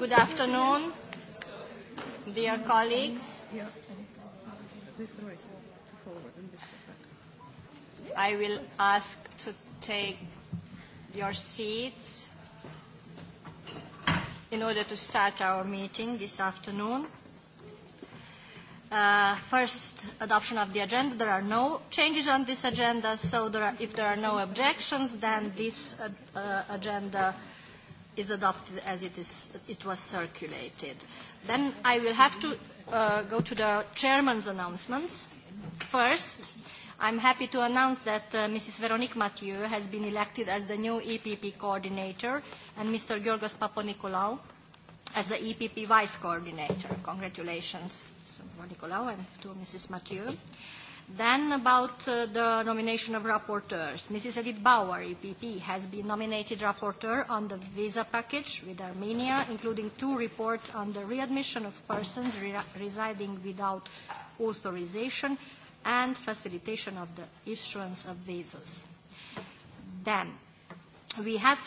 Good afternoon, dear colleagues. I will ask to take your seats in order to start our meeting this afternoon. Uh, first, adoption of the agenda. There are no changes on this agenda, so there are, if there are no objections, then this uh, uh, agenda is adopted as it, is, it was circulated. Then I will have to uh, go to the chairman's announcements. First, I'm happy to announce that uh, Mrs. Veronique Mathieu has been elected as the new EPP coordinator and Mr. Georgos Paponikolaou as the EPP vice coordinator. Congratulations, Mr. Paponikolaou and to Mrs. Mathieu. Then about uh, the nomination of rapporteurs. Mrs. Edith Bauer, EPP, has been nominated rapporteur on the visa package with Armenia, including two reports on the readmission of persons re residing without authorization and facilitation of the issuance of visas. Then we have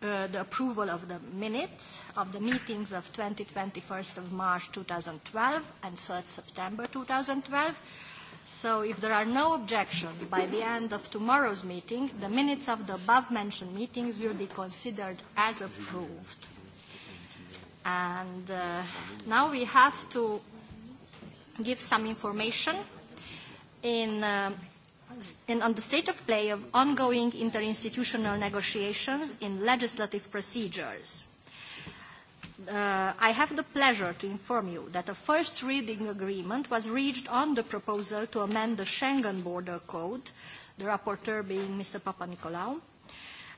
uh, the approval of the minutes of the meetings of 2021 st of March 2012 and 3rd September 2012 So if there are no objections by the end of tomorrow's meeting, the minutes of the above-mentioned meetings will be considered as approved. And uh, now we have to give some information in, uh, in, on the state of play of ongoing interinstitutional negotiations in legislative procedures. Uh, I have the pleasure to inform you that a first reading agreement was reached on the proposal to amend the Schengen Border Code, the rapporteur being Mr. Papanikolaou,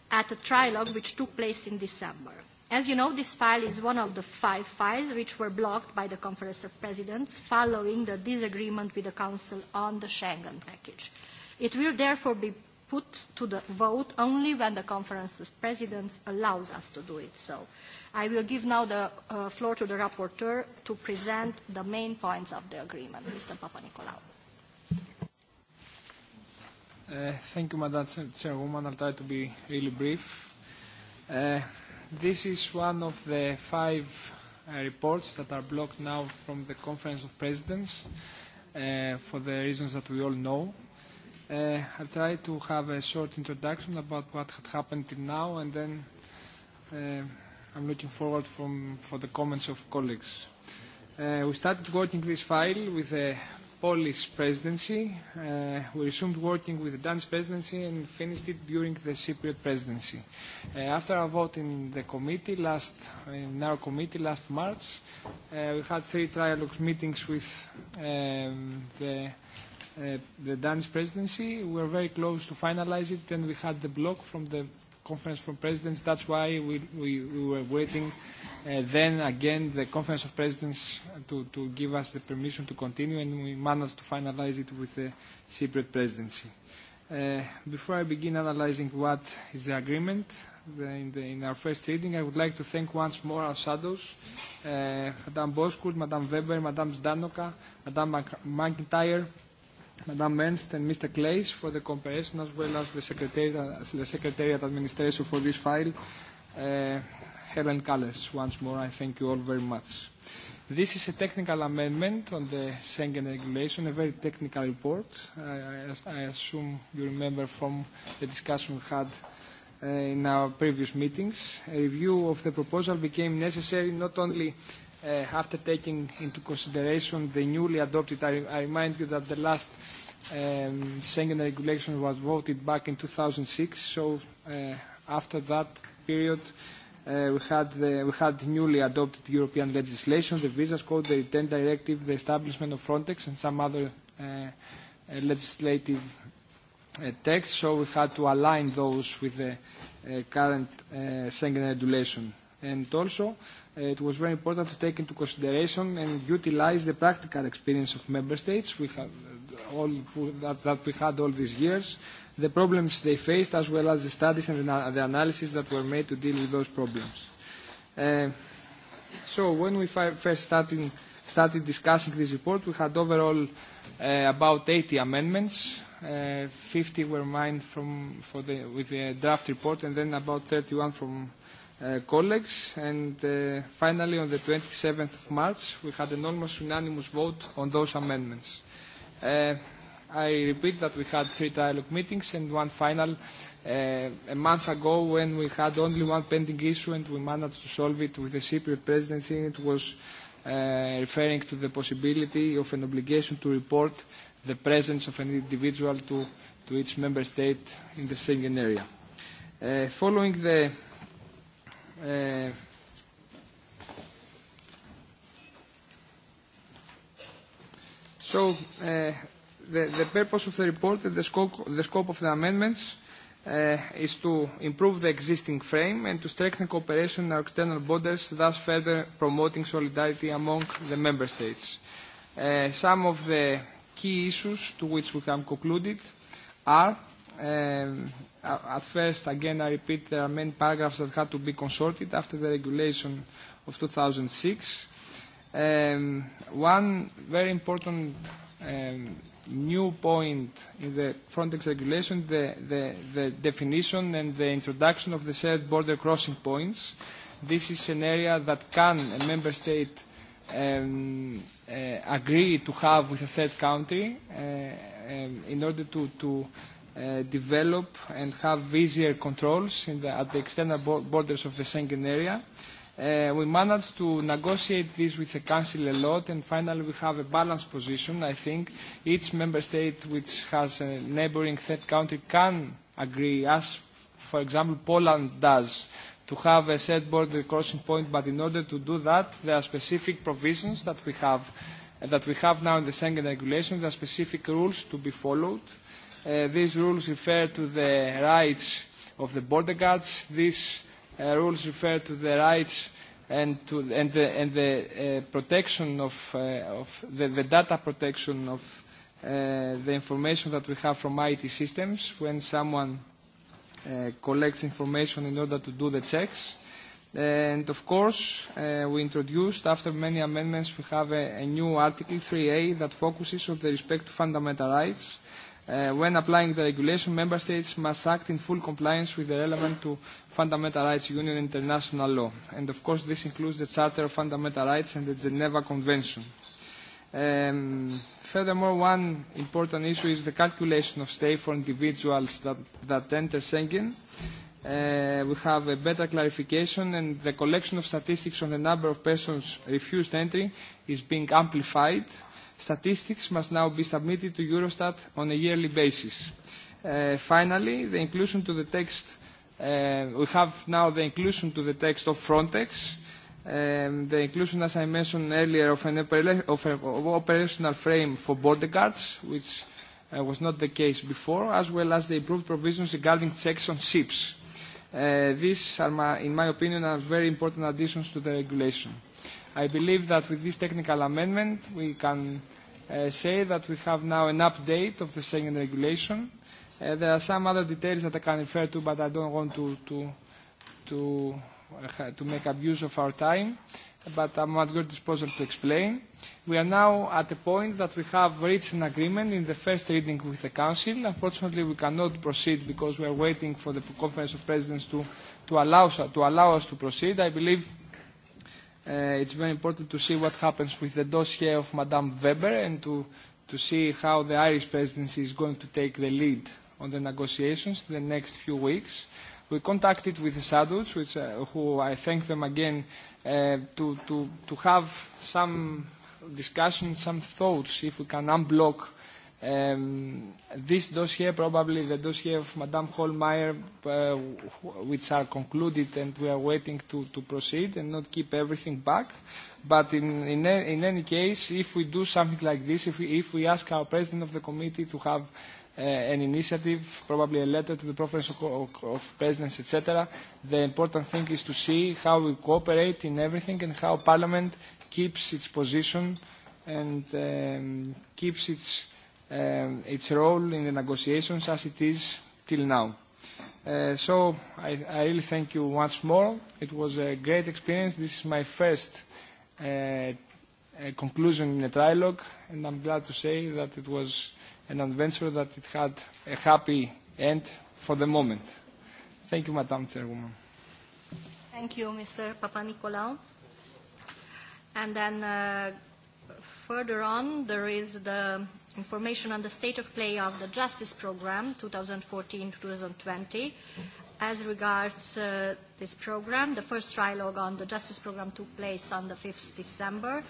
at a trilogue which took place in December. As you know, this file is one of the five files which were blocked by the Conference of Presidents following the disagreement with the Council on the Schengen package. It will therefore be put to the vote only when the Conference of Presidents allows us to do it so. I will give now the uh, floor to the rapporteur to present the main points of the agreement. Mr. Papanikolaou. Uh, thank you, Madam Chairwoman. I'll try to be really brief. Uh, this is one of the five uh, reports that are blocked now from the Conference of Presidents uh, for the reasons that we all know. Uh, I'll try to have a short introduction about what had happened till now and then uh, I'm looking forward from, for the comments of colleagues. Uh, we started working this file with the Polish presidency. Uh, we resumed working with the Danish presidency and finished it during the Cypriot presidency. Uh, after our vote in the committee last, in our committee last March, uh, we had three trialogue meetings with um, the uh, the Danish presidency. We were very close to finalize it, and we had the block from the Conference of Presidents. That's why we, we, we were waiting uh, then again the Conference of Presidents to, to give us the permission to continue, and we managed to finalize it with the Cypriot presidency. Uh, before I begin analyzing what is the agreement the, in, the, in our first reading, I would like to thank once more our shadows, uh, Madame Boskurt, Madame Weber, Madame Zdanoka, Madame McIntyre, Madam Ernst and Mr. Claes for the comparison as well as the Secretariat, the Secretariat Administration for this file, uh, Helen Kalles. Once more, I thank you all very much. This is a technical amendment on the Schengen regulation, a very technical report. I, I, I assume you remember from the discussion we had uh, in our previous meetings. A review of the proposal became necessary not only uh, after taking into consideration the newly adopted, I, I remind you that the last um, Schengen regulation was voted back in 2006, so uh, after that period uh, we, had the, we had newly adopted European legislation, the Visas Code, the Return Directive, the establishment of Frontex and some other uh, uh, legislative uh, texts, so we had to align those with the uh, current uh, Schengen regulation. And also, Uh, it was very important to take into consideration and utilize the practical experience of member states we have uh, all that, that we had all these years, the problems they faced, as well as the studies and the, the analysis that were made to deal with those problems. Uh, so when we first started, started discussing this report, we had overall uh, about 80 amendments. Uh, 50 were mined from, for the, with the draft report, and then about 31 from Uh, colleagues. And uh, finally, on the 27th of March, we had an almost unanimous vote on those amendments. Uh, I repeat that we had three dialogue meetings and one final uh, a month ago when we had only one pending issue and we managed to solve it with the Cypriot presidency. It was uh, referring to the possibility of an obligation to report the presence of an individual to, to each member state in the Schengen area. Uh, following the Eh, so uh, the, the purpose of the report and the scope, the scope of the amendments uh, is to improve the existing frame and to strengthen cooperation in our external borders, thus further promoting solidarity among the member states. Uh, some of the key issues to which we have concluded are um, at first, again, I repeat, there are many paragraphs that had to be consulted after the regulation of 2006. Um, one very important um, new point in the Frontex regulation, the, the, the definition and the introduction of the shared border crossing points. This is an area that can a member state um, uh, agree to have with a third country uh, um, in order to, to Uh, develop and have easier controls in the, at the external borders of the Schengen area. Uh, we managed to negotiate this with the Council a lot, and finally we have a balanced position. I think each member state which has a neighboring third country can agree, as, for example, Poland does, to have a set border crossing point, but in order to do that, there are specific provisions that we have, that we have now in the Schengen regulation, there are specific rules to be followed Uh, these rules refer to the rights of the border guards. These uh, rules refer to the rights and, to, and the, and the uh, protection of, uh, of the, the data protection of uh, the information that we have from IT systems when someone uh, collects information in order to do the checks. And of course, uh, we introduced, after many amendments, we have a, a new Article 3A that focuses on the respect to fundamental rights. Uh, Uh, when applying the regulation, member states must act in full compliance with the relevant to fundamental rights union international law. And of course, this includes the Charter of Fundamental Rights and the Geneva Convention. Um, furthermore, one important issue is the calculation of stay for individuals that, that enter Schengen. Uh, we have a better clarification and the collection of statistics on the number of persons refused entry is being amplified uh, statistics must now be submitted to Eurostat on a yearly basis. Uh, finally, the inclusion to the text, uh, we have now the inclusion to the text of Frontex, um, the inclusion, as I mentioned earlier, of an, of of operational frame for border guards, which uh, was not the case before, as well as the improved provisions regarding checks on ships. Uh, these are, my, in my opinion, are very important additions to the regulation. I believe that with this technical amendment, we can uh, say that we have now an update of the Schengen regulation. Uh, there are some other details that I can refer to, but I don't want to, to, to, uh, to make abuse of our time, but I'm at your disposal to explain. We are now at a point that we have reached an agreement in the first reading with the Council. Unfortunately, we cannot proceed because we are waiting for the Conference of Presidents to, to, allow, to allow us to proceed. I believe uh, it's very important to see what happens with the dossier of Madame Weber and to, to see how the Irish presidency is going to take the lead on the negotiations the next few weeks. We contacted with the shadows, which, uh, who I thank them again, uh, to, to, to have some discussion, some thoughts, if we can unblock Um, this dossier, probably the dossier of Madame Holmeyer, uh, which are concluded and we are waiting to, to proceed and not keep everything back. But in, in, in any case, if we do something like this, if we, if we ask our president of the committee to have uh, an initiative, probably a letter to the Conference of, of Presidents, etc., the important thing is to see how we cooperate in everything and how Parliament keeps its position and um, keeps its Um, its role in the negotiations as it is till now. Uh, so I, I really thank you once more. It was a great experience. This is my first uh, uh, conclusion in a trilogue, and I'm glad to say that it was an adventure that it had a happy end for the moment. Thank you, Madam Chairwoman. Thank you, Mr. Papanikolaou. And then uh, further on, there is the information on the state of play of the justice program 2014-2020. As regards uh, this program, the first trilogue on the justice program took place on the 5th December,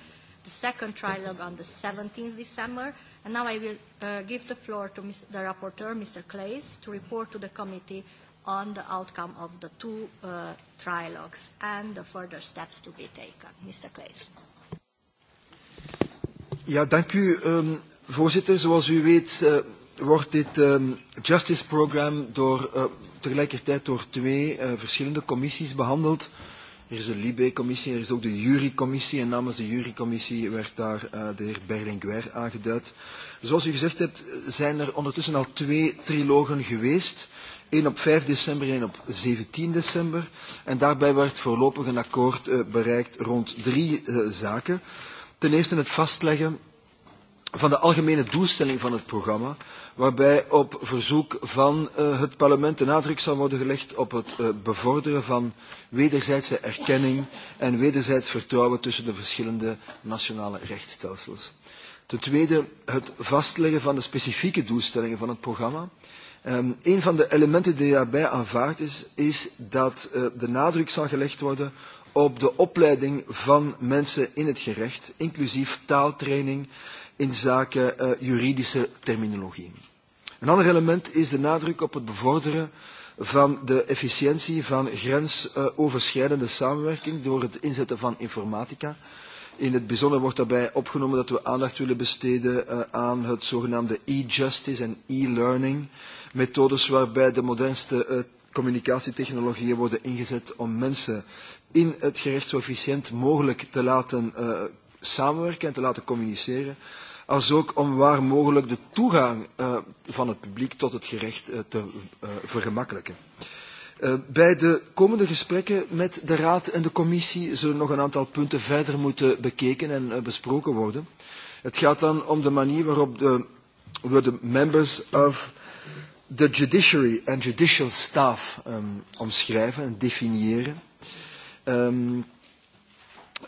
the second trilogue on the 17th December, and now I will uh, give the floor to Mr. the rapporteur, Mr. Clays, to report to the committee on the outcome of the two uh, trilogues and the further steps to be taken. Mr. Clays. Ja, dank u. Um, Voorzitter, zoals u weet uh, wordt dit um, Justice Program door, uh, tegelijkertijd door twee uh, verschillende commissies behandeld. Er is de Libé-commissie, er is ook de Jury-commissie en namens de Jury-commissie werd daar uh, de heer Berlinguer aangeduid. Zoals u gezegd hebt zijn er ondertussen al twee trilogen geweest. Eén op 5 december en één op 17 december. En daarbij werd voorlopig een akkoord uh, bereikt rond drie uh, zaken. Ten eerste het vastleggen van de algemene doelstelling van het programma, waarbij op verzoek van uh, het parlement de nadruk zal worden gelegd op het uh, bevorderen van wederzijdse erkenning en wederzijds vertrouwen tussen de verschillende nationale rechtsstelsels. Ten tweede het vastleggen van de specifieke doelstellingen van het programma. Um, een van de elementen die daarbij aanvaard is, is dat uh, de nadruk zal gelegd worden op de opleiding van mensen in het gerecht, inclusief taaltraining, in zaken uh, juridische terminologie. Een ander element is de nadruk op het bevorderen van de efficiëntie van grensoverschrijdende uh, samenwerking door het inzetten van informatica. In het bijzonder wordt daarbij opgenomen dat we aandacht willen besteden uh, aan het zogenaamde e-justice en e-learning, methodes waarbij de modernste uh, communicatietechnologieën worden ingezet om mensen in het gerecht zo efficiënt mogelijk te laten uh, samenwerken en te laten communiceren, als ook om waar mogelijk de toegang uh, van het publiek tot het gerecht uh, te uh, vergemakkelijken. Uh, bij de komende gesprekken met de Raad en de Commissie zullen nog een aantal punten verder moeten bekeken en uh, besproken worden. Het gaat dan om de manier waarop de, we de members of the judiciary and judicial staff um, omschrijven en definiëren. Um,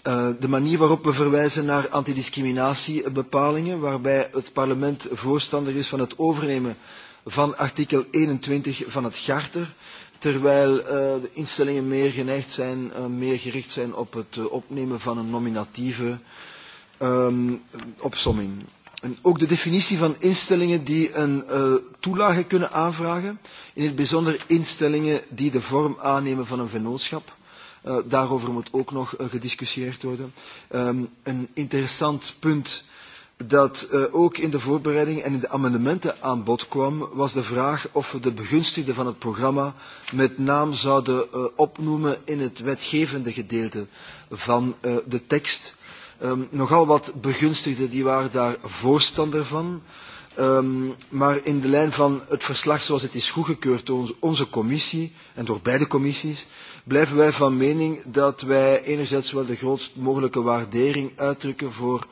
Eh, de manier waarop we verwijzen naar antidiscriminatiebepalingen, waarbij het parlement voorstander is van het overnemen van artikel 21 van het charter, terwijl uh, de instellingen meer geneigd zijn, uh, meer gericht zijn op het uh, opnemen van een nominatieve um, opsomming. En ook de definitie van instellingen die een uh, toelage kunnen aanvragen, in het bijzonder instellingen die de vorm aannemen van een vennootschap. Uh, daarover moet ook nog uh, gediscussieerd worden. Um, een interessant punt dat uh, ook in de voorbereiding en in de amendementen aan bod kwam, was de vraag of we de begunstigden van het programma met naam zouden uh, opnoemen in het wetgevende gedeelte van uh, de tekst. Um, nogal wat begunstigden die waren daar voorstander van. Um, maar in de lijn van het verslag zoals het is goedgekeurd door onze commissie en door beide commissies, blijven wij van mening dat wij enerzijds wel de grootst mogelijke waardering uitdrukken voor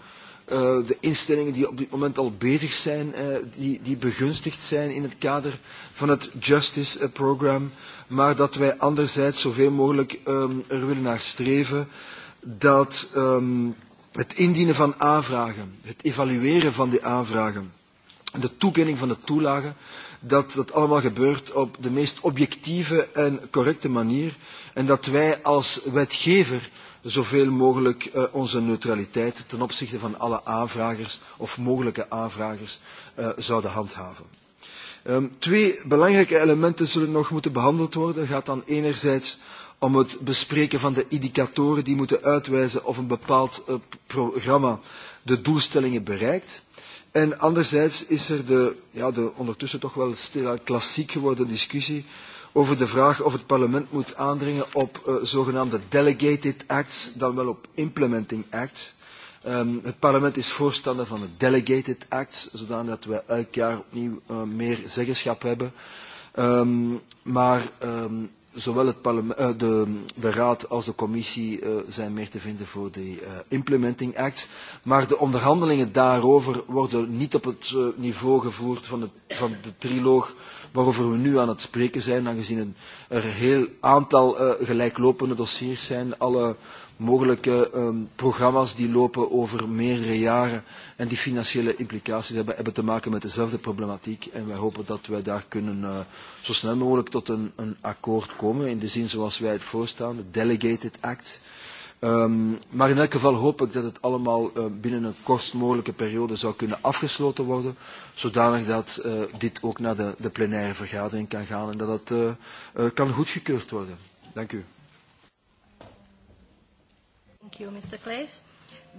uh, de instellingen die op dit moment al bezig zijn, uh, die, die begunstigd zijn in het kader van het Justice uh, eh, Program, maar dat wij anderzijds zoveel mogelijk um, er willen naar streven dat um, het indienen van aanvragen, het evalueren van die aanvragen, de toekenning van de toelage, dat dat allemaal gebeurt op de meest objectieve en correcte manier en dat wij als wetgever zoveel mogelijk uh, onze neutraliteit ten opzichte van alle aanvragers of mogelijke aanvragers uh, zouden handhaven. Um, twee belangrijke elementen zullen nog moeten behandeld worden. Het gaat dan enerzijds om het bespreken van de indicatoren die moeten uitwijzen of een bepaald uh, programma de doelstellingen bereikt. En anderzijds is er de, ja, de ondertussen toch wel stilaan klassiek geworden discussie over de vraag of het parlement moet aandringen op uh, zogenaamde delegated acts, dan wel op implementing acts. Um, het parlement is voorstander van de delegated acts, zodat we elk jaar opnieuw uh, meer zeggenschap hebben. Um, maar um, zowel het parlement, eh, de, de Raad als de Commissie uh, zijn meer te vinden voor de uh, eh, Implementing Acts. Maar de onderhandelingen daarover worden niet op het uh, niveau gevoerd van, de, van de triloog waarover we nu aan het spreken zijn, aangezien er een heel aantal uh, gelijklopende dossiers zijn. Alle uh, mogelijke um, programma's die lopen over meerdere jaren. En die financiële implicaties hebben, hebben te maken met dezelfde problematiek. En wij hopen dat wij daar kunnen uh, zo snel mogelijk tot een, een akkoord komen. In de zin zoals wij het voorstaan, de Delegated Act. Um, maar in elk geval hoop ik dat het allemaal uh, binnen een kortst mogelijke periode zou kunnen afgesloten worden, zodanig dat uh, dit ook naar de, de plenaire vergadering kan gaan en dat het uh, uh, kan goedgekeurd worden. Dank u. Thank you, Mr. Claes.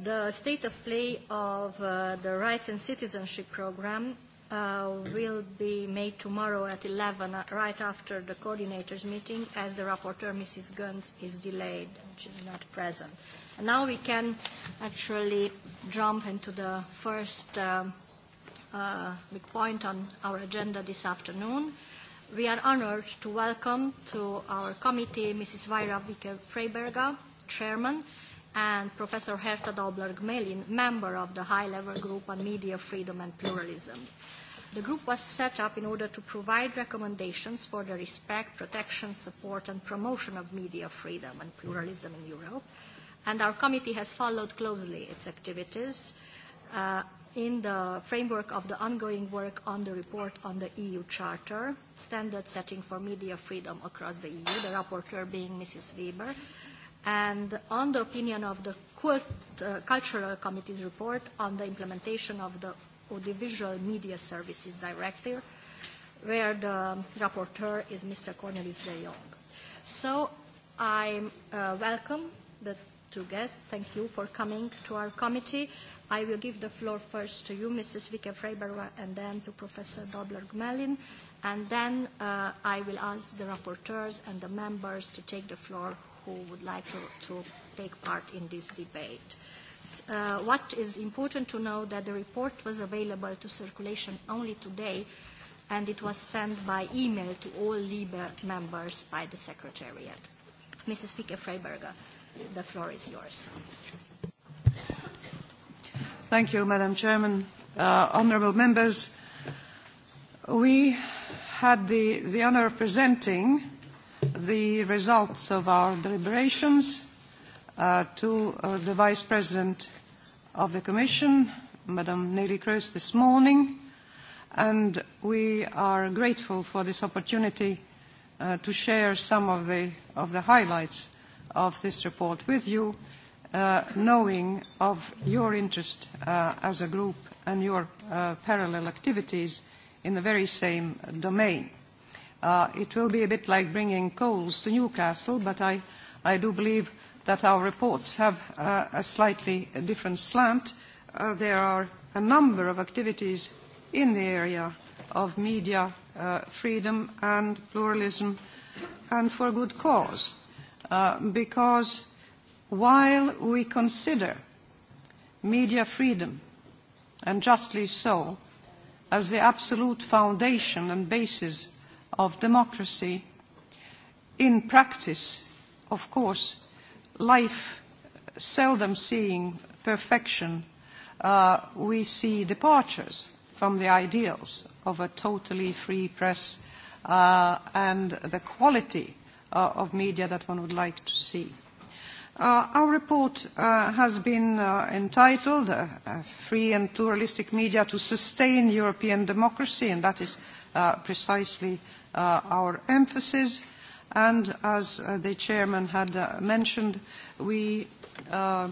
The state of play of uh, the Rights and Citizenship Program uh, will be made tomorrow at 11, uh, right after the coordinators' meeting, as the rapporteur, Mrs. Guns, is delayed and she's not present. And now we can actually jump into the first um, uh, big point on our agenda this afternoon. We are honored to welcome to our committee Mrs. Vaira Vike freiberger Chairman, and Professor Herta Dobler-Gmelin, member of the High-Level Group on Media Freedom and Pluralism. The group was set up in order to provide recommendations for the respect, protection, support, and promotion of media freedom and pluralism in Europe. And our committee has followed closely its activities uh, in the framework of the ongoing work on the report on the EU Charter, standard setting for media freedom across the EU, the rapporteur being Mrs. Weber and on the opinion of the uh, Cultural Committee's report on the implementation of the Audiovisual Media Services Directive, where the rapporteur is Mr. Cornelis de Jong. So I uh, welcome the two guests. Thank you for coming to our committee. I will give the floor first to you, Mrs. Vika Freiberger, and then to Professor Dobler-Gmelin, and then uh, I will ask the rapporteurs and the members to take the floor who would like to, to take part in this debate. Uh, what is important to know that the report was available to circulation only today, and it was sent by email to all LIBE members by the Secretariat. Mrs. Speaker freiberger the floor is yours. Thank you, Madam Chairman. Uh, honorable members, we had the, the honor of presenting the results of our deliberations uh, to uh, the Vice President of the Commission, Madam Nelly Kroes, this morning, and we are grateful for this opportunity uh, to share some of the, of the highlights of this report with you, uh, knowing of your interest uh, as a group and your uh, parallel activities in the very same domain. Uh, it will be a bit like bringing coals to Newcastle, but I, I do believe that our reports have uh, a slightly different slant. Uh, there are a number of activities in the area of media uh, freedom and pluralism, and for good cause, uh, because while we consider media freedom, and justly so, as the absolute foundation and basis of democracy. In practice, of course, life seldom seeing perfection, uh, we see departures from the ideals of a totally free press uh, and the quality uh, of media that one would like to see. Uh, our report uh, has been uh, entitled uh, Free and Pluralistic Media to Sustain European Democracy, and that is uh, precisely Uh, our emphasis. And as uh, the chairman had uh, mentioned, we, uh,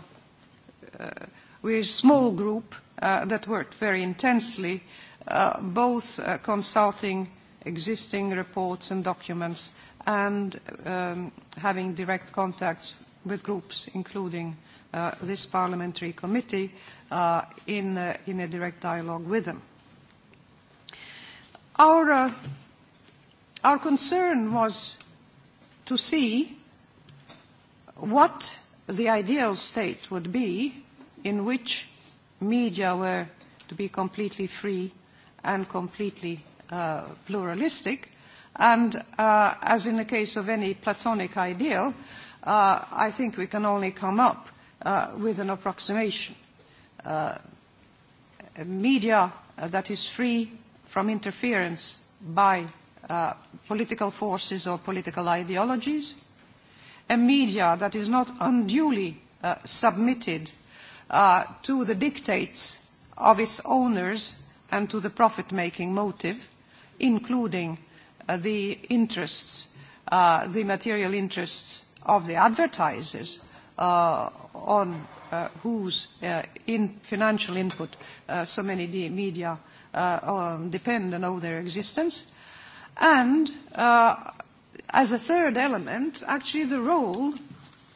we're a small group uh, that worked very intensely, uh, both uh, consulting existing reports and documents and um, having direct contacts with groups, including uh, this parliamentary committee, uh, in, uh, in a direct dialogue with them. Our uh, Our concern was to see what the ideal state would be in which media were to be completely free and completely uh, pluralistic. And uh, as in the case of any Platonic ideal, uh, I think we can only come up uh, with an approximation. Uh, media uh, that is free from interference by uh, political forces or political ideologies, a media that is not unduly uh, submitted uh, to the dictates of its owners and to the profit-making motive, including uh, the interests, uh, the material interests of the advertisers uh, on uh, whose uh, in financial input uh, so many media uh, um, depend and owe their existence, uh, And uh, as a third element, actually the role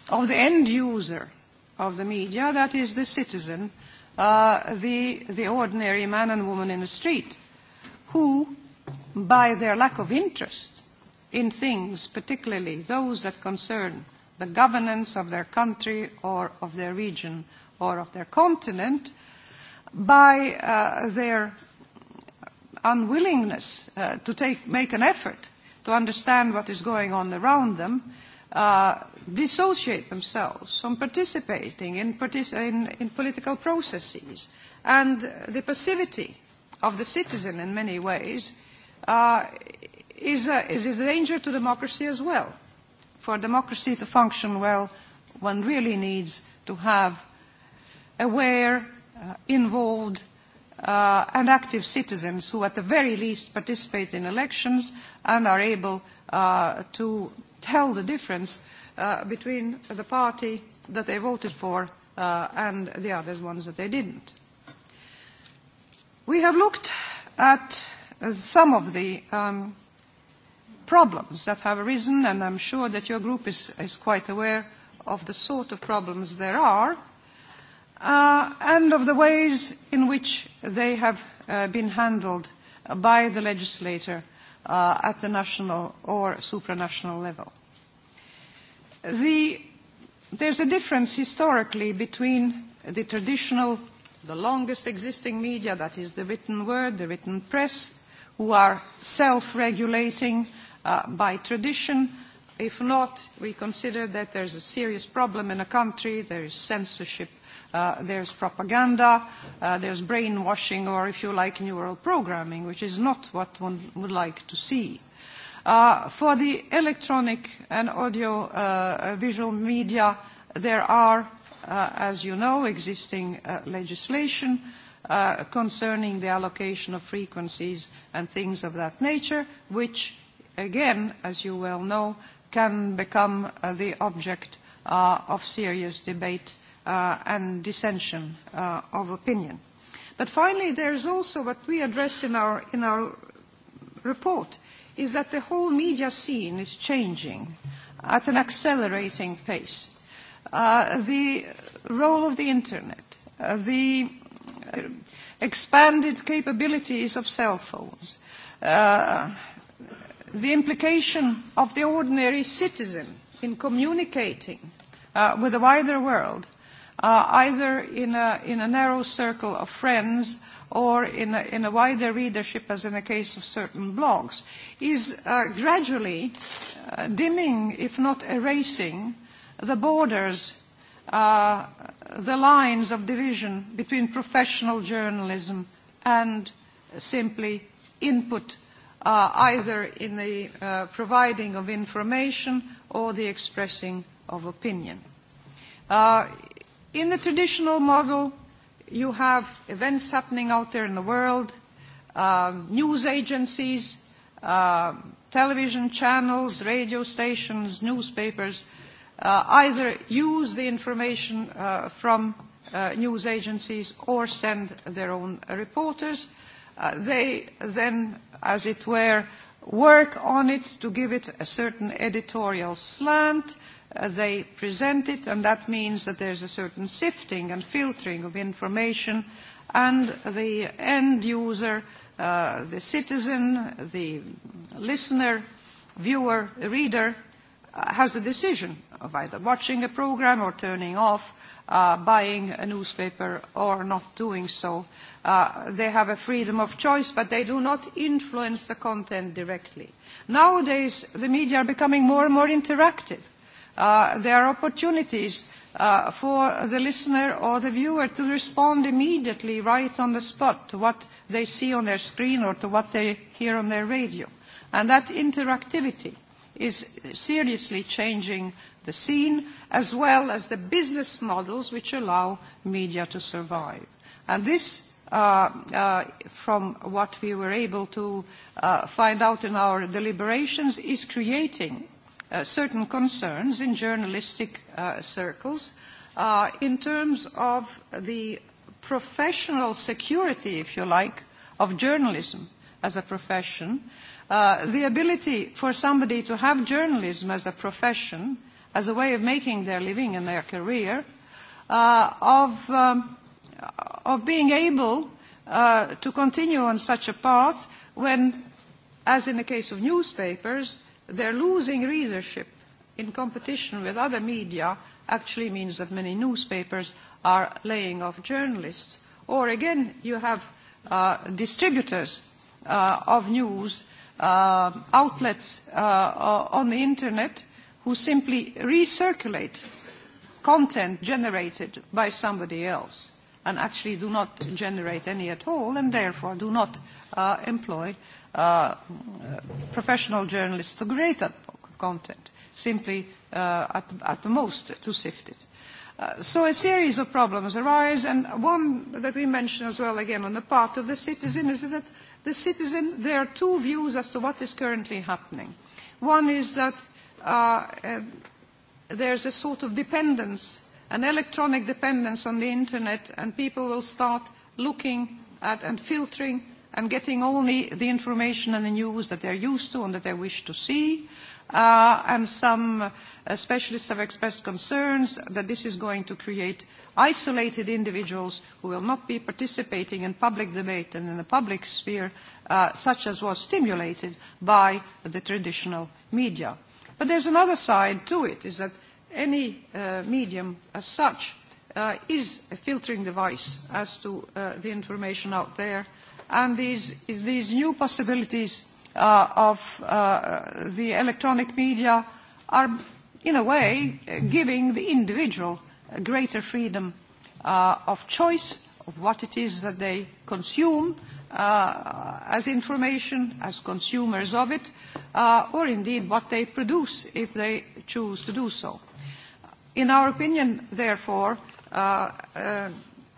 of the end user of the media, that is the citizen, uh, the, the ordinary man and woman in the street, who, by their lack of interest in things, particularly those that concern the governance of their country or of their region or of their continent, by uh, their unwillingness uh, to take, make an effort to understand what is going on around them, uh, dissociate themselves from participating in, partic in, in political processes. And the passivity of the citizen in many ways uh, is, a, is a danger to democracy as well. For democracy to function well, one really needs to have aware, uh, involved, uh, and active citizens who at the very least participate in elections and are able uh, to tell the difference uh, between the party that they voted for uh, and the other ones that they didn't. We have looked at uh, some of the um, problems that have arisen, and I'm sure that your group is, is quite aware of the sort of problems there are uh, and of the ways in which they have uh, been handled by the legislator uh, at the national or supranational level. The, there's a difference historically between the traditional, the longest existing media, that is the written word, the written press, who are self-regulating uh, by tradition, If not, we consider that there's a serious problem in a country, there is censorship Uh, there's propaganda, uh, there's brainwashing, or if you like, neural programming, which is not what one would like to see. Uh, for the electronic and audio uh, visual media, there are, uh, as you know, existing uh, legislation uh, concerning the allocation of frequencies and things of that nature, which, again, as you well know, can become uh, the object uh, of serious debate uh, uh, and dissension uh, of opinion. But finally, there is also what we address in our, in our report is that the whole media scene is changing at an accelerating pace. Uh, the role of the internet, uh, the expanded capabilities of cell phones, uh, the implication of the ordinary citizen in communicating uh, with the wider world, uh, either in a, in a narrow circle of friends or in a, in a wider readership, as in the case of certain blogs, is uh, gradually uh, dimming, if not erasing, the borders, uh, the lines of division between professional journalism and simply input, uh, either in the uh, providing of information or the expressing of opinion. Uh, In the traditional model, you have events happening out there in the world, um, news agencies, uh, television channels, radio stations, newspapers, uh, either use the information uh, from uh, news agencies or send their own reporters. Uh, they then, as it were, work on it to give it a certain editorial slant, uh, Uh, they present it, and that means that there's a certain sifting and filtering of information, and the end user, uh, the citizen, the listener, viewer, reader, uh, has a decision of either watching a program or turning off, uh, buying a newspaper or not doing so. Uh, they have a freedom of choice, but they do not influence the content directly. Nowadays, the media are becoming more and more interactive. Uh, there are opportunities uh, for the listener or the viewer to respond immediately, right on the spot, to what they see on their screen or to what they hear on their radio. And that interactivity is seriously changing the scene as well as the business models which allow media to survive. And this, uh, uh, from what we were able to uh, find out in our deliberations, is creating Uh, certain concerns in journalistic uh, circles uh, in terms of the professional security, if you like, of journalism as a profession, uh, the ability for somebody to have journalism as a profession, as a way of making their living and their career, uh, of, um, of being able uh, to continue on such a path when, as in the case of newspapers, they're losing readership in competition with other media actually means that many newspapers are laying off journalists. Or again, you have uh, distributors uh, of news, uh, outlets uh, on the internet who simply recirculate content generated by somebody else and actually do not generate any at all and therefore do not uh, employ uh, professional journalists to create that content, simply uh, at, at the most to sift it. Uh, so a series of problems arise, and one that we mentioned as well again on the part of the citizen is that the citizen, there are two views as to what is currently happening. One is that uh, uh, there's a sort of dependence, an electronic dependence on the internet, and people will start looking at and filtering and getting only the information and the news that they're used to and that they wish to see. Uh, and some uh, specialists have expressed concerns that this is going to create isolated individuals who will not be participating in public debate and in the public sphere, uh, such as was stimulated by the traditional media. But there's another side to it, is that any uh, medium as such uh, is a filtering device as to uh, the information out there and these, these new possibilities uh, of uh, the electronic media are, in a way, giving the individual a greater freedom uh, of choice of what it is that they consume uh, as information, as consumers of it, uh, or indeed what they produce if they choose to do so. In our opinion, therefore, uh, uh,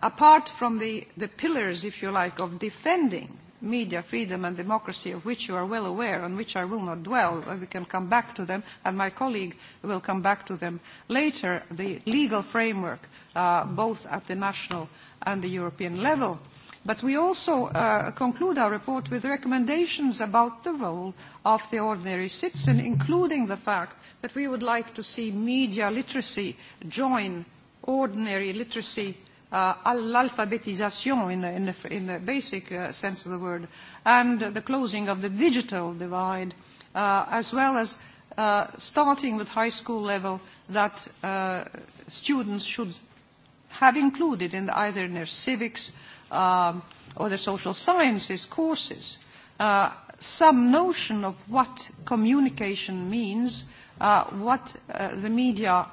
apart from the, the pillars, if you like, of defending media freedom and democracy, of which you are well aware, on which I will not dwell, uh, we can come back to them, and my colleague will come back to them later, the legal framework, uh, both at the national and the European level. But we also uh, conclude our report with recommendations about the role of the ordinary citizen, including the fact that we would like to see media literacy join ordinary literacy uh, alphabetization in, in, the, in the basic uh, sense of the word, and the closing of the digital divide, uh, as well as uh, starting with high school level that uh, students should have included in either in their civics um, or the social sciences courses uh, some notion of what communication means, uh, what uh, the media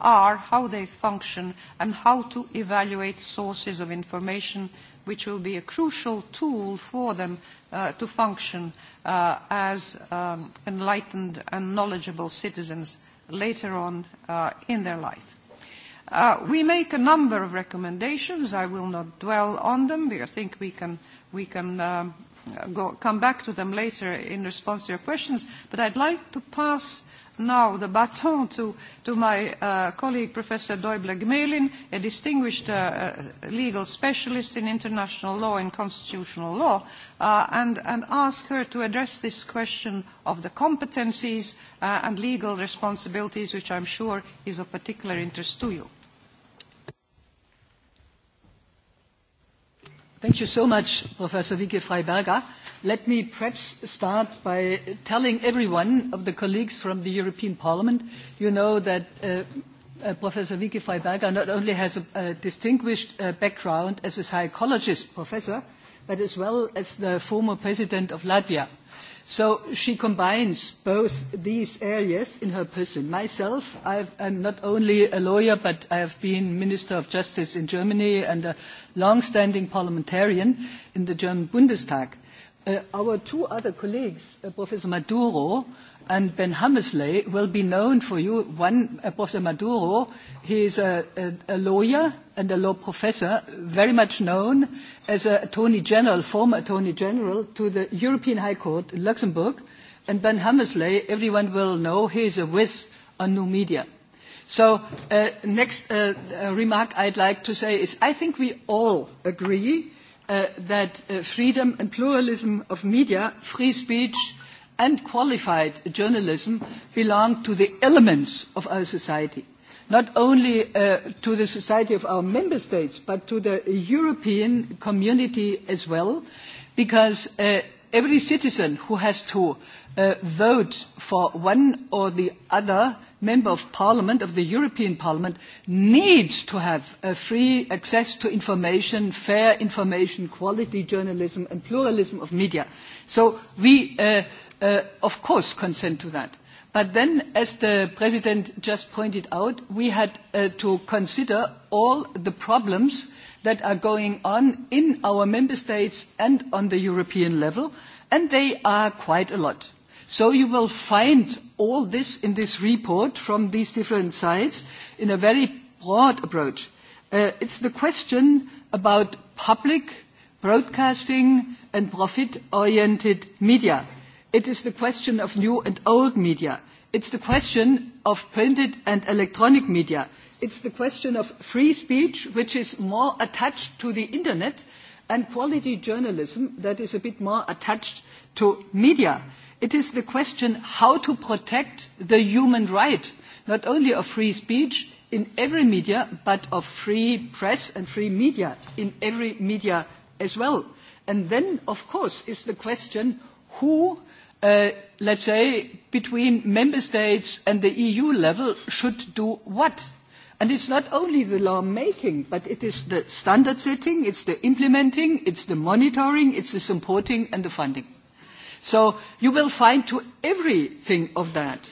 are, how they function, and how to evaluate sources of information, which will be a crucial tool for them uh, to function uh, as um, enlightened and knowledgeable citizens later on uh, in their life. Uh, we make a number of recommendations. I will not dwell on them. I think we can, we can um, go, come back to them later in response to your questions. But I'd like to pass now the baton to, to my uh, colleague, Professor Deuble Gmelin, a distinguished uh, uh, legal specialist in international law and constitutional law, uh, and, and ask her to address this question of the competencies uh, and legal responsibilities, which I'm sure is of particular interest to you. Thank you so much, Professor Vicky Freiberger. Let me perhaps start by telling everyone of the colleagues from the European Parliament, you know that uh, uh, Professor Vicky Freiberger not only has a, a distinguished uh, background as a psychologist professor, but as well as the former president of Latvia. So she combines both these areas in her person. Myself, I've, I'm not only a lawyer, but I have been Minister of Justice in Germany and a long-standing parliamentarian in the German Bundestag. Uh, our two other colleagues, uh, Professor Maduro and Ben Hammersley, will be known for you. One, uh, Professor Maduro, he is a, a, a lawyer and a law professor, very much known as a Attorney General, former Attorney General to the European High Court in Luxembourg. And Ben Hammersley, everyone will know, he is a whiz on new media. So uh, next uh, remark I'd like to say is I think we all agree Uh, that uh, freedom and pluralism of media, free speech, and qualified journalism belong to the elements of our society, not only uh, to the society of our member states, but to the European community as well, because uh, every citizen who has to uh, vote for one or the other member of parliament, of the European Parliament, needs to have a free access to information, fair information, quality journalism and pluralism of media. So we, uh, uh, of course, consent to that. But then, as the President just pointed out, we had uh, to consider all the problems that are going on in our member states and on the European level, and they are quite a lot. So you will find all this in this report from these different sides in a very broad approach. Uh, it's the question about public broadcasting and profit-oriented media. It is the question of new and old media. It's the question of printed and electronic media. It's the question of free speech, which is more attached to the internet, and quality journalism that is a bit more attached to media. It is the question how to protect the human right, not only of free speech in every media, but of free press and free media in every media as well. And then, of course, is the question who, uh, let's say, between member states and the EU level should do what. And it's not only the law making, but it is the standard setting, it's the implementing, it's the monitoring, it's the supporting and the funding. So you will find to everything of that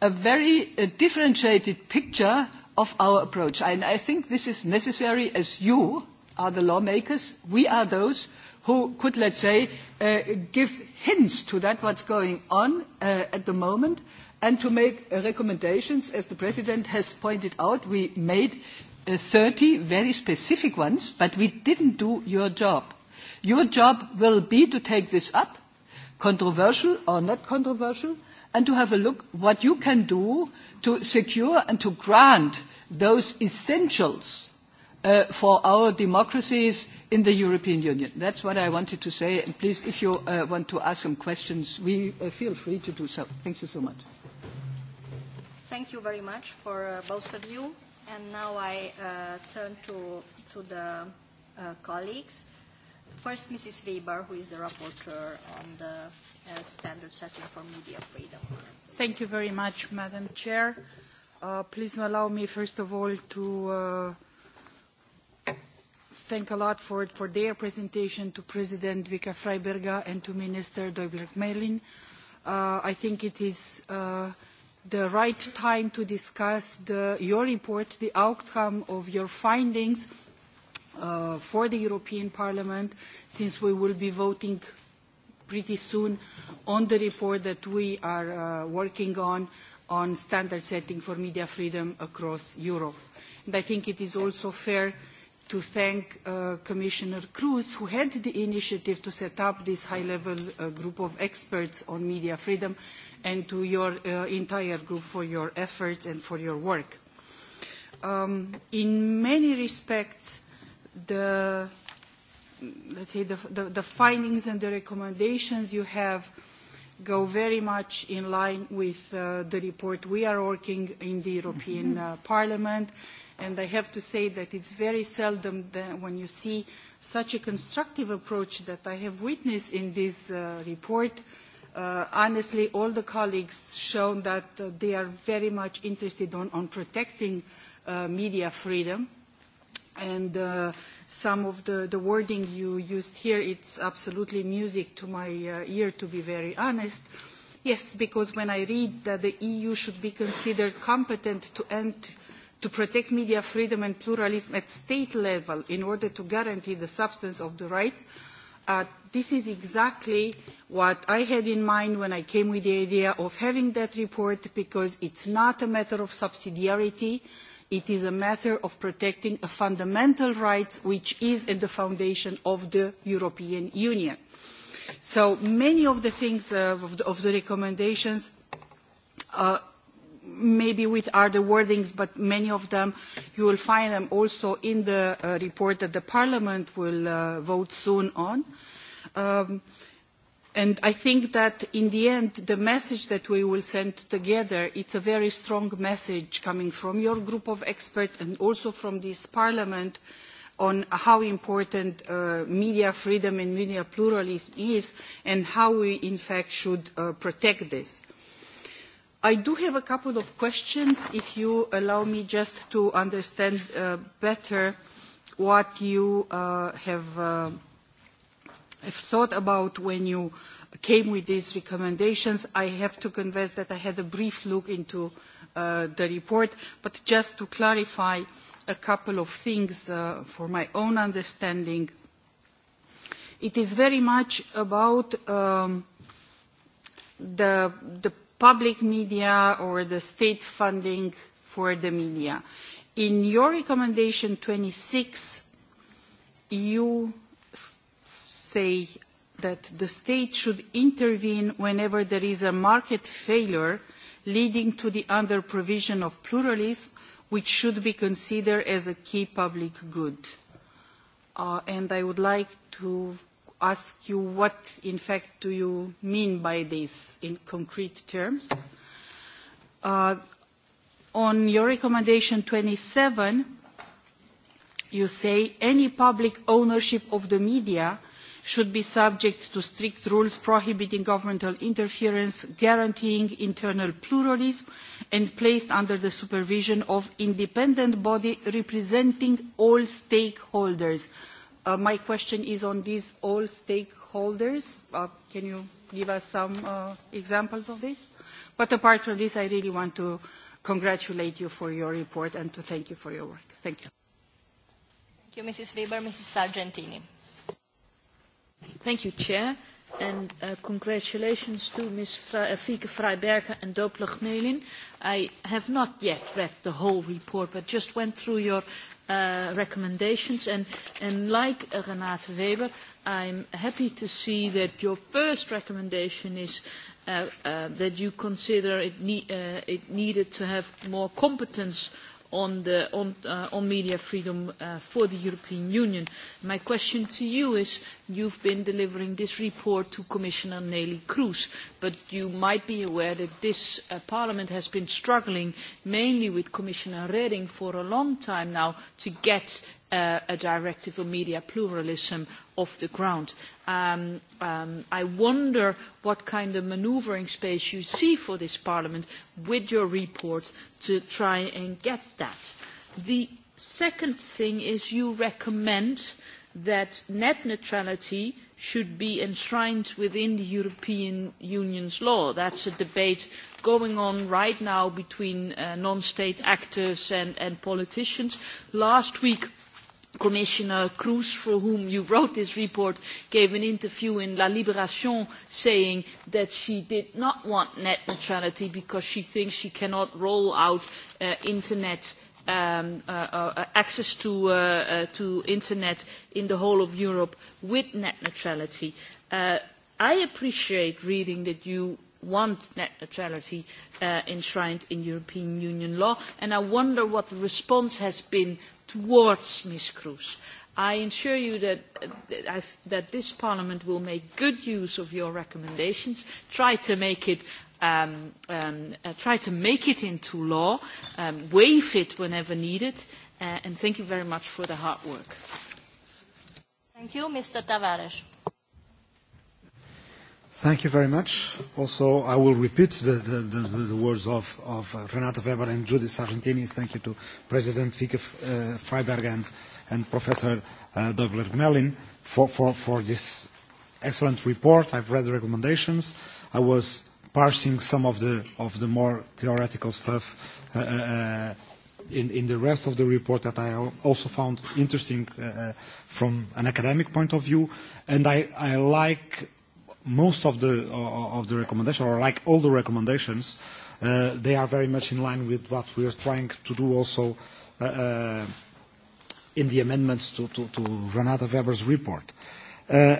a very uh, differentiated picture of our approach. And I think this is necessary as you are the lawmakers, we are those who could, let's say, uh, give hints to that what's going on uh, at the moment and to make recommendations. As the President has pointed out, we made 30 very specific ones, but we didn't do your job. Your job will be to take this up controversial or not controversial, and to have a look what you can do to secure and to grant those essentials uh, for our democracies in the European Union. That's what I wanted to say. And please, if you uh, want to ask some questions, we uh, feel free to do so. Thank you so much. Thank you very much for uh, both of you. And now I uh, turn to, to the uh, colleagues. First, Mrs. Weber, who is the rapporteur on the uh, standard setting for media freedom. Thank you very much, Madam Chair. Uh, please allow me, first of all, to uh, thank a lot for, for their presentation to President Vika Freiberga and to Minister Deubler Melin. Uh, I think it is uh, the right time to discuss the, your report, the outcome of your findings, uh, for the European Parliament, since we will be voting pretty soon on the report that we are uh, working on, on standard setting for media freedom across Europe. And I think it is also fair to thank uh, Commissioner Cruz, who had the initiative to set up this high-level uh, group of experts on media freedom, and to your uh, entire group for your efforts and for your work. Um, in many respects, the let's say the, the, the findings and the recommendations you have go very much in line with uh, the report we are working in the European mm-hmm. uh, Parliament. And I have to say that it's very seldom that when you see such a constructive approach that I have witnessed in this uh, report. Uh, honestly, all the colleagues shown that uh, they are very much interested on, on protecting uh, media freedom and uh, some of the, the wording you used here, it's absolutely music to my uh, ear, to be very honest. Yes, because when I read that the EU should be considered competent to end to protect media freedom and pluralism at state level in order to guarantee the substance of the rights, uh, this is exactly what I had in mind when I came with the idea of having that report because it's not a matter of subsidiarity, It is a matter of protecting a fundamental right which is at the foundation of the European Union. So many of the things uh, of, the, of, the, recommendations uh, maybe with other wordings, but many of them you will find them also in the uh, report that the Parliament will uh, vote soon on. Um, And I think that in the end, the message that we will send together, it's a very strong message coming from your group of experts and also from this parliament on how important uh, media freedom and media pluralism is and how we in fact should uh, protect this. I do have a couple of questions if you allow me just to understand uh, better what you uh, have uh, have thought about when you came with these recommendations. I have to confess that I had a brief look into uh, the report, but just to clarify a couple of things uh, for my own understanding, it is very much about um, the, the public media or the state funding for the media. In your recommendation 26, you say that the state should intervene whenever there is a market failure leading to the under-provision of pluralism, which should be considered as a key public good. Uh, and I would like to ask you what, in fact, do you mean by this in concrete terms? Uh, on your recommendation 27, you say any public ownership of the media – should be subject to strict rules prohibiting governmental interference, guaranteeing internal pluralism, and placed under the supervision of independent body representing all stakeholders. Uh, my question is on these all stakeholders. Uh, can you give us some uh, examples of this? But apart from this, I really want to congratulate you for your report and to thank you for your work. Thank you. Thank you, Mrs. Weber. Mrs. Sargentini. Thank you, Chair, and uh, congratulations to Ms. Fike uh, Freiberger and Dopler Gmelin. I have not yet read the whole report, but just went through your uh, recommendations, and, and like uh, Renate Weber, I'm happy to see that your first recommendation is uh, uh, that you consider it, ne uh, it needed to have more competence uh, on, the, on, uh, on media freedom uh, for the European Union. My question to you is, you've been delivering this report to Commissioner Nelly Cruz, but you might be aware that this uh, Parliament has been struggling mainly with Commissioner Reding for a long time now to get uh, a directive on media pluralism off the ground. Um, um, I wonder what kind of manoeuvring space you see for this Parliament with your report to try and get that. The second thing is you recommend that net neutrality should be enshrined within the European Union's law. That's a debate going on right now between uh, non-state actors and, and politicians. Last week, Commissioner kroes for whom you wrote this report, gave an interview in La libration saying that she did not want net neutrality because she thinks she cannot roll out uh, internet um, uh, uh, access to, uh, uh, to internet in the whole of Europe with net neutrality. Uh, I appreciate reading that you want net neutrality uh, enshrined in European Union law, and I wonder what the response has been towards Ms. Cruz. I assure you that, uh, that this Parliament will make good use of your recommendations, try to make it um, um, uh, try to make it into law, um, waive it whenever needed, uh, and thank you very much for the hard work. Thank you, Mr. Tavares. Thank you very much. Also, I will repeat the, the, the, the words of, of uh, Renata Weber and Judith Sargentini. Thank you to President Fike uh, Freiberg and, and Professor uh, Douglas Mellin for, for, for this excellent report. I've read the recommendations. I was parsing some of the, of the more theoretical stuff uh, uh, uh in, in the rest of the report that I also found interesting uh, uh, from an academic point of view. And I, I like most of the uh, uh, of the recommendation, or like all the recommendations, uh, they are very much in line with what we are trying to do also uh, uh in the amendments to, to, to Renata Weber's report. Uh,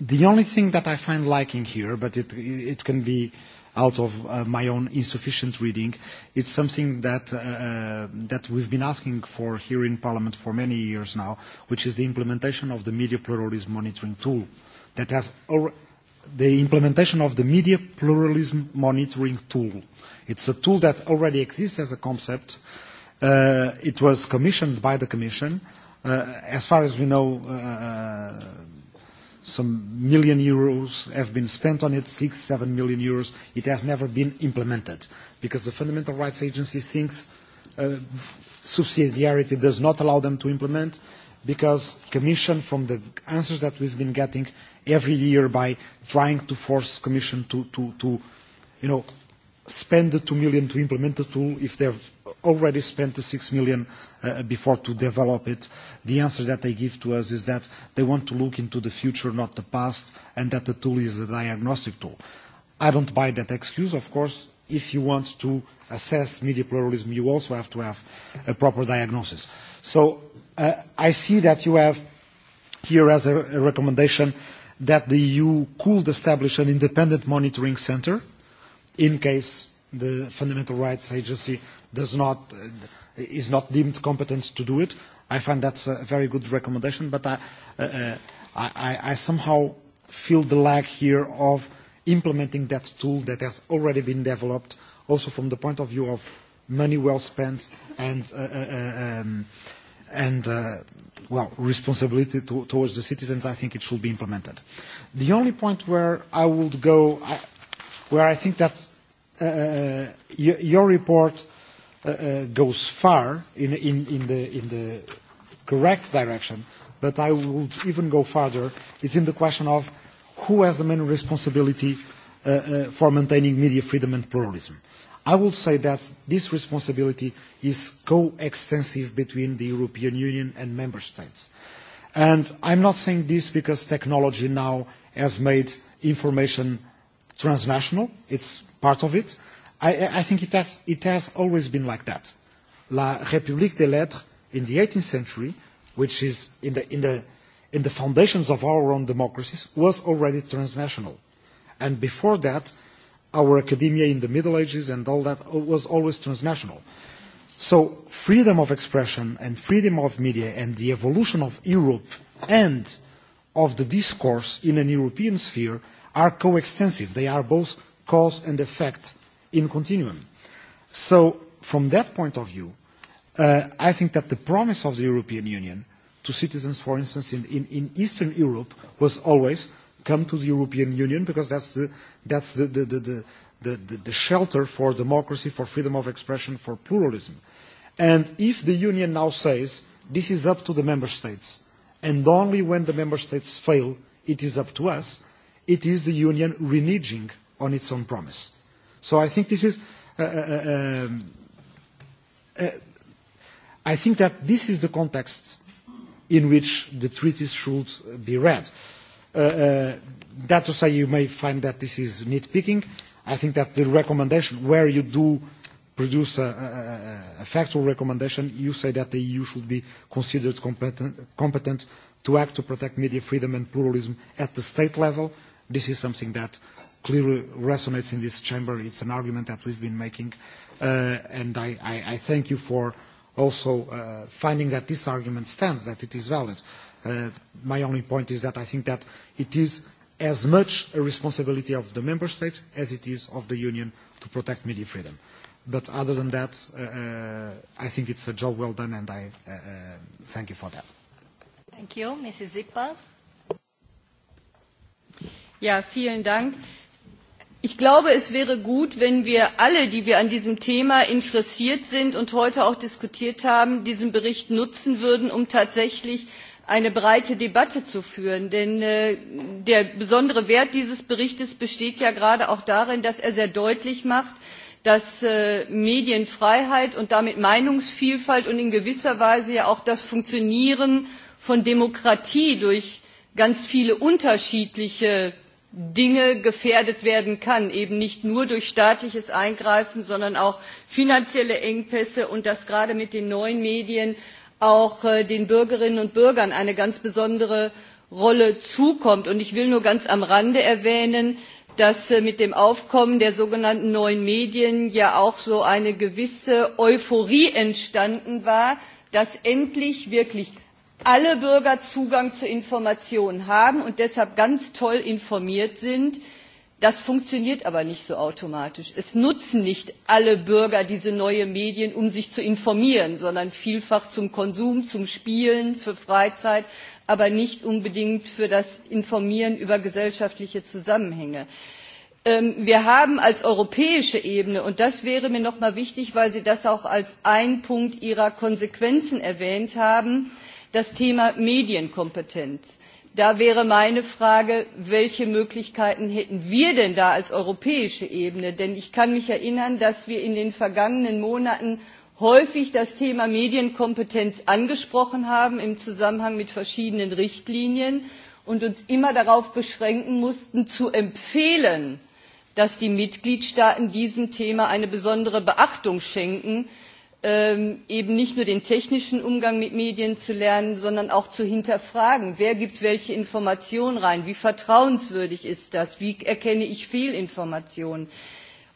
the only thing that I find liking here, but it, it can be out of uh, my own insufficient reading, it's something that, uh, that we've been asking for here in Parliament for many years now, which is the implementation of the media pluralism monitoring tool that has already the implementation of the media pluralism monitoring tool. It's a tool that already exists as a concept. Uh, it was commissioned by the Commission. Uh, as far as we know, uh, some million euros have been spent on it, six, seven million euros. It has never been implemented because the Fundamental Rights Agency thinks uh, subsidiarity does not allow them to implement because Commission, from the answers that we've been getting, every year by trying to force Commission to, to, to you know, spend the 2 million to implement the tool if they've already spent the 6 million uh, uh, before to develop it. The answer that they give to us is that they want to look into the future, not the past, and that the tool is a diagnostic tool. I don't buy that excuse, of course. If you want to assess media pluralism, you also have to have a proper diagnosis. So uh, I see that you have here as a, a recommendation that the EU could establish an independent monitoring center in case the Fundamental Rights Agency does not, uh, is not deemed competent to do it. I find that's a very good recommendation, but I, uh, uh I, I somehow feel the lack here of implementing that tool that has already been developed, also from the point of view of money well spent and, uh, uh, uh um, and well, responsibility to, towards the citizens, I think it should be implemented. The only point where I would go, I, where I think that uh, uh your report uh, uh, goes far in, in, in, the, in the correct direction, but I would even go further, is in the question of who has the main responsibility uh, uh, for maintaining media freedom and pluralism. I would say that this responsibility is co-extensive between the European Union and member states. And I'm not saying this because technology now has made information transnational. It's part of it. I, I think it has, it has always been like that. La République des Lettres in the 18th century, which is in the, in the, in the foundations of our own democracies, was already transnational. And before that, our academia in the Middle Ages and all that uh, was always transnational. So freedom of expression and freedom of media and the evolution of Europe and of the discourse in an European sphere are coextensive. They are both cause and effect in continuum. So from that point of view, uh, I think that the promise of the European Union to citizens, for instance, in, in, in Eastern Europe was always come to the European Union because that's the, that's the, the, the, the, the, the shelter for democracy, for freedom of expression, for pluralism. And if the Union now says this is up to the Member States, and only when the Member States fail it is up to us, it is the Union reneging on its own promise. So I think this is, uh, uh, uh, um, uh I think that this is the context in which the treaties should uh, be read. Uh, Uh, uh, that to say you may find that this is nitpicking. I think that the recommendation where you do produce a, a, a factual recommendation, you say that the EU should be considered competent, competent to act to protect media freedom and pluralism at the state level. This is something that clearly resonates in this chamber. It's an argument that we've been making, uh, and I, I, I thank you for also uh, finding that this argument stands, that it is valid. Uh, my only point is that I think that it is as much a responsibility of the member states as it is of the union to protect media freedom. But other than that, uh, uh I think it's a job well done, and I uh, uh thank you for that. Thank you, Mrs. Zippel. Ja, vielen Dank. Ich glaube, es wäre gut, wenn wir alle, die wir an diesem Thema interessiert sind und heute auch diskutiert haben, diesen Bericht nutzen würden, um tatsächlich eine breite Debatte zu führen. Denn äh, der besondere Wert dieses Berichtes besteht ja gerade auch darin, dass er sehr deutlich macht, dass äh, Medienfreiheit und damit Meinungsvielfalt und in gewisser Weise ja auch das Funktionieren von Demokratie durch ganz viele unterschiedliche Dinge gefährdet werden kann, eben nicht nur durch staatliches Eingreifen, sondern auch finanzielle Engpässe und dass gerade mit den neuen Medien auch äh, den bürgerinnen und bürgern eine ganz besondere rolle zukommt. Und ich will nur ganz am Rande erwähnen, dass äh, mit dem Aufkommen der sogenannten neuen Medien ja auch so eine gewisse Euphorie entstanden war, dass endlich wirklich alle Bürger Zugang zu Informationen haben und deshalb ganz toll informiert sind. Das funktioniert aber nicht so automatisch. Es nutzen nicht alle Bürger diese neuen Medien, um sich zu informieren, sondern vielfach zum Konsum, zum Spielen, für Freizeit, aber nicht unbedingt für das Informieren über gesellschaftliche Zusammenhänge. Ähm, wir haben als europäische Ebene, und das wäre mir nochmal wichtig, weil Sie das auch als einen Punkt Ihrer Konsequenzen erwähnt haben, das Thema Medienkompetenz. Da wäre meine Frage, welche Möglichkeiten hätten wir denn da als europäische Ebene? Denn ich kann mich erinnern, dass wir in den vergangenen Monaten häufig das Thema Medienkompetenz angesprochen haben im Zusammenhang mit verschiedenen Richtlinien und uns immer darauf beschränken mussten, zu empfehlen, dass die Mitgliedstaaten diesem Thema eine besondere Beachtung schenken ähm, eben nicht nur den technischen Umgang mit Medien zu lernen, sondern auch zu hinterfragen, wer gibt welche Informationen rein, wie vertrauenswürdig ist das, wie erkenne ich Fehlinformationen.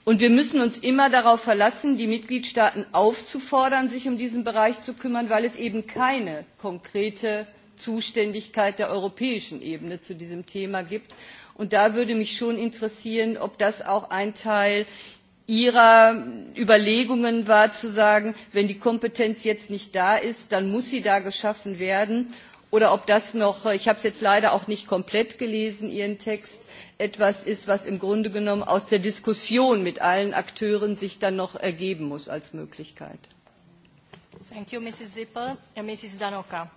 Und wir müssen uns immer darauf verlassen, die Mitgliedstaaten aufzufordern, sich um diesen Bereich zu kümmern, weil es eben keine konkrete Zuständigkeit der europäischen Ebene zu diesem Thema gibt. Und da würde mich schon interessieren, ob das auch ein Teil ihrer Überlegungen war zu sagen, wenn die Kompetenz jetzt nicht da ist, dann muss sie da geschaffen werden. Oder ob das noch, ich habe es jetzt leider auch nicht komplett gelesen, Ihren Text, etwas ist, was im Grunde genommen aus der Diskussion mit allen Akteuren sich dann noch ergeben muss als Möglichkeit. Thank you, Mrs. Zippel. Mrs. Danoka.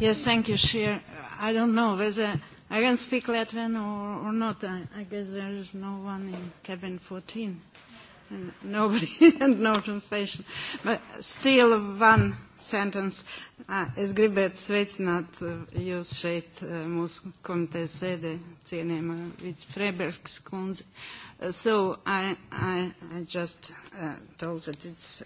Yes, thank you, Chair. I don't know whether i can speak Latvian or, or not. I, I guess there is no one in cabin 14, and nobody and no translation. But still one sentence. Uh, es gribētu sveicināt uh, jūs šeit uh, mūsu komitejas sēdē, cienījumā Vits Freibergs kundze. Uh, so I, I, I just uh, told that it's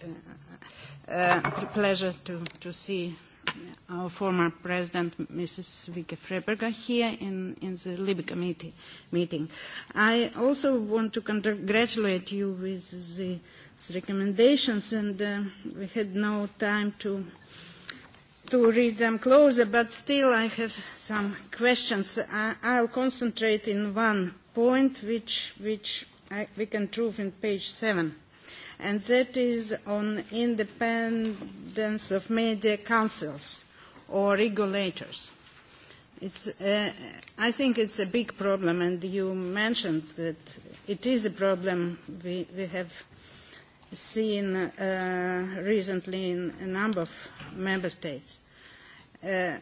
uh, a pleasure to, to see Uh, our former president, Mrs. Vika Freiberger, here in, in the Libe committee meeting. I also want to congratulate you with the recommendations, and uh, we had no time to to read them closer, but still I have some questions. I, I'll concentrate in one point, which, which I, we can prove in page seven and that is on independence of media councils or regulators. It's, uh, I think it's a big problem, and you mentioned that it is a problem we, we have seen uh, recently in a number of member states. Uh,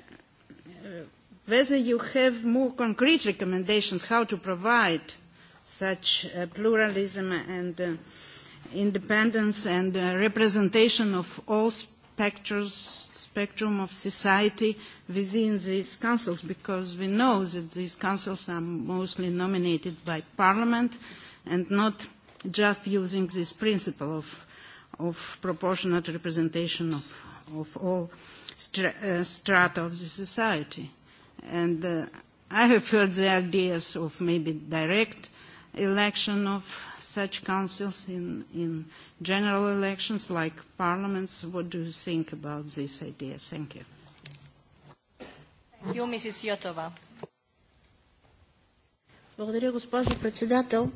whether you have more concrete recommendations how to provide such uh, pluralism and uh, independence and uh, representation of all spectrums, spectrum of society within these councils, because we know that these councils are mostly nominated by parliament and not just using this principle of, of proportionate representation of, of all stra uh, strata of the society. And uh, I have heard the ideas of maybe direct election of such councils in, in general elections like parliaments? What do you think about this idea? Thank you. Thank you, Mrs. Yotova. Благодаря, госпожо председател.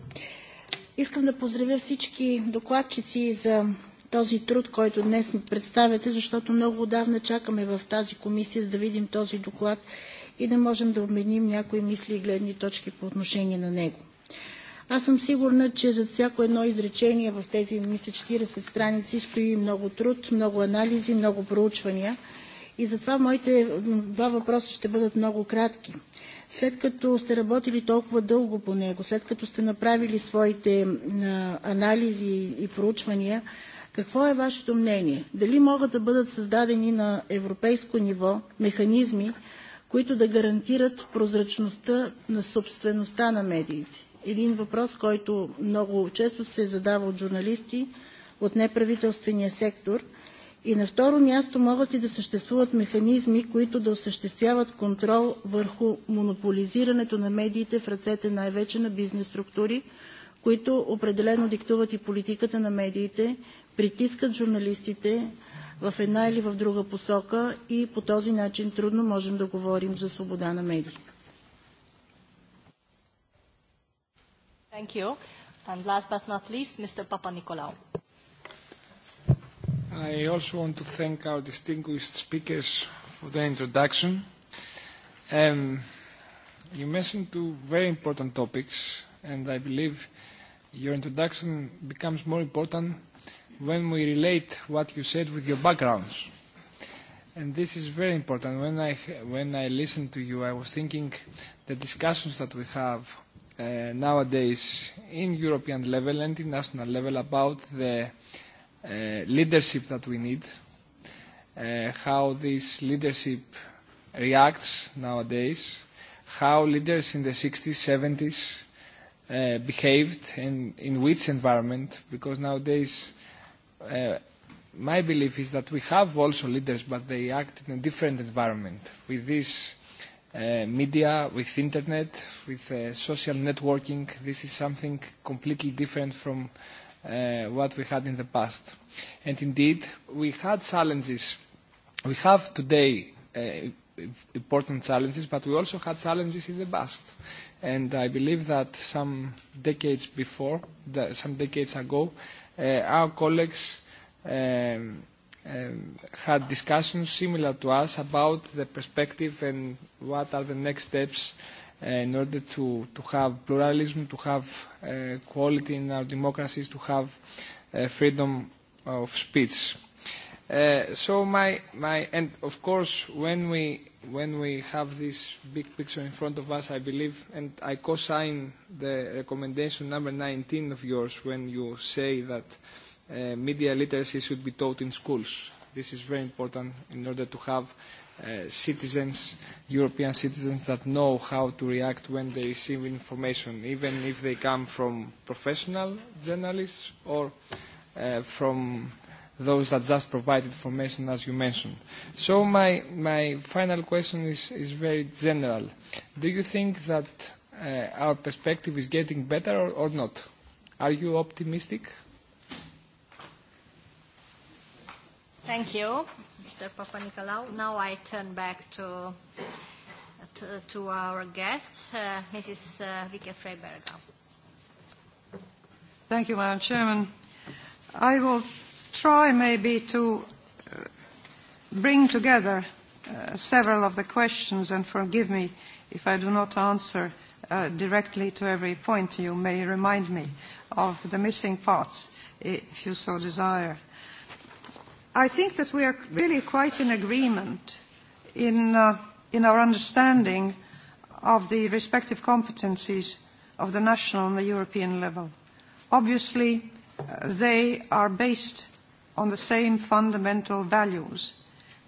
Искам да поздравя всички докладчици за този труд, който днес ми представяте, защото много отдавна чакаме в тази комисия, да видим този доклад и да можем да обменим някои мисли и гледни точки по отношение на него. Аз съм сигурна, че за всяко едно изречение в тези, мисля, 40 страници стои много труд, много анализи, много проучвания. И затова моите два въпроса ще бъдат много кратки. След като сте работили толкова дълго по него, след като сте направили своите анализи и проучвания, какво е вашето мнение? Дали могат да бъдат създадени на европейско ниво механизми, които да гарантират прозрачността на собствеността на медиите? един въпрос, който много често се задава от журналисти, от неправителствения сектор. И на второ място могат ли да съществуват механизми, които да осъществяват контрол върху монополизирането на медиите в ръцете най-вече на бизнес структури, които определено диктуват и политиката на медиите, притискат журналистите в една или в друга посока и по този начин трудно можем да говорим за свобода на медиите. Thank you. And last but not least, Mr. Papa Papanikolaou. I also want to thank our distinguished speakers for their introduction. Um, you mentioned two very important topics, and I believe your introduction becomes more important when we relate what you said with your backgrounds. And this is very important. When I, when I listened to you, I was thinking the discussions that we have Uh, nowadays in European level and in national level about the uh, leadership that we need, uh, how this leadership reacts nowadays, how leaders in the 60s, 70s uh, behaved and in which environment, because nowadays uh, my belief is that we have also leaders, but they act in a different environment with this Uh, media, with internet, with uh, social networking. This is something completely different from uh, what we had in the past. And indeed, we had challenges. We have today uh, important challenges, but we also had challenges in the past. And I believe that some decades before, some decades ago, uh, our colleagues um, um, had discussions similar to us about the perspective and what are the next steps uh, in order to, to have pluralism, to have uh, quality in our democracies, to have uh, freedom of speech. Uh, so my, my, and of course, when we, when we have this big picture in front of us, I believe, and I co-sign the recommendation number 19 of yours when you say that uh, Uh, media literacy should be taught in schools. This is very important in order to have uh, citizens, European citizens, that know how to react when they receive information, even if they come from professional journalists or uh, from those that just provide information, as you mentioned. So my, my final question is, is very general. Do you think that uh, our perspective is getting better or, or not? Are you optimistic? Thank you, Mr. Papanikolaou. Now I turn back to, to, to our guests, uh, Mrs. Uh, Vicky Freiberger. Thank you, Madam Chairman. I will try maybe to uh, bring together uh, several of the questions, and forgive me if I do not answer uh, directly to every point. You may remind me of the missing parts if you so desire. I think that we are really quite in agreement in, uh, in our understanding of the respective competencies of the national and the European level. Obviously, uh, they are based on the same fundamental values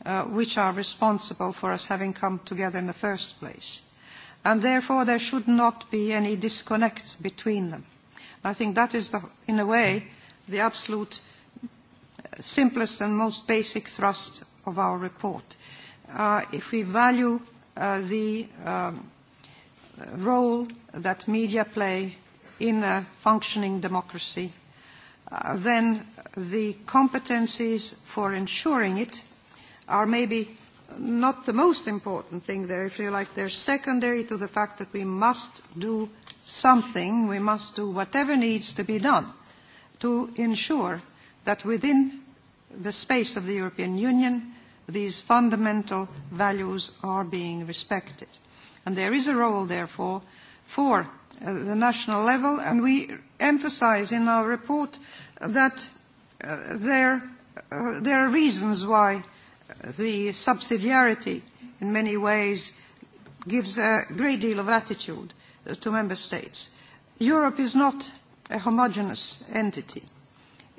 uh, which are responsible for us having come together in the first place. And therefore, there should not be any disconnect between them. I think that is, the, in a way, the absolute simplest and most basic thrust of our report. Uh, if we value uh, the um, role that media play in a functioning democracy, uh, then the competencies for ensuring it are maybe not the most important thing there, if you like. They're secondary to the fact that we must do something, we must do whatever needs to be done to ensure that within the space of the European Union, these fundamental values are being respected. And there is a role, therefore, for uh, the national level, and we emphasize in our report that uh, there, uh, there are reasons why the subsidiarity in many ways gives a great deal of latitude to member states. Europe is not a homogeneous entity.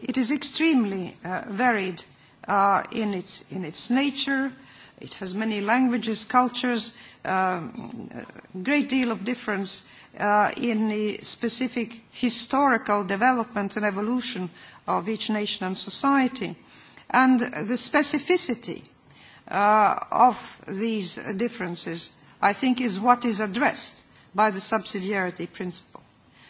It is extremely uh, varied uh, in, its, in its nature. It has many languages, cultures, um, a great deal of difference uh, in the specific historical development and evolution of each nation and society. And the specificity uh, of these differences, I think, is what is addressed by the subsidiarity principle.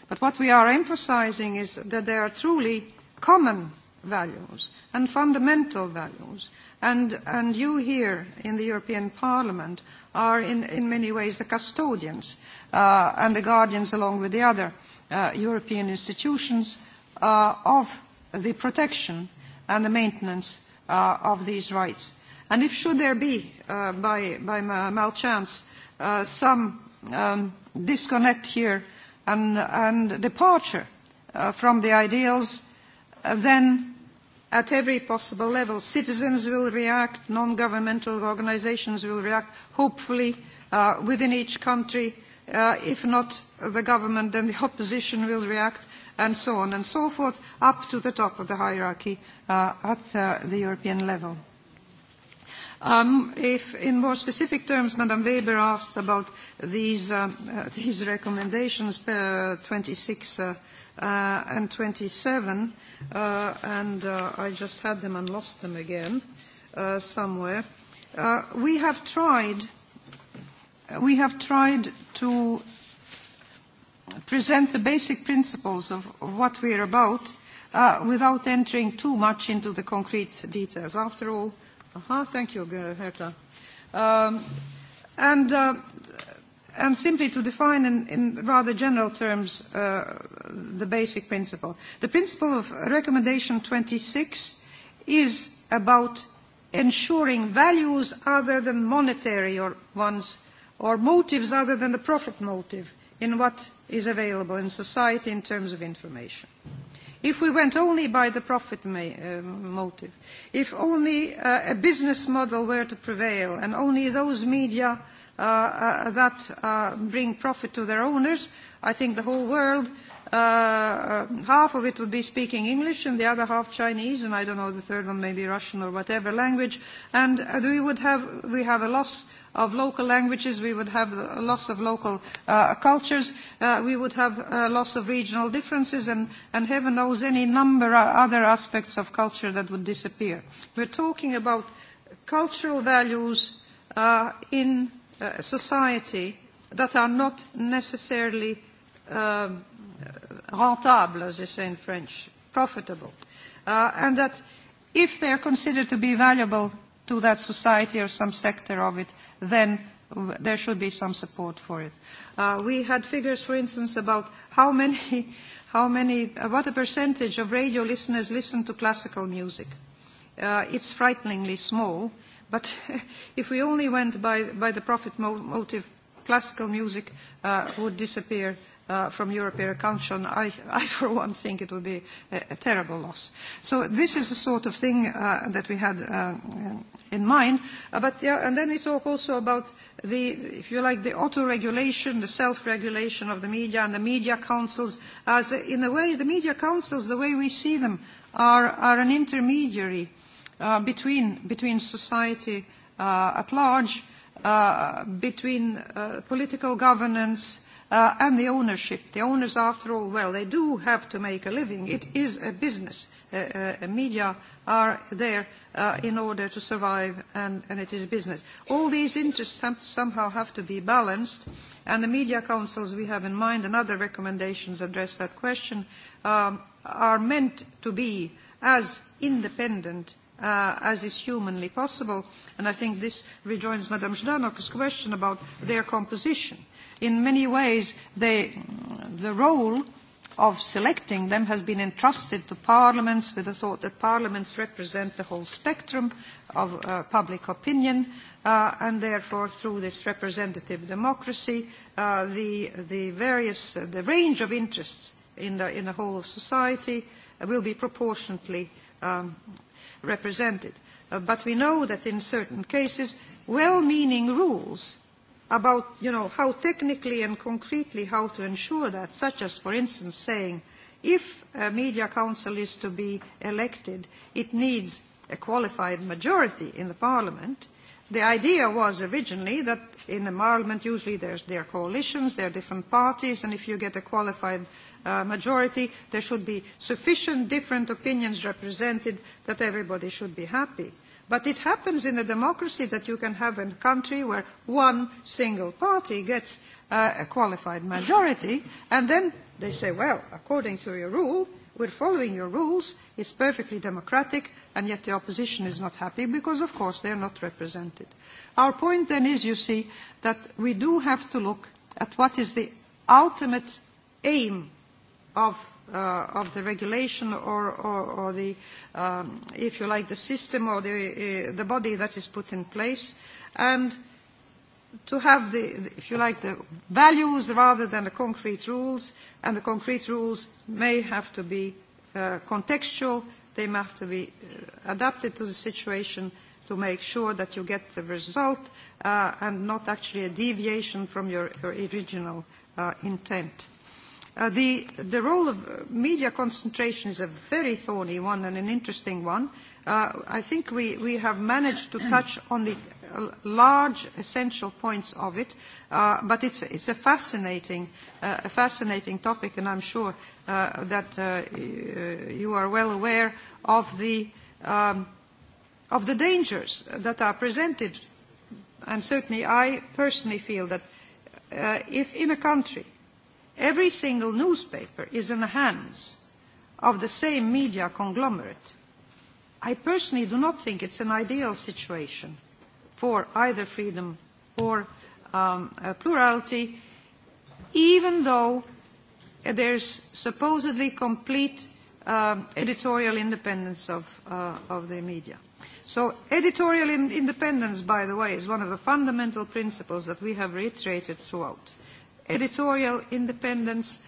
But what we are emphasizing is that there are truly common values and fundamental values. And, and you here in the European Parliament are in, in many ways the custodians uh, and the guardians along with the other uh, European institutions uh, of the protection and the maintenance uh, of these rights. And if should there be, uh, by, by malchance, uh, some um, disconnect here and, and departure uh, from the ideals then at every possible level, citizens will react, non-governmental organizations will react, hopefully uh, within each country, uh, if not the government, then the opposition will react, and so on and so forth, up to the top of the hierarchy uh, at uh, the European level. Um, if in more specific terms, Madam Weber asked about these, uh, uh, these recommendations, uh, 26 uh, uh, and 27, uh, and uh, I just had them and lost them again uh, somewhere. Uh, we have tried, we have tried to present the basic principles of, what we are about uh, without entering too much into the concrete details. After all, uh -huh, thank you, Herta. Um, and uh, and simply to define in, in rather general terms uh, the basic principle. The principle of recommendation 26 is about ensuring values other than monetary or ones or motives other than the profit motive in what is available in society in terms of information. If we went only by the profit may, uh, motive, if only uh, a business model were to prevail and only those media Uh, uh, that uh, bring profit to their owners. I think the whole world, half of it would be speaking English and the other half Chinese, and I don't know, the third one maybe Russian or whatever language. And we would have, we have a loss of local languages, we would have a loss of local uh, cultures, uh, we would have a loss of regional differences, and, and heaven knows any number of other aspects of culture that would disappear. We're talking about cultural values uh, in Uh, society that are not necessarily uh, um, rentable, as they say in French, profitable, uh, and that if they are considered to be valuable to that society or some sector of it, then there should be some support for it. Uh, we had figures, for instance, about how many, how many, uh, what a percentage of radio listeners listen to classical music. Uh, it's frighteningly small, But if we only went by, by the profit motive, classical music uh, would disappear uh, from European culture, and I, I, for one, think it would be a, a terrible loss. So this is the sort of thing uh, that we had uh, in mind. Uh, but yeah, and then we talk also about the, if you like, the auto-regulation, the self-regulation of the media and the media councils. As in a way, the media councils, the way we see them, are, are an intermediary. Uh, uh, between, between society uh, at large, uh, between uh, political governance uh, and the ownership. The owners, after all, well, they do have to make a living. It is a business. Uh, uh, media are there uh, in order to survive, and, and it is business. All these interests have to somehow have to be balanced, and the media councils we have in mind and other recommendations address that question um, are meant to be as independent Uh, as is humanly possible. And I think this rejoins Madame Zdanoka's question about their composition. In many ways, they, the role of selecting them has been entrusted to parliaments with the thought that parliaments represent the whole spectrum of uh, public opinion uh, and therefore through this representative democracy uh, the, the various uh, the range of interests in the, in the whole of society will be proportionately um, represented. Uh, but we know that in certain cases, well-meaning rules about you know, how technically and concretely how to ensure that, such as, for instance, saying if a media council is to be elected, it needs a qualified majority in the parliament. The idea was originally that in the parliament usually there's, there are coalitions, there are different parties, and if you get a qualified Uh, majority, there should be sufficient different opinions represented that everybody should be happy. But it happens in a democracy that you can have a country where one single party gets uh, a qualified majority, and then they say, well, according to your rule, we're following your rules, it's perfectly democratic, and yet the opposition is not happy because, of course, they're not represented. Our point then is, you see, that we do have to look at what is the ultimate aim Uh, of, the regulation or, or, or the, um, if you like, the system or the, uh, the body that is put in place, and to have the, if you like, the values rather than the concrete rules, and the concrete rules may have to be uh, contextual, they may have to be uh, adapted to the situation to make sure that you get the result uh, and not actually a deviation from your, your original uh, intent. Uh, the, the role of uh, media concentration is a very thorny one and an interesting one. Uh, I think we, we have managed to touch on the uh, large essential points of it, uh, but it's, it's a, fascinating, uh, a fascinating topic, and I'm sure uh, that uh, you are well aware of the, um, of the dangers that are presented. And certainly I personally feel that uh, if in a country Every single newspaper is in the hands of the same media conglomerate. I personally do not think it's an ideal situation for either freedom or um, uh, plurality, even though there's supposedly complete um, editorial independence of, uh, of the media. So editorial in independence, by the way, is one of the fundamental principles that we have reiterated throughout editorial independence,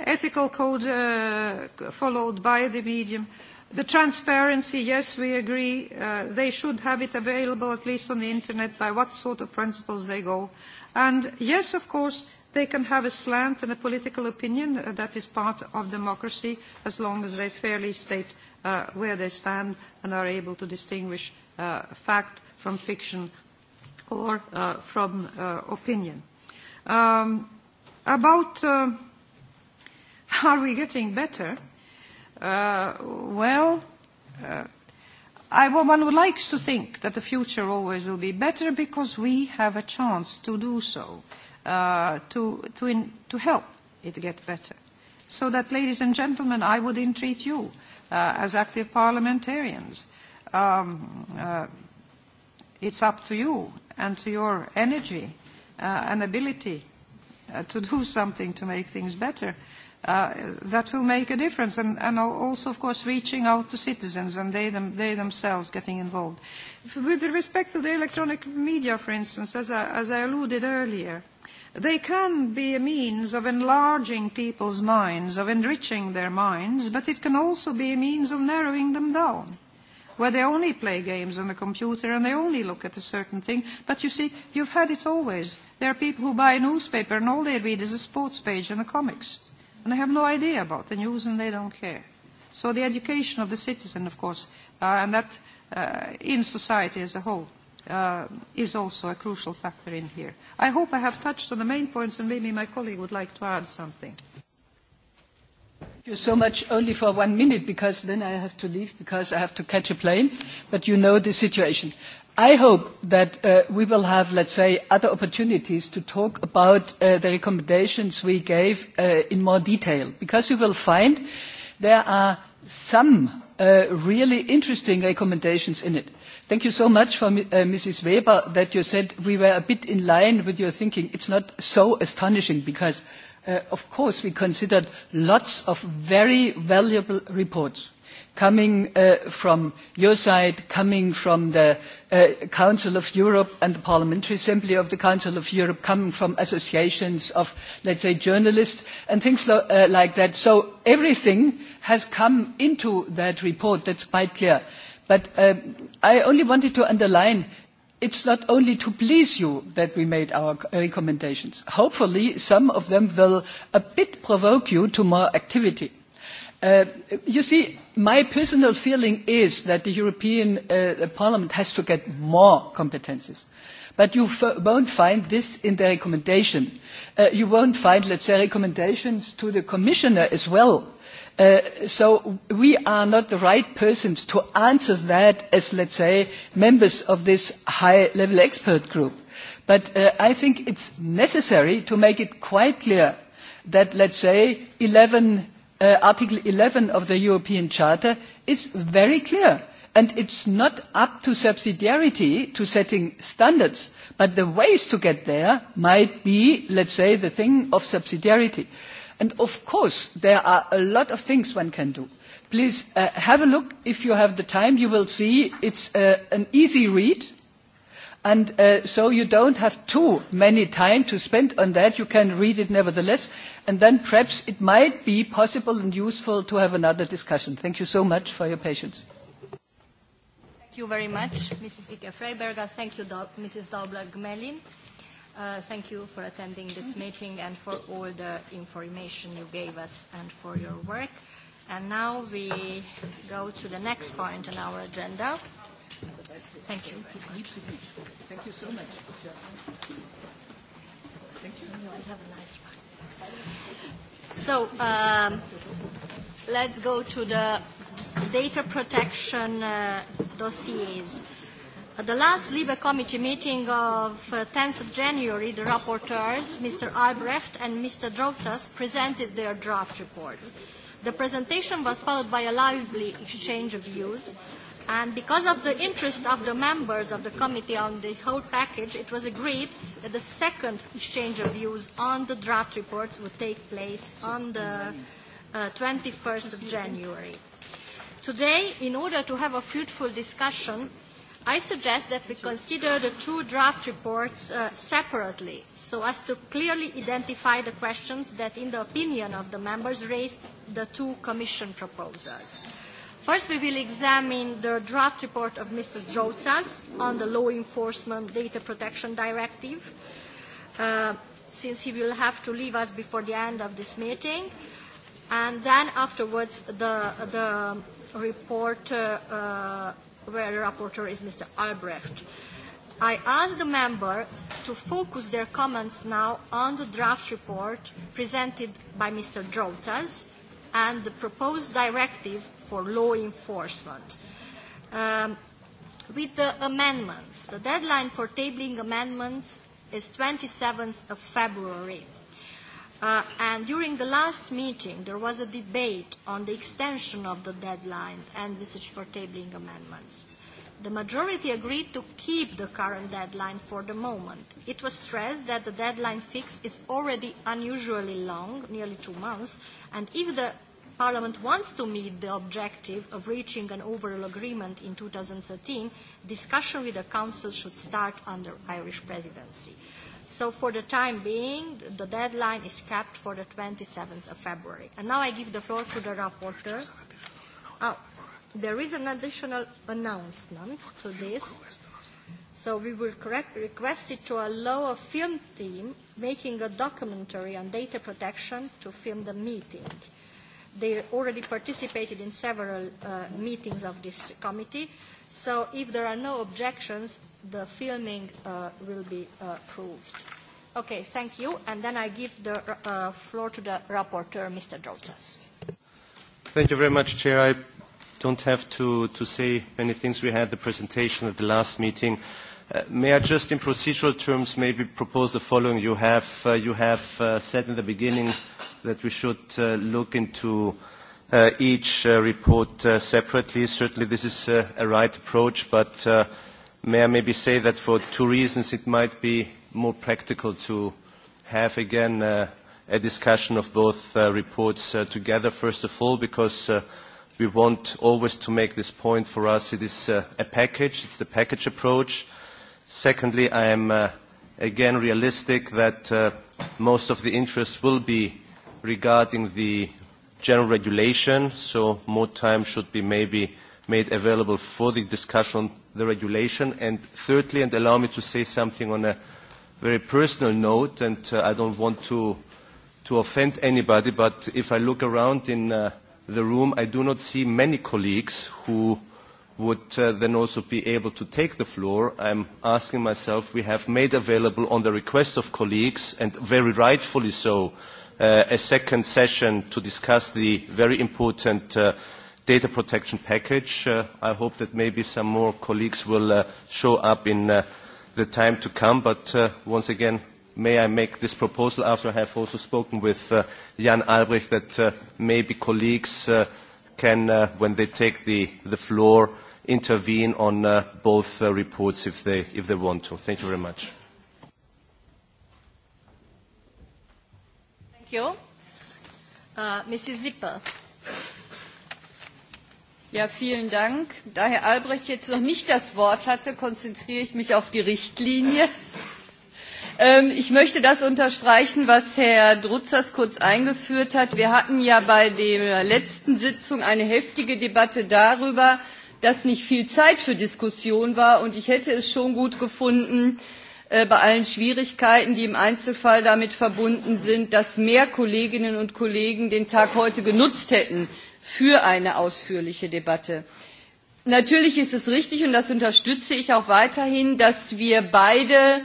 ethical code uh, followed by the medium. The transparency, yes, we agree. Uh, they should have it available, at least on the internet, by what sort of principles they go. And yes, of course, they can have a slant and a political opinion. Uh, that is part of democracy, as long as they fairly state uh, where they stand and are able to distinguish uh, fact from fiction or uh, from uh, opinion. Um, About uh, are we getting better? Uh, well, uh, I, one would like to think that the future always will be better because we have a chance to do so, uh, to, to, in, to help it get better. So that, ladies and gentlemen, I would entreat you uh, as active parliamentarians. Um, uh, it's up to you and to your energy uh, and ability Uh, to do something to make things better. Uh, that will make a difference, and, and also, of course, reaching out to citizens and they, them, they themselves getting involved. With respect to the electronic media, for instance, as I, as I alluded earlier, they can be a means of enlarging people's minds, of enriching their minds, but it can also be a means of narrowing them down where they only play games on the computer and they only look at a certain thing. But you see, you've had it always. There are people who buy a newspaper and all they read is a sports page and the comics. And they have no idea about the news and they don't care. So the education of the citizen, of course, uh, and that uh, in society as a whole, uh, is also a crucial factor in here. I hope I have touched on the main points and maybe my colleague would like to add something you so much only for one minute because then I have to leave because I have to catch a plane. But you know the situation. I hope that uh, we will have, let's say, other opportunities to talk about uh, the recommendations we gave uh, in more detail because you will find there are some uh, really interesting recommendations in it. Thank you so much for uh, Mrs. Weber that you said we were a bit in line with your thinking. It's not so astonishing because Uh, of course, we considered lots of very valuable reports coming uh, from your side, coming from the uh, Council of Europe and the Parliamentary Assembly of the Council of Europe, coming from associations of, let's say, journalists and things lo- uh, like that. So everything has come into that report. That's quite clear. But uh, I only wanted to underline it's not only to please you that we made our recommendations. Hopefully, some of them will a bit provoke you to more activity. Uh, you see, my personal feeling is that the European uh, Parliament has to get more competences. But you f- won't find this in the recommendation. Uh, you won't find, let's say, recommendations to the Commissioner as well Uh, so we are not the right persons to answer that as, let's say, members of this high-level expert group. But uh, I think it's necessary to make it quite clear that, let's say, 11, uh, Article 11 of the European Charter is very clear. And it's not up to subsidiarity to setting standards, but the ways to get there might be, let's say, the thing of subsidiarity. Uh, And of course, there are a lot of things one can do. Please uh, have a look if you have the time. You will see it's uh, an easy read. And uh, so you don't have too many time to spend on that. You can read it nevertheless. And then perhaps it might be possible and useful to have another discussion. Thank you so much for your patience. Thank you very much, Mrs. Vika Freiberger. Thank you, Do Mrs. Dobler-Gmelin. Uh, thank you for attending this meeting and for all the information you gave us and for your work. And now we go to the next point on our agenda. Thank you. Thank you so much. Thank you. have a nice one. So um, let's go to the data protection uh, dossiers. At the last LIBE committee meeting of uh, 10th of January, the rapporteurs, Mr. Albrecht and Mr. Drotzas, presented their draft reports. The presentation was followed by a lively exchange of views, and because of the interest of the members of the committee on the whole package, it was agreed that the second exchange of views on the draft reports would take place on the uh, 21st of January. Today, in order to have a fruitful discussion, i suggest that we consider the two draft reports uh, separately so as to clearly identify the questions that, in the opinion of the members, raised the two Commission proposals. First, we will examine the draft report of Mr. Drotas on the Law Enforcement Data Protection Directive, uh, since he will have to leave us before the end of this meeting. And then afterwards, the, the report uh, uh, where the rapporteur is Mr. Albrecht. I ask the members to focus their comments now on the draft report presented by Mr. Drotas and the proposed directive for law enforcement. Um, with the amendments, the deadline for tabling amendments is 27th of February. Uh, and during the last meeting, there was a debate on the extension of the deadline and visage for tabling amendments. The majority agreed to keep the current deadline for the moment. It was stressed that the deadline fixed is already unusually long, nearly two months, and if the Parliament wants to meet the objective of reaching an overall agreement in 2013, discussion with the Council should start under Irish presidency. So for the time being, the deadline is kept for the 27th of February. And now I give the floor to the rapporteur. Oh, there is an additional announcement to this. So we will correct, request it to allow a film team making a documentary on data protection to film the meeting. They already participated in several uh, meetings of this committee. So if there are no objections, the filming uh, will be uh, proved. Okay, thank you. And then I give the uh, floor to the rapporteur, Mr. Drotas. Thank you very much, Chair. I don't have to, to say many things. We had the presentation at the last meeting. Uh, may I just, in procedural terms, maybe propose the following? You have, uh, you have uh, said in the beginning that we should uh, look into uh, each uh, report uh, separately. Certainly this is uh, a right approach, but uh, May I maybe say that for two reasons it might be more practical to have again uh, a discussion of both uh, reports uh, together, first of all, because uh, we want always to make this point for us. It is uh, a package. It's the package approach. Secondly, I am uh, again realistic that uh, most of the interest will be regarding the general regulation, so more time should be maybe made available for the discussion the regulation? And thirdly, and allow me to say something on a very personal note, and uh, I don't want to, to offend anybody, but if I look around in uh, the room, I do not see many colleagues who would uh, then also be able to take the floor. I'm asking myself, we have made available on the request of colleagues, and very rightfully so, uh, a second session to discuss the very important uh, data protection package. Uh, I hope that maybe some more colleagues will uh, show up in uh, the time to come. But uh, once again, may I make this proposal after I have also spoken with uh, Jan Albrecht that uh, maybe colleagues uh, can, uh, when they take the, the floor, intervene on uh, both uh, reports if they, if they want to. Thank you very much. Thank you. Uh, Mrs. Zipper. Ja, vielen Dank. Da Herr Albrecht jetzt noch nicht das Wort hatte, konzentriere ich mich auf die Richtlinie. Ähm, ich möchte das unterstreichen, was Herr Drutzers kurz eingeführt hat. Wir hatten ja bei der letzten Sitzung eine heftige Debatte darüber, dass nicht viel Zeit für Diskussion war. Und ich hätte es schon gut gefunden, äh, bei allen Schwierigkeiten, die im Einzelfall damit verbunden sind, dass mehr Kolleginnen und Kollegen den Tag heute genutzt hätten, für eine ausführliche Debatte. Natürlich ist es richtig, und das unterstütze ich auch weiterhin, dass wir beide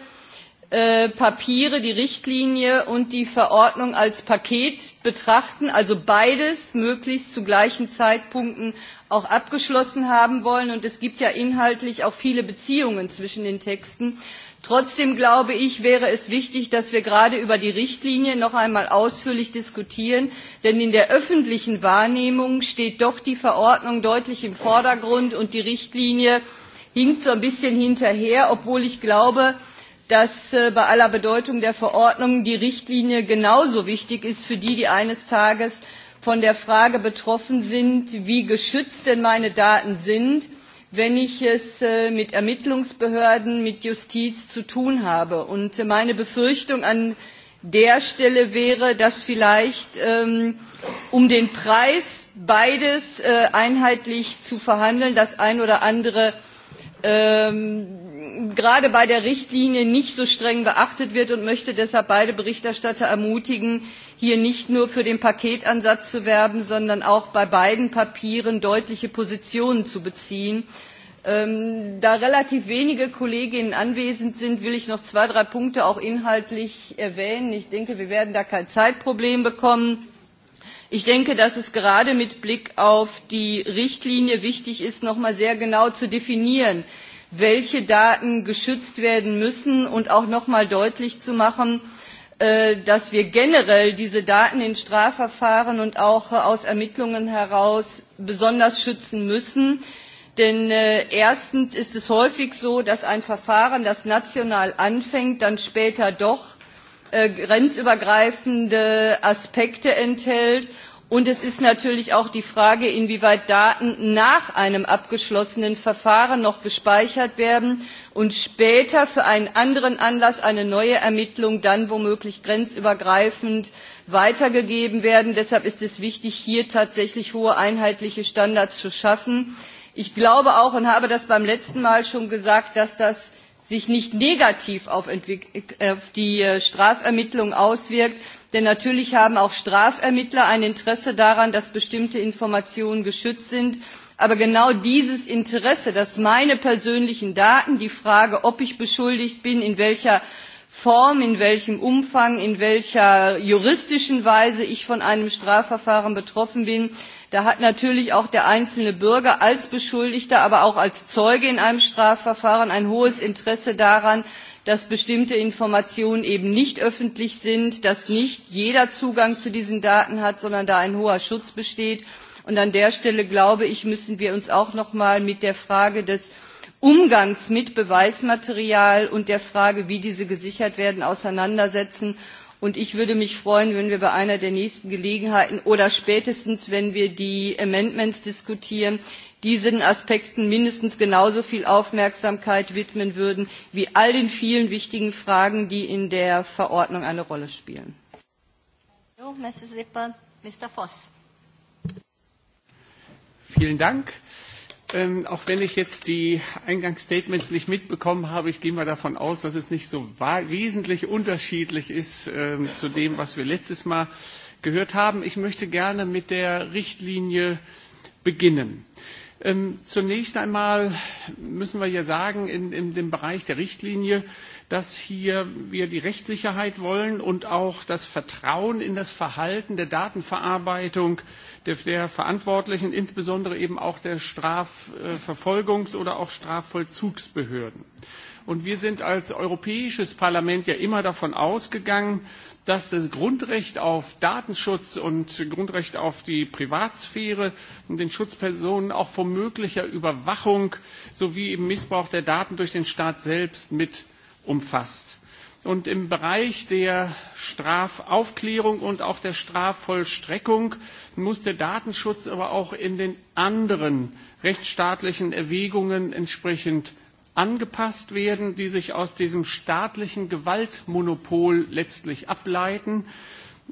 äh, Papiere, die Richtlinie und die Verordnung als Paket betrachten, also beides möglichst zu gleichen Zeitpunkten auch abgeschlossen haben wollen. Und es gibt ja inhaltlich auch viele Beziehungen zwischen den Texten. Trotzdem glaube ich, wäre es wichtig, dass wir gerade über die Richtlinie noch einmal ausführlich diskutieren, denn in der öffentlichen Wahrnehmung steht doch die Verordnung deutlich im Vordergrund und die Richtlinie hinkt so ein bisschen hinterher, obwohl ich glaube, dass äh, bei aller Bedeutung der Verordnung die Richtlinie genauso wichtig ist für die, die eines Tages von der Frage betroffen sind, wie geschützt denn meine Daten sind wenn ich es äh, mit Ermittlungsbehörden, mit Justiz zu tun habe. Und meine Befürchtung an der Stelle wäre, dass vielleicht ähm, um den Preis beides äh, einheitlich zu verhandeln, das ein oder andere ähm, gerade bei der Richtlinie nicht so streng beachtet wird und möchte deshalb beide Berichterstatter ermutigen, hier nicht nur für den Paketansatz zu werben, sondern auch bei beiden Papieren deutliche Positionen zu beziehen. Ähm, da relativ wenige Kolleginnen anwesend sind, will ich noch zwei, drei Punkte auch inhaltlich erwähnen. Ich denke, wir werden da kein Zeitproblem bekommen. Ich denke, dass es gerade mit Blick auf die Richtlinie wichtig ist, noch einmal sehr genau zu definieren, welche Daten geschützt werden müssen und auch noch einmal deutlich zu machen, Äh, dass wir generell diese Daten in Strafverfahren und auch äh, aus Ermittlungen heraus besonders schützen müssen. Denn äh, erstens ist es häufig so, dass ein Verfahren, das national anfängt, dann später doch äh, grenzübergreifende Aspekte enthält Und es ist natürlich auch die Frage, inwieweit Daten nach einem abgeschlossenen Verfahren noch gespeichert werden und später für einen anderen Anlass eine neue Ermittlung dann womöglich grenzübergreifend weitergegeben werden. Deshalb ist es wichtig, hier tatsächlich hohe einheitliche Standards zu schaffen. Ich glaube auch und habe das beim letzten Mal schon gesagt, dass das sich nicht negativ auf, auf die äh, Strafermittlung auswirkt. Denn natürlich haben auch Strafermittler ein Interesse daran, dass bestimmte Informationen geschützt sind. Aber genau dieses Interesse, dass meine persönlichen Daten, die Frage, ob ich beschuldigt bin, in welcher Form, in welchem Umfang, in welcher juristischen Weise ich von einem Strafverfahren betroffen bin, Da hat natürlich auch der einzelne Bürger als Beschuldigter, aber auch als Zeuge in einem Strafverfahren ein hohes Interesse daran, dass bestimmte Informationen eben nicht öffentlich sind, dass nicht jeder Zugang zu diesen Daten hat, sondern da ein hoher Schutz besteht. Und an der Stelle, glaube ich, müssen wir uns auch noch mal mit der Frage des Umgangs mit Beweismaterial und der Frage, wie diese gesichert werden, auseinandersetzen Und ich würde mich freuen, wenn wir bei einer der nächsten Gelegenheiten oder spätestens, wenn wir die Amendments diskutieren, diesen Aspekten mindestens genauso viel Aufmerksamkeit widmen würden wie all den vielen wichtigen Fragen, die in der Verordnung eine Rolle spielen. Vielen Dank. Ähm, auch wenn ich jetzt die Eingangsstatements nicht mitbekommen habe, ich gehe mal davon aus, dass es nicht so wesentlich unterschiedlich ist ähm, zu dem, was wir letztes Mal gehört haben. Ich möchte gerne mit der Richtlinie beginnen. Ähm, zunächst einmal müssen wir ja sagen, in, in dem Bereich der Richtlinie äh, dass hier wir die Rechtssicherheit wollen und auch das Vertrauen in das Verhalten der Datenverarbeitung der, der Verantwortlichen, insbesondere eben auch der Strafverfolgungs- oder auch Strafvollzugsbehörden. Und wir sind als Europäisches Parlament ja immer davon ausgegangen, dass das Grundrecht auf Datenschutz und Grundrecht auf die Privatsphäre und den Schutz Personen auch vor möglicher Überwachung sowie eben Missbrauch der Daten durch den Staat selbst mit umfasst. Und im Bereich der Strafaufklärung und auch der Strafvollstreckung muss der Datenschutz aber auch in den anderen rechtsstaatlichen Erwägungen entsprechend angepasst werden, die sich aus diesem staatlichen Gewaltmonopol letztlich ableiten.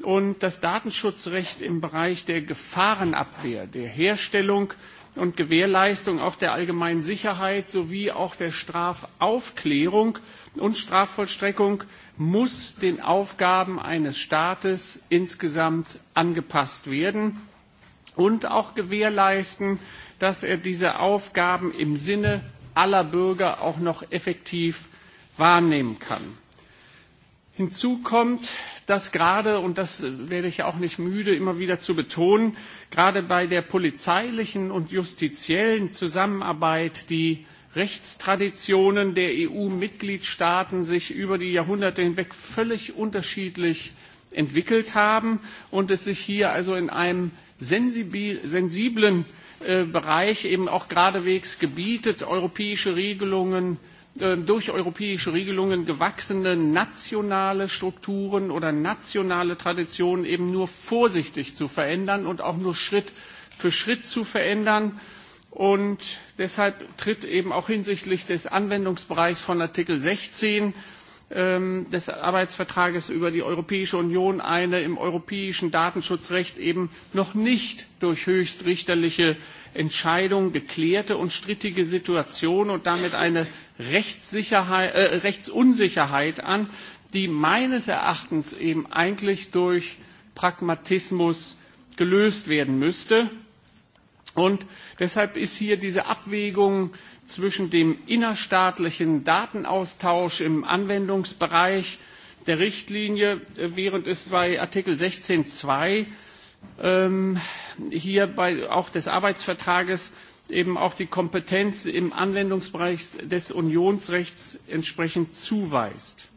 Und das Datenschutzrecht im Bereich der Gefahrenabwehr, der Herstellung und Gewährleistung auch der allgemeinen Sicherheit sowie auch der Strafaufklärung und Strafvollstreckung muss den Aufgaben eines Staates insgesamt angepasst werden und auch gewährleisten, dass er diese Aufgaben im Sinne aller Bürger auch noch effektiv wahrnehmen kann. Hinzu kommt, dass gerade, und das werde ich auch nicht müde, immer wieder zu betonen, gerade bei der polizeilichen und justiziellen Zusammenarbeit, die Rechtstraditionen der EU-Mitgliedstaaten sich über die Jahrhunderte hinweg völlig unterschiedlich entwickelt haben und es sich hier also in einem sensiblen äh, Bereich eben auch geradewegs gebietet, europäische Regelungen äh, durch europäische Regelungen gewachsene nationale Strukturen oder nationale Traditionen eben nur vorsichtig zu verändern und auch nur Schritt für Schritt zu verändern Und deshalb tritt eben auch hinsichtlich des Anwendungsbereichs von Artikel 16 ähm, des Arbeitsvertrages über die Europäische Union eine im europäischen Datenschutzrecht eben noch nicht durch höchstrichterliche Entscheidung geklärte und strittige Situation und damit eine Rechtssicherheit, äh, Rechtsunsicherheit an, die meines Erachtens eben eigentlich durch Pragmatismus gelöst werden müsste. Und deshalb ist hier diese Abwägung zwischen dem innerstaatlichen Datenaustausch im Anwendungsbereich der Richtlinie, äh, während es bei Artikel 16.2 ähm, hier bei auch des Arbeitsvertrages eben auch die Kompetenz im Anwendungsbereich des Unionsrechts entsprechend zuweist.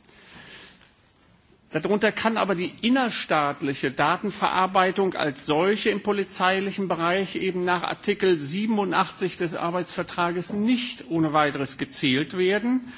Darunter kann aber die innerstaatliche Datenverarbeitung als solche im polizeilichen Bereich eben nach Artikel 87 des Arbeitsvertrages nicht ohne weiteres gezielt werden.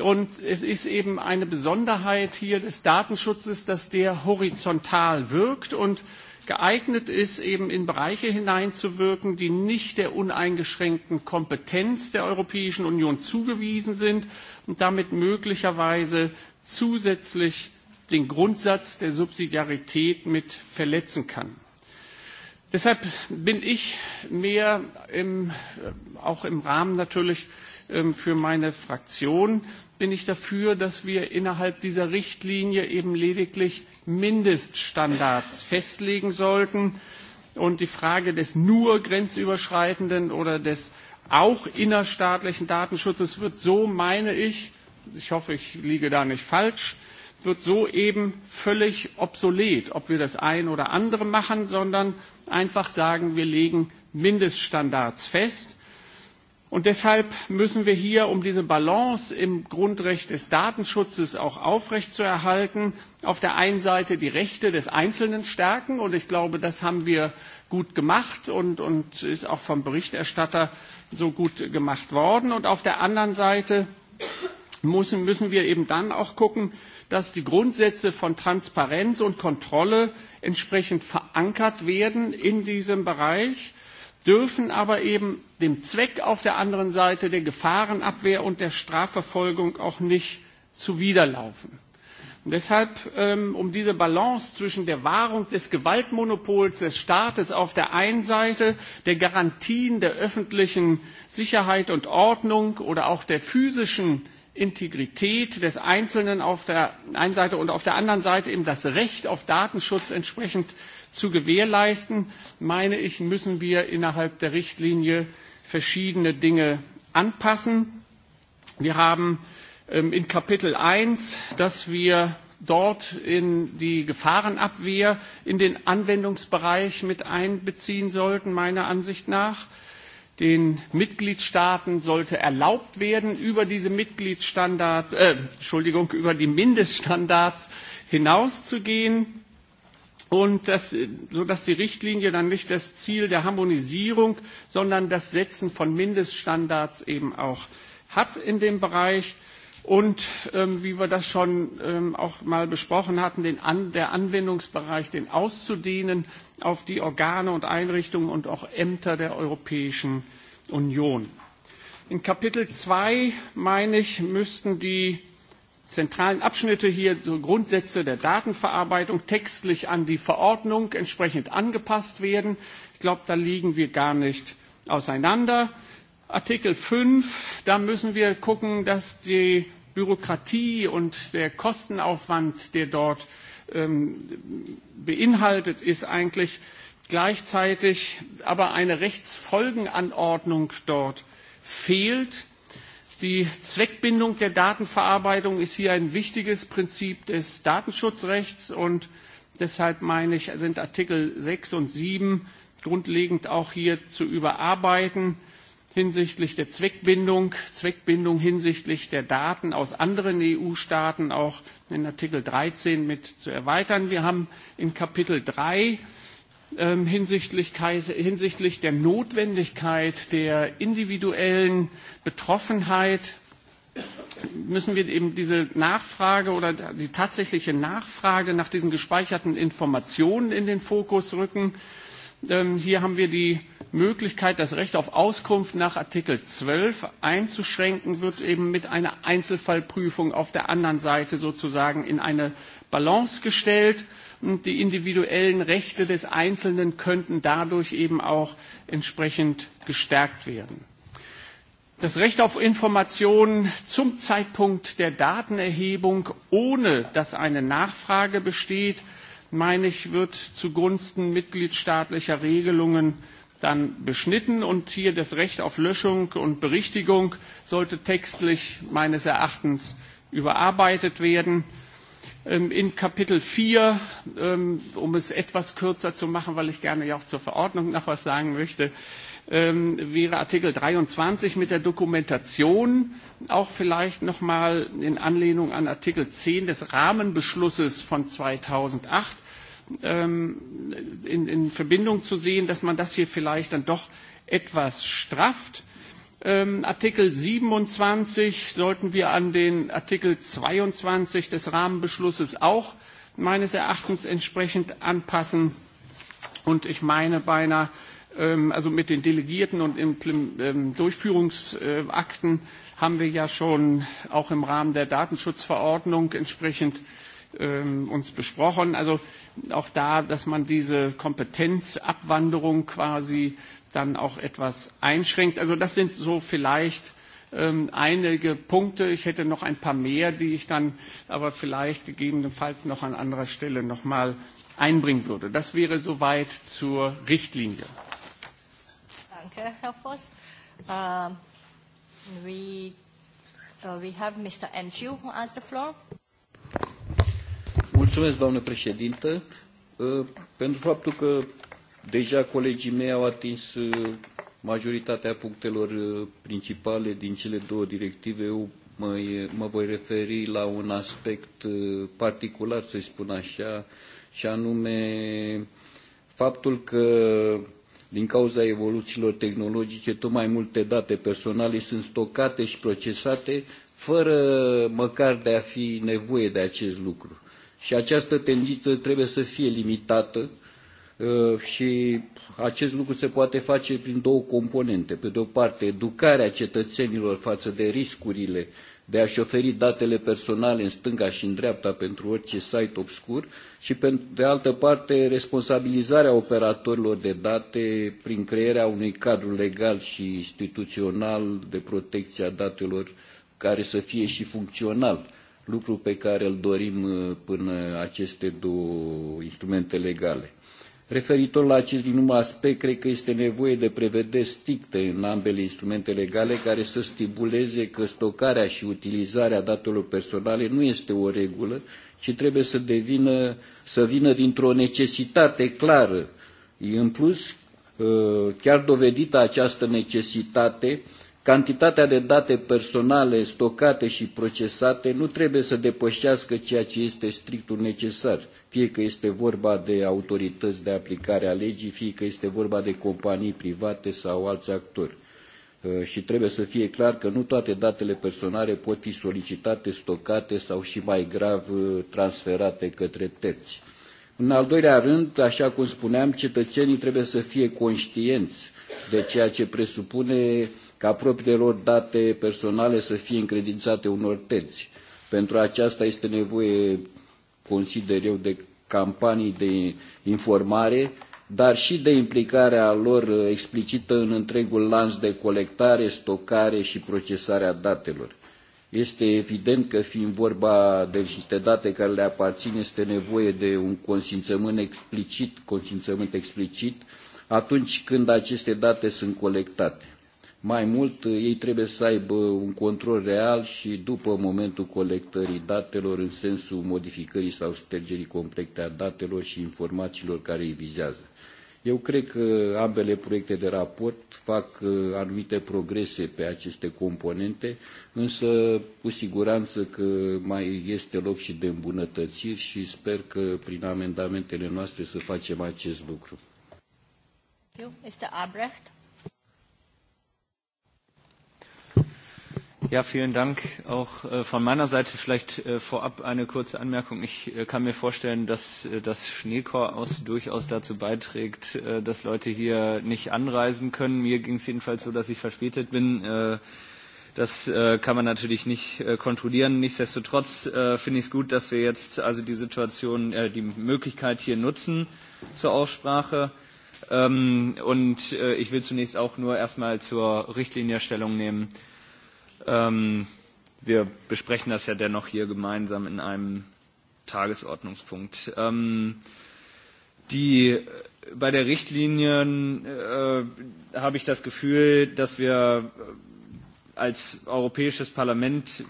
Und es ist eben eine Besonderheit hier des Datenschutzes, dass der horizontal wirkt und geeignet ist, eben in Bereiche hineinzuwirken, die nicht der uneingeschränkten Kompetenz der Europäischen Union zugewiesen sind und damit möglicherweise zusätzlich den Grundsatz der Subsidiarität mit verletzen kann. Deshalb bin ich mehr im, äh, auch im Rahmen natürlich ähm, für meine Fraktion bin ich dafür, dass wir innerhalb dieser Richtlinie eben lediglich Mindeststandards festlegen sollten und die Frage des nur grenzüberschreitenden oder des auch innerstaatlichen Datenschutzes wird so, meine ich, ich hoffe, ich liege da nicht falsch, wird so eben völlig obsolet, ob wir das ein oder andere machen, sondern einfach sagen, wir legen Mindeststandards fest. Und deshalb müssen wir hier, um diese Balance im Grundrecht des Datenschutzes auch aufrechtzuerhalten, auf der einen Seite die Rechte des Einzelnen stärken. Und ich glaube, das haben wir gut gemacht und, und ist auch vom Berichterstatter so gut gemacht worden. Und auf der anderen Seite müssen, müssen wir eben dann auch gucken, dass die Grundsätze von Transparenz und Kontrolle entsprechend verankert werden in diesem Bereich, dürfen aber eben dem Zweck auf der anderen Seite der Gefahrenabwehr und der Strafverfolgung auch nicht zuwiderlaufen. Und deshalb, ähm, um diese Balance zwischen der Wahrung des Gewaltmonopols des Staates auf der einen Seite, der Garantien der öffentlichen Sicherheit und Ordnung oder auch der physischen Integrität des Einzelnen auf der einen Seite und auf der anderen Seite eben das Recht auf Datenschutz entsprechend zu gewährleisten, meine ich, müssen wir innerhalb der Richtlinie verschiedene Dinge anpassen. Wir haben ähm, in Kapitel 1, dass wir dort in die Gefahrenabwehr in den Anwendungsbereich mit einbeziehen sollten, meiner Ansicht nach den Mitgliedstaaten sollte erlaubt werden, über diese Mitgliedsstandards, äh, Entschuldigung, über die Mindeststandards hinauszugehen und das, sodass die Richtlinie dann nicht das Ziel der Harmonisierung, sondern das Setzen von Mindeststandards eben auch hat in dem Bereich. Und ähm, wie wir das schon ähm, auch mal besprochen hatten, den An der Anwendungsbereich, den auszudehnen auf die Organe und Einrichtungen und auch Ämter der Europäischen Union. In Kapitel 2, meine ich, müssten die zentralen Abschnitte hier so Grundsätze der Datenverarbeitung textlich an die Verordnung entsprechend angepasst werden. Ich glaube, da liegen wir gar nicht auseinander. Artikel 5, da müssen wir gucken, dass die Bürokratie und der Kostenaufwand, der dort ähm, beinhaltet ist, eigentlich gleichzeitig aber eine Rechtsfolgenanordnung dort fehlt. Die Zweckbindung der Datenverarbeitung ist hier ein wichtiges Prinzip des Datenschutzrechts und deshalb meine ich, sind Artikel 6 und 7 grundlegend auch hier zu überarbeiten hinsichtlich der Zweckbindung, Zweckbindung hinsichtlich der Daten aus anderen EU-Staaten auch in Artikel 13 mit zu erweitern. Wir haben in Kapitel 3 ähm, hinsichtlich, hinsichtlich der Notwendigkeit der individuellen Betroffenheit müssen wir eben diese Nachfrage oder die tatsächliche Nachfrage nach diesen gespeicherten Informationen in den Fokus rücken. Ähm, hier haben wir die Möglichkeit, das Recht auf Auskunft nach Artikel 12 einzuschränken, wird eben mit einer Einzelfallprüfung auf der anderen Seite sozusagen in eine Balance gestellt. Und die individuellen Rechte des Einzelnen könnten dadurch eben auch entsprechend gestärkt werden. Das Recht auf Informationen zum Zeitpunkt der Datenerhebung, ohne dass eine Nachfrage besteht, meine ich, wird zugunsten mitgliedstaatlicher Regelungen dann beschnitten und hier das Recht auf Löschung und Berichtigung sollte textlich meines Erachtens überarbeitet werden. Ähm, in Kapitel 4, ähm, um es etwas kürzer zu machen, weil ich gerne ja auch zur Verordnung noch was sagen möchte, ähm, wäre Artikel 23 mit der Dokumentation auch vielleicht noch mal in Anlehnung an Artikel 10 des Rahmenbeschlusses von 2008 ähm, in, in Verbindung zu sehen, dass man das hier vielleicht dann doch etwas strafft. Ähm, Artikel 27 sollten wir an den Artikel 22 des Rahmenbeschlusses auch meines Erachtens entsprechend anpassen. Und ich meine beinahe, Ähm, also mit den Delegierten und ähm, Durchführungsakten äh, haben wir ja schon auch im Rahmen der Datenschutzverordnung entsprechend ähm, uns besprochen. Also auch da, dass man diese Kompetenzabwanderung quasi dann auch etwas einschränkt. Also das sind so vielleicht einige Punkte. Ich hätte noch ein paar mehr, die ich dann aber vielleicht gegebenenfalls noch an anderer Stelle noch mal einbringen würde. Das wäre soweit zur Richtlinie help us? Uh, we, uh, we have Mr. Andrew who asked the floor. Mulțumesc, doamnă președintă, uh, pentru faptul că deja colegii mei au atins uh, majoritatea punctelor uh, principale din cele două directive. Eu mă, mă voi referi la un aspect uh, particular, să i spun așa, și anume faptul că Din cauza evoluțiilor tehnologice, tot mai multe date personale sunt stocate și procesate fără măcar de a fi nevoie de acest lucru. Și această tendință trebuie să fie limitată uh, și acest lucru se poate face prin două componente. Pe de o parte, educarea cetățenilor față de riscurile de a-și oferi datele personale în stânga și în dreapta pentru orice site obscur și, de altă parte, responsabilizarea operatorilor de date prin crearea unui cadru legal și instituțional de protecție a datelor care să fie și funcțional, lucru pe care îl dorim uh, până aceste două instrumente legale. Referitor la acest din urmă aspect, cred că este nevoie de prevederi stricte în ambele instrumente legale care să stipuleze că stocarea și utilizarea datelor personale nu este o regulă, ci trebuie să, devină, să vină dintr-o necesitate clară. În plus, chiar dovedită această necesitate, uh, Cantitatea de date personale stocate și procesate nu trebuie să depășească ceea ce este strictul necesar, fie că este vorba de autorități de aplicare a legii, fie că este vorba de companii private sau alți actori. Uh, și trebuie să fie clar că nu toate datele personale pot fi solicitate, stocate sau și mai grav uh, transferate către terți. În al doilea rând, așa cum spuneam, cetățenii trebuie să fie conștienți de ceea ce presupune uh, ca propriile lor date personale să fie încredințate unor terți. Pentru aceasta este nevoie, consider eu, de campanii de informare, dar și de implicarea lor uh, explicită în întregul lanț de colectare, stocare și procesare a datelor. Este evident că fiind vorba de niște date care le aparțin, este nevoie de un consimțământ explicit, consimțământ explicit atunci când aceste date sunt colectate. Mai mult, ei trebuie să aibă un control real și după momentul colectării datelor în sensul modificării sau ștergerii complete a datelor și informațiilor care îi vizează. Eu cred că ambele proiecte de raport fac uh, anumite progrese pe aceste componente, însă cu siguranță că mai este loc și de îmbunătățiri și sper că prin amendamentele noastre să facem acest lucru. Este Abrecht. Ja, vielen Dank. Auch äh, von meiner Seite vielleicht äh, vorab eine kurze Anmerkung. Ich äh, kann mir vorstellen, dass das Schneekorps aus durchaus dazu beiträgt, dass Leute hier nicht anreisen können. Mir ging es jedenfalls so, dass ich verspätet bin. das kann man natürlich nicht kontrollieren. Nichtsdestotrotz finde ich es gut, dass wir jetzt also die Situation, die Möglichkeit hier nutzen zur Aussprache. Ähm, und ich will zunächst auch nur erstmal zur Richtlinie Stellung nehmen. Ähm, wir besprechen das ja dennoch hier gemeinsam in einem Tagesordnungspunkt. Ähm, die, äh, bei der Richtlinie äh, habe ich das Gefühl, dass wir äh, als Europäisches Parlament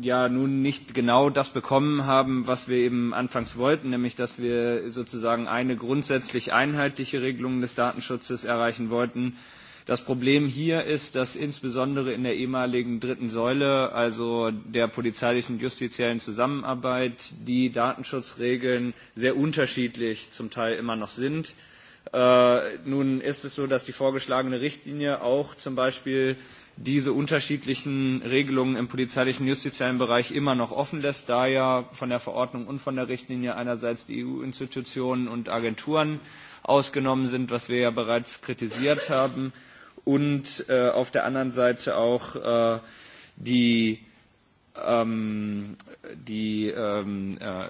ja nun nicht genau das bekommen haben, was wir eben anfangs wollten, nämlich dass wir sozusagen eine grundsätzlich einheitliche Regelung des Datenschutzes erreichen wollten. Äh, Das Problem hier ist, dass insbesondere in der ehemaligen dritten Säule, also der polizeilichen justiziellen Zusammenarbeit, die Datenschutzregeln sehr unterschiedlich zum Teil immer noch sind. Äh, nun ist es so, dass die vorgeschlagene Richtlinie auch zum Beispiel diese unterschiedlichen Regelungen im polizeilichen justiziellen Bereich immer noch offen lässt, da ja von der Verordnung und von der Richtlinie einerseits die EU-Institutionen und Agenturen ausgenommen sind, was wir ja bereits kritisiert haben und äh, auf der anderen Seite auch äh, die ähm, die ähm, äh,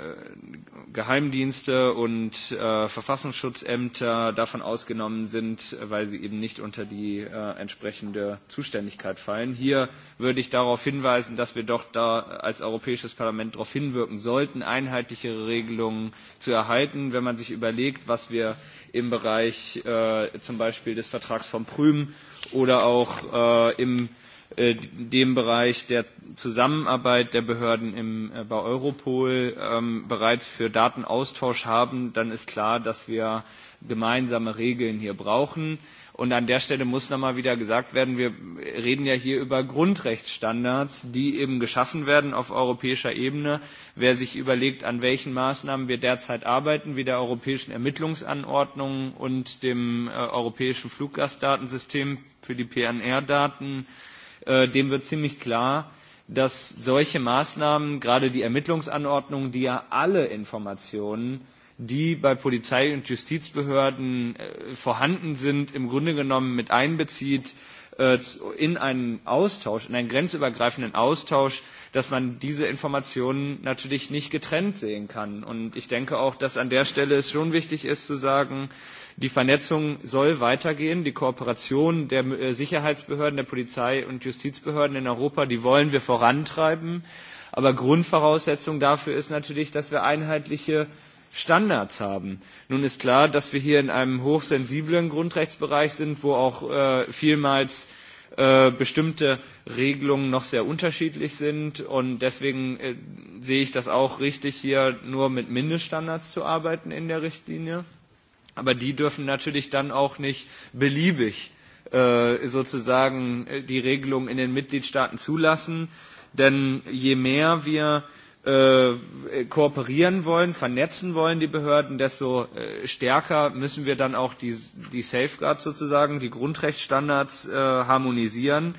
Geheimdienste und äh, Verfassungsschutzämter davon ausgenommen sind, weil sie eben nicht unter die äh, entsprechende Zuständigkeit fallen. Hier würde ich darauf hinweisen, dass wir doch da als Europäisches Parlament darauf hinwirken sollten, einheitlichere Regelungen zu erhalten. Wenn man sich überlegt, was wir im Bereich äh, zum Beispiel des Vertrags von Prüm oder auch äh, im äh, dem Bereich der Zusammenarbeit der Behörden im, äh, bei Europol ähm, bereits für Datenaustausch haben, dann ist klar, dass wir gemeinsame Regeln hier brauchen. Und an der Stelle muss nochmal wieder gesagt werden, wir reden ja hier über Grundrechtsstandards, die eben geschaffen werden auf europäischer Ebene. Wer sich überlegt, an welchen Maßnahmen wir derzeit arbeiten, wie der europäischen Ermittlungsanordnung und dem äh, europäischen Fluggastdatensystem für die PNR-Daten, äh, dem wird ziemlich klar, dass solche Maßnahmen, gerade die Ermittlungsanordnung, die ja alle Informationen die bei Polizei und Justizbehörden äh, vorhanden sind, im Grunde genommen mit einbezieht äh, in einen Austausch, in einen grenzübergreifenden Austausch, dass man diese Informationen natürlich nicht getrennt sehen kann. Und ich denke auch, dass an der Stelle es schon wichtig ist zu sagen, die Vernetzung soll weitergehen, die Kooperation der äh, Sicherheitsbehörden, der Polizei und Justizbehörden in Europa, die wollen wir vorantreiben. Aber Grundvoraussetzung dafür ist natürlich, dass wir einheitliche Standards haben. Nun ist klar, dass wir hier in einem hochsensiblen Grundrechtsbereich sind, wo auch äh, vielmals äh, bestimmte Regelungen noch sehr unterschiedlich sind. Und deswegen äh, sehe ich das auch richtig, hier nur mit Mindeststandards zu arbeiten in der Richtlinie. Aber die dürfen natürlich dann auch nicht beliebig äh, sozusagen äh, die Regelungen in den Mitgliedstaaten zulassen. Denn je mehr wir äh, äh, kooperieren wollen, vernetzen wollen, die Behörden, desto äh, stärker müssen wir dann auch die, die Safeguards sozusagen, die Grundrechtsstandards äh, harmonisieren.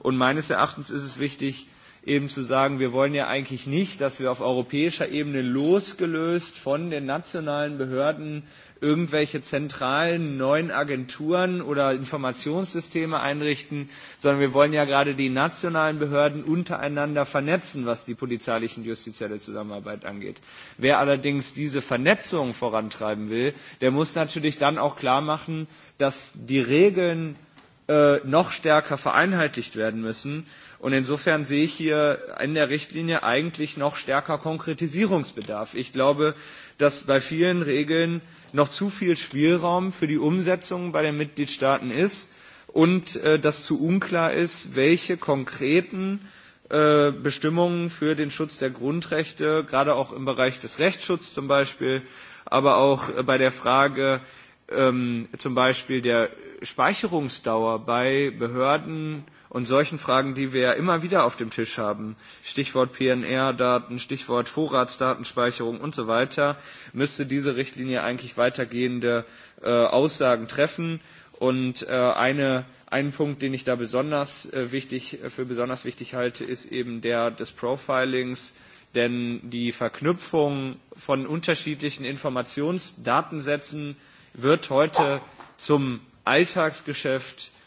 Und meines Erachtens ist es wichtig, eben zu sagen, wir wollen ja eigentlich nicht, dass wir auf europäischer Ebene losgelöst von den nationalen Behörden äh, irgendwelche zentralen neuen Agenturen oder Informationssysteme einrichten, sondern wir wollen ja gerade die nationalen Behörden untereinander vernetzen, was die polizeiliche und justizielle Zusammenarbeit angeht. Wer allerdings diese Vernetzung vorantreiben will, der muss natürlich dann auch klar machen, dass die Regeln äh, noch stärker vereinheitlicht werden müssen. Und insofern sehe ich hier in der Richtlinie eigentlich noch stärker Konkretisierungsbedarf. Ich glaube, dass bei vielen Regeln äh, noch zu viel Spielraum für die Umsetzung bei den Mitgliedstaaten ist und äh, dass zu unklar ist, welche konkreten äh, Bestimmungen für den Schutz der Grundrechte, gerade auch im Bereich des Rechtsschutzes zum Beispiel, aber auch äh, bei der Frage ähm, zum Beispiel der Speicherungsdauer bei Behörden, äh, und solchen Fragen, die wir ja immer wieder auf dem Tisch haben, Stichwort PNR-Daten, Stichwort Vorratsdatenspeicherung und so weiter, müsste diese Richtlinie eigentlich weitergehende äh, Aussagen treffen. Und äh, eine, ein Punkt, den ich da besonders äh, wichtig, für besonders wichtig halte, ist eben der des Profilings. Denn die Verknüpfung von unterschiedlichen Informationsdatensätzen wird heute zum Alltagsgeschäft äh,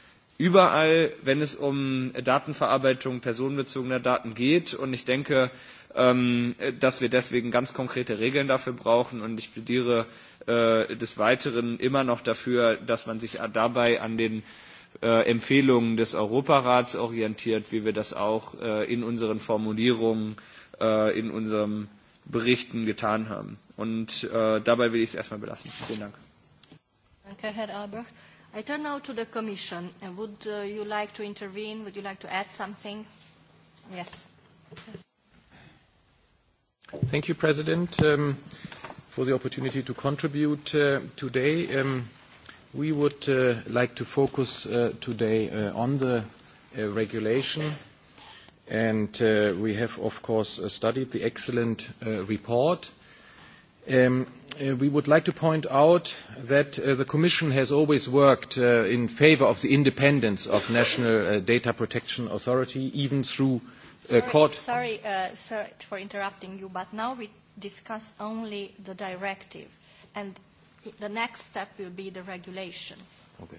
überall, wenn es um Datenverarbeitung personenbezogener Daten geht. Und ich denke, ähm, dass wir deswegen ganz konkrete Regeln dafür brauchen. Und ich plädiere äh, des Weiteren immer noch dafür, dass man sich dabei an den äh, Empfehlungen des Europarats orientiert, wie wir das auch äh, in unseren Formulierungen, in unseren Berichten getan haben. Und dabei will ich es erstmal belassen. Vielen Dank. Danke, Herr Albrecht. I turn now to the Commission. Would uh, you like to intervene? Would you like to add something? Yes. yes. Thank you, President, um, for the opportunity to contribute uh, today. Um, we would uh, like to focus uh, today uh, on the uh, regulation and uh, we have, of course, uh, studied the excellent uh, report. Um, Uh, we would like to point out that uh, the Commission has always worked uh, in favour of the independence of national uh, data protection authority, even through uh, court... Sorry, uh, sir, for interrupting you, but now we discuss only the directive, and the next step will be the regulation. Okay.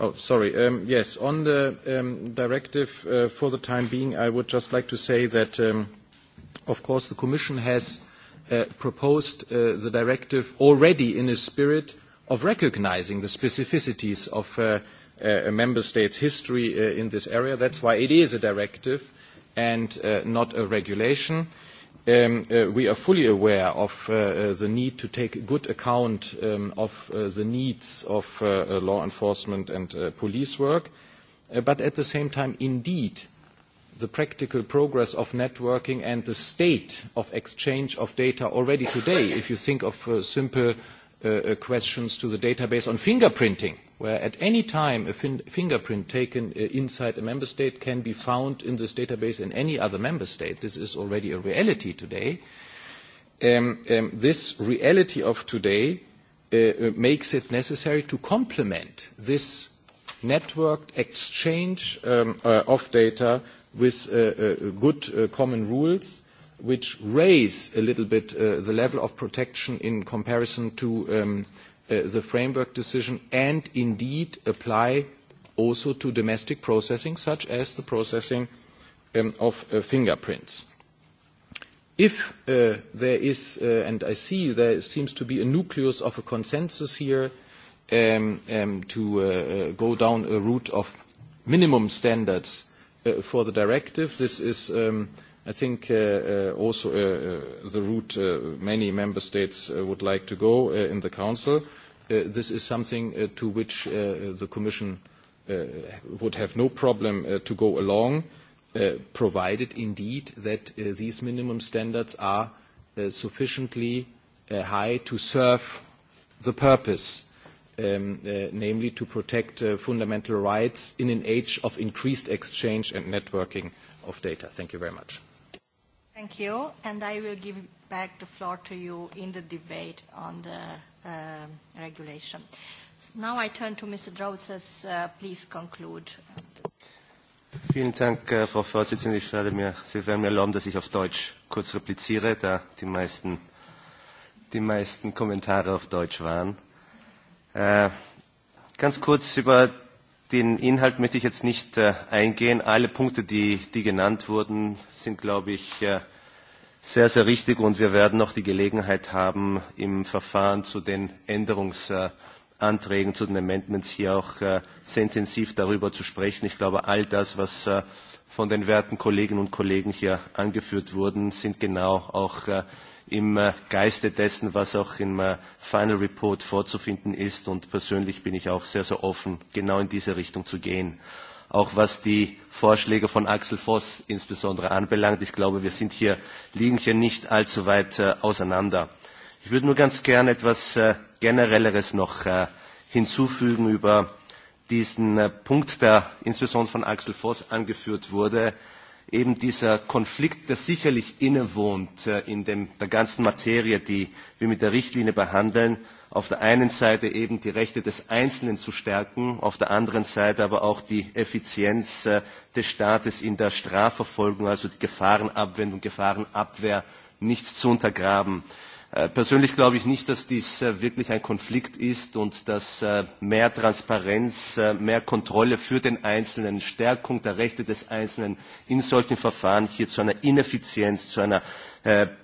Oh, sorry. Um, yes, on the um, directive, uh, for the time being, I would just like to say that, um, of course, the Commission has uh, proposed uh, the directive already in a spirit of recognizing the specificities of a member state's history in this area. That's why it is a directive and not a regulation. Um, uh, we are fully aware of uh, uh, the need to take good account um, of the needs of law enforcement and police work. But at the same time, indeed, the practical progress of networking and the state of exchange of data already today, if you think of simple questions to the database on fingerprinting, where at any time a fin fingerprint taken uh, inside a member state can be found in this database in any other member state. This is already a reality today. Um, um, this reality of today uh, uh, makes it necessary to complement this networked exchange um, uh, of data with uh, uh, good uh, common rules which raise a little bit uh, the level of protection in comparison to um, uh, Uh, the framework decision and indeed apply also to domestic processing, such as the processing um, of uh, fingerprints. If uh, there is, uh, and I see there seems to be a nucleus of a consensus here um, um, to uh, uh go down a route of minimum standards uh, for the directive. This is um, i think uh, uh also uh, uh, the route uh, many member states would like to go in the Council. this is something to which the Commission would have no problem to go along, provided indeed that these minimum standards are sufficiently high to serve the purpose, um, namely to protect fundamental rights in an age of increased exchange and networking of data. Thank you very much. Thank you, and I will give back the floor to you in the debate on the uh, regulation. Now I turn to Mr. Drozes. Uh, please conclude. Vielen Dank, äh, Frau Vorsitzende. Ich werde mir, Sie werden mir erlauben, dass ich auf Deutsch kurz repliziere, da die meisten, die meisten Kommentare auf Deutsch waren. Äh, ganz kurz über Den Inhalt möchte ich jetzt nicht äh, eingehen. Alle Punkte, die, die genannt wurden, sind, glaube ich, äh, sehr, sehr richtig. Und wir werden noch die Gelegenheit haben, im Verfahren zu den Änderungsanträgen, zu den Amendments hier auch äh, sehr intensiv darüber zu sprechen. Ich glaube, all das, was äh, von den werten Kolleginnen und Kollegen hier angeführt wurden, sind genau auch äh, im Geiste dessen, was auch im äh, Final Report vorzufinden ist. Und persönlich bin ich auch sehr, sehr offen, genau in diese Richtung zu gehen. Auch was die Vorschläge von Axel Voss insbesondere anbelangt. Ich glaube, wir sind hier, liegen hier nicht allzu weit äh, auseinander. Ich würde nur ganz gerne etwas äh, Generelleres noch äh, hinzufügen über diesen äh, Punkt, der insbesondere von Axel Voss angeführt wurde, eben dieser Konflikt, der sicherlich innewohnt äh, in dem, der ganzen Materie, die wir mit der Richtlinie behandeln, auf der einen Seite eben die Rechte des Einzelnen zu stärken, auf der anderen Seite aber auch die Effizienz äh, des Staates in der Strafverfolgung, also die Gefahrenabwendung, Gefahrenabwehr nicht zu untergraben. Äh, persönlich glaube ich nicht, dass dies äh, wirklich ein Konflikt ist und dass äh, mehr Transparenz, mehr Kontrolle für den Einzelnen, Stärkung der Rechte des Einzelnen in solchen Verfahren hier zu einer Ineffizienz, zu einer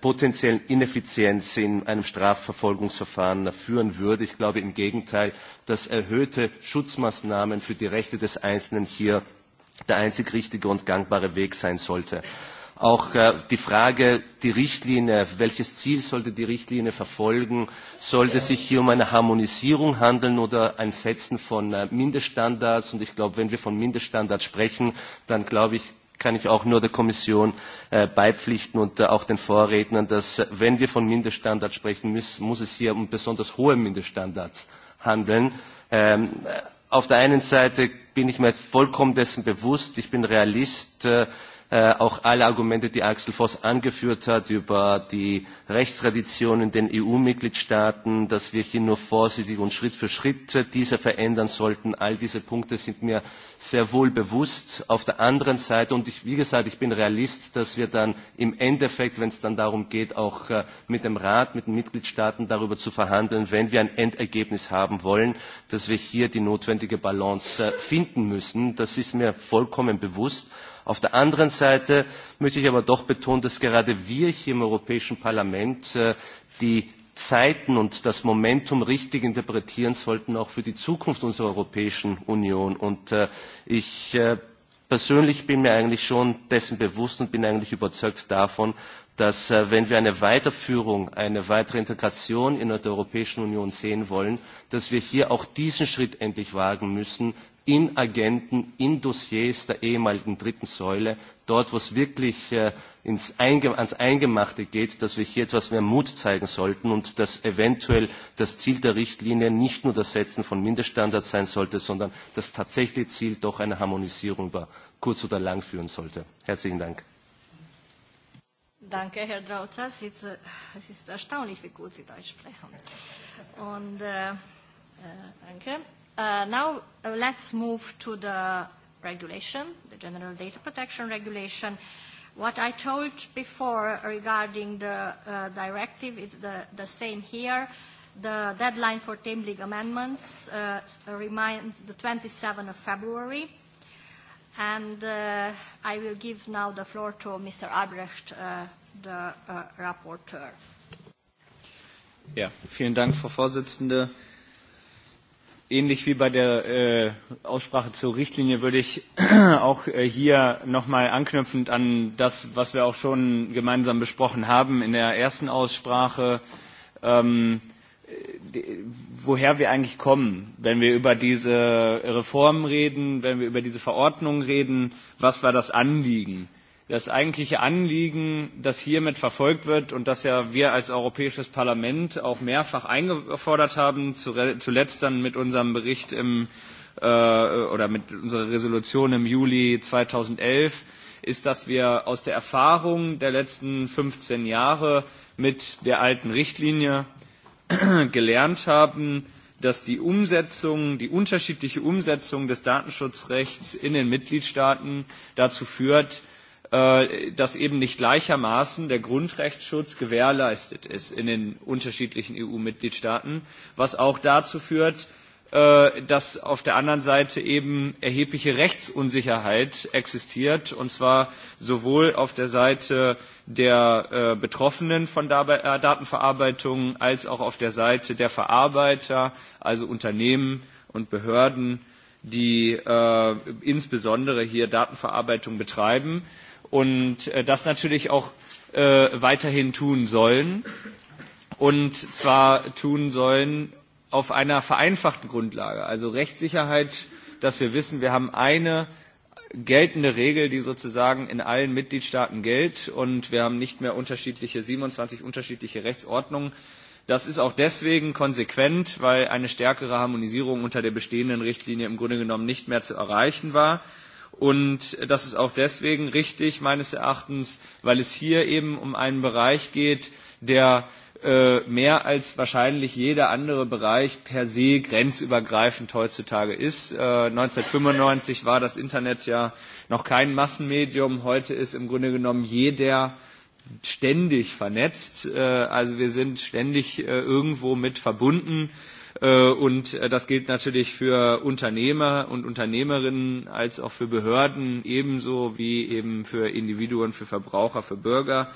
potenziellen Ineffizienz in einem Strafverfolgungsverfahren führen würde. Ich glaube im Gegenteil, dass erhöhte Schutzmaßnahmen für die Rechte des Einzelnen hier der einzig richtige und gangbare Weg sein sollte. Auch äh, die Frage, die Richtlinie, welches Ziel sollte die Richtlinie verfolgen? Sollte sich hier um eine Harmonisierung handeln oder ein Setzen von äh, Mindeststandards? Und ich glaube, wenn wir von Mindeststandards sprechen, dann glaube ich, kann ich auch nur der Kommission äh, beipflichten und auch den Vorrednern, dass wenn wir von Mindeststandards sprechen muss, muss es hier um besonders hohe Mindeststandards handeln. Ähm, auf der einen Seite bin ich mir vollkommen dessen bewusst, ich bin Realist, äh, Äh, auch alle Argumente, die Axel Voss angeführt hat, über die Rechtstradition in den EU-Mitgliedstaaten, dass wir hier nur vorsichtig und Schritt für Schritt diese verändern sollten. All diese Punkte sind mir sehr wohl bewusst. Auf der anderen Seite, und ich, wie gesagt, ich bin Realist, dass wir dann im Endeffekt, wenn es dann darum geht, auch äh, mit dem Rat, mit den Mitgliedstaaten darüber zu verhandeln, wenn wir ein Endergebnis haben wollen, dass wir hier die notwendige Balance äh, finden müssen. Das ist mir vollkommen bewusst. Auf der anderen Seite möchte ich aber doch betonen, dass gerade wir hier im Europäischen Parlament äh, die Zeiten und das Momentum richtig interpretieren sollten, auch für die Zukunft unserer Europäischen Union. Und äh, ich äh, persönlich bin mir eigentlich schon dessen bewusst und bin eigentlich überzeugt davon, dass wenn wir eine Weiterführung, eine weitere Integration in der Europäischen Union sehen wollen, dass wir hier auch diesen Schritt endlich wagen müssen, in Agenten, in Dossiers der ehemaligen dritten Säule, dort, wo es wirklich äh, ins Einge ans Eingemachte geht, dass wir hier etwas mehr Mut zeigen sollten und dass eventuell das Ziel der Richtlinie nicht nur das Setzen von Mindeststandards sein sollte, sondern das tatsächliche Ziel doch eine Harmonisierung über kurz oder lang führen sollte. Herzlichen Dank. Danke, Herr Drauzas. Äh, es ist erstaunlich, wie gut Sie Deutsch sprechen. Und äh, äh danke. Uh, now uh, let's move to the regulation, the General Data Protection Regulation. What I told before regarding the uh, directive is the, the same here. The deadline for League amendments uh, remains the 27th of February. And uh, I will give now the floor to Mr. Albrecht, uh, the uh, rapporteur. Ja, vielen Dank, Frau Vorsitzende ähnlich wie bei der äh, Aussprache zur Richtlinie würde ich auch äh, hier nochmal anknüpfend an das, was wir auch schon gemeinsam besprochen haben in der ersten Aussprache, ähm, woher wir eigentlich kommen, wenn wir über diese Reformen reden, wenn wir über diese Verordnung reden, was war das Anliegen? das eigentliche Anliegen, das hiermit verfolgt wird und das ja wir als Europäisches Parlament auch mehrfach eingefordert haben, zuletzt dann mit unserem Bericht im, äh, oder mit unserer Resolution im Juli 2011, ist, dass wir aus der Erfahrung der letzten 15 Jahre mit der alten Richtlinie gelernt haben, dass die Umsetzung, die unterschiedliche Umsetzung des Datenschutzrechts in den Mitgliedstaaten dazu führt, Äh, dass eben nicht gleichermaßen der Grundrechtsschutz gewährleistet ist in den unterschiedlichen EU-Mitgliedstaaten, was auch dazu führt, äh, dass auf der anderen Seite eben erhebliche Rechtsunsicherheit existiert, und zwar sowohl auf der Seite der äh, Betroffenen von Datenverarbeitung als auch auf der Seite der Verarbeiter, also Unternehmen und Behörden, die äh, insbesondere hier Datenverarbeitung betreiben und äh, das natürlich auch äh, weiterhin tun sollen. Und zwar tun sollen auf einer vereinfachten Grundlage, also Rechtssicherheit, dass wir wissen, wir haben eine geltende Regel, die sozusagen in allen Mitgliedstaaten gilt und wir haben nicht mehr unterschiedliche 27 unterschiedliche Rechtsordnungen. Das ist auch deswegen konsequent, weil eine stärkere Harmonisierung unter der bestehenden Richtlinie im Grunde genommen nicht mehr zu erreichen war. Und das ist auch deswegen richtig, meines Erachtens, weil es hier eben um einen Bereich geht, der äh, mehr als wahrscheinlich jeder andere Bereich per se grenzübergreifend heutzutage ist. Äh, 1995 war das Internet ja noch kein Massenmedium. Heute ist im Grunde genommen jeder ständig vernetzt. Äh, also wir sind ständig äh, irgendwo mit verbunden. Äh, und äh, das gilt natürlich für Unternehmer und Unternehmerinnen als auch für Behörden ebenso wie eben für Individuen, für Verbraucher, für Bürger.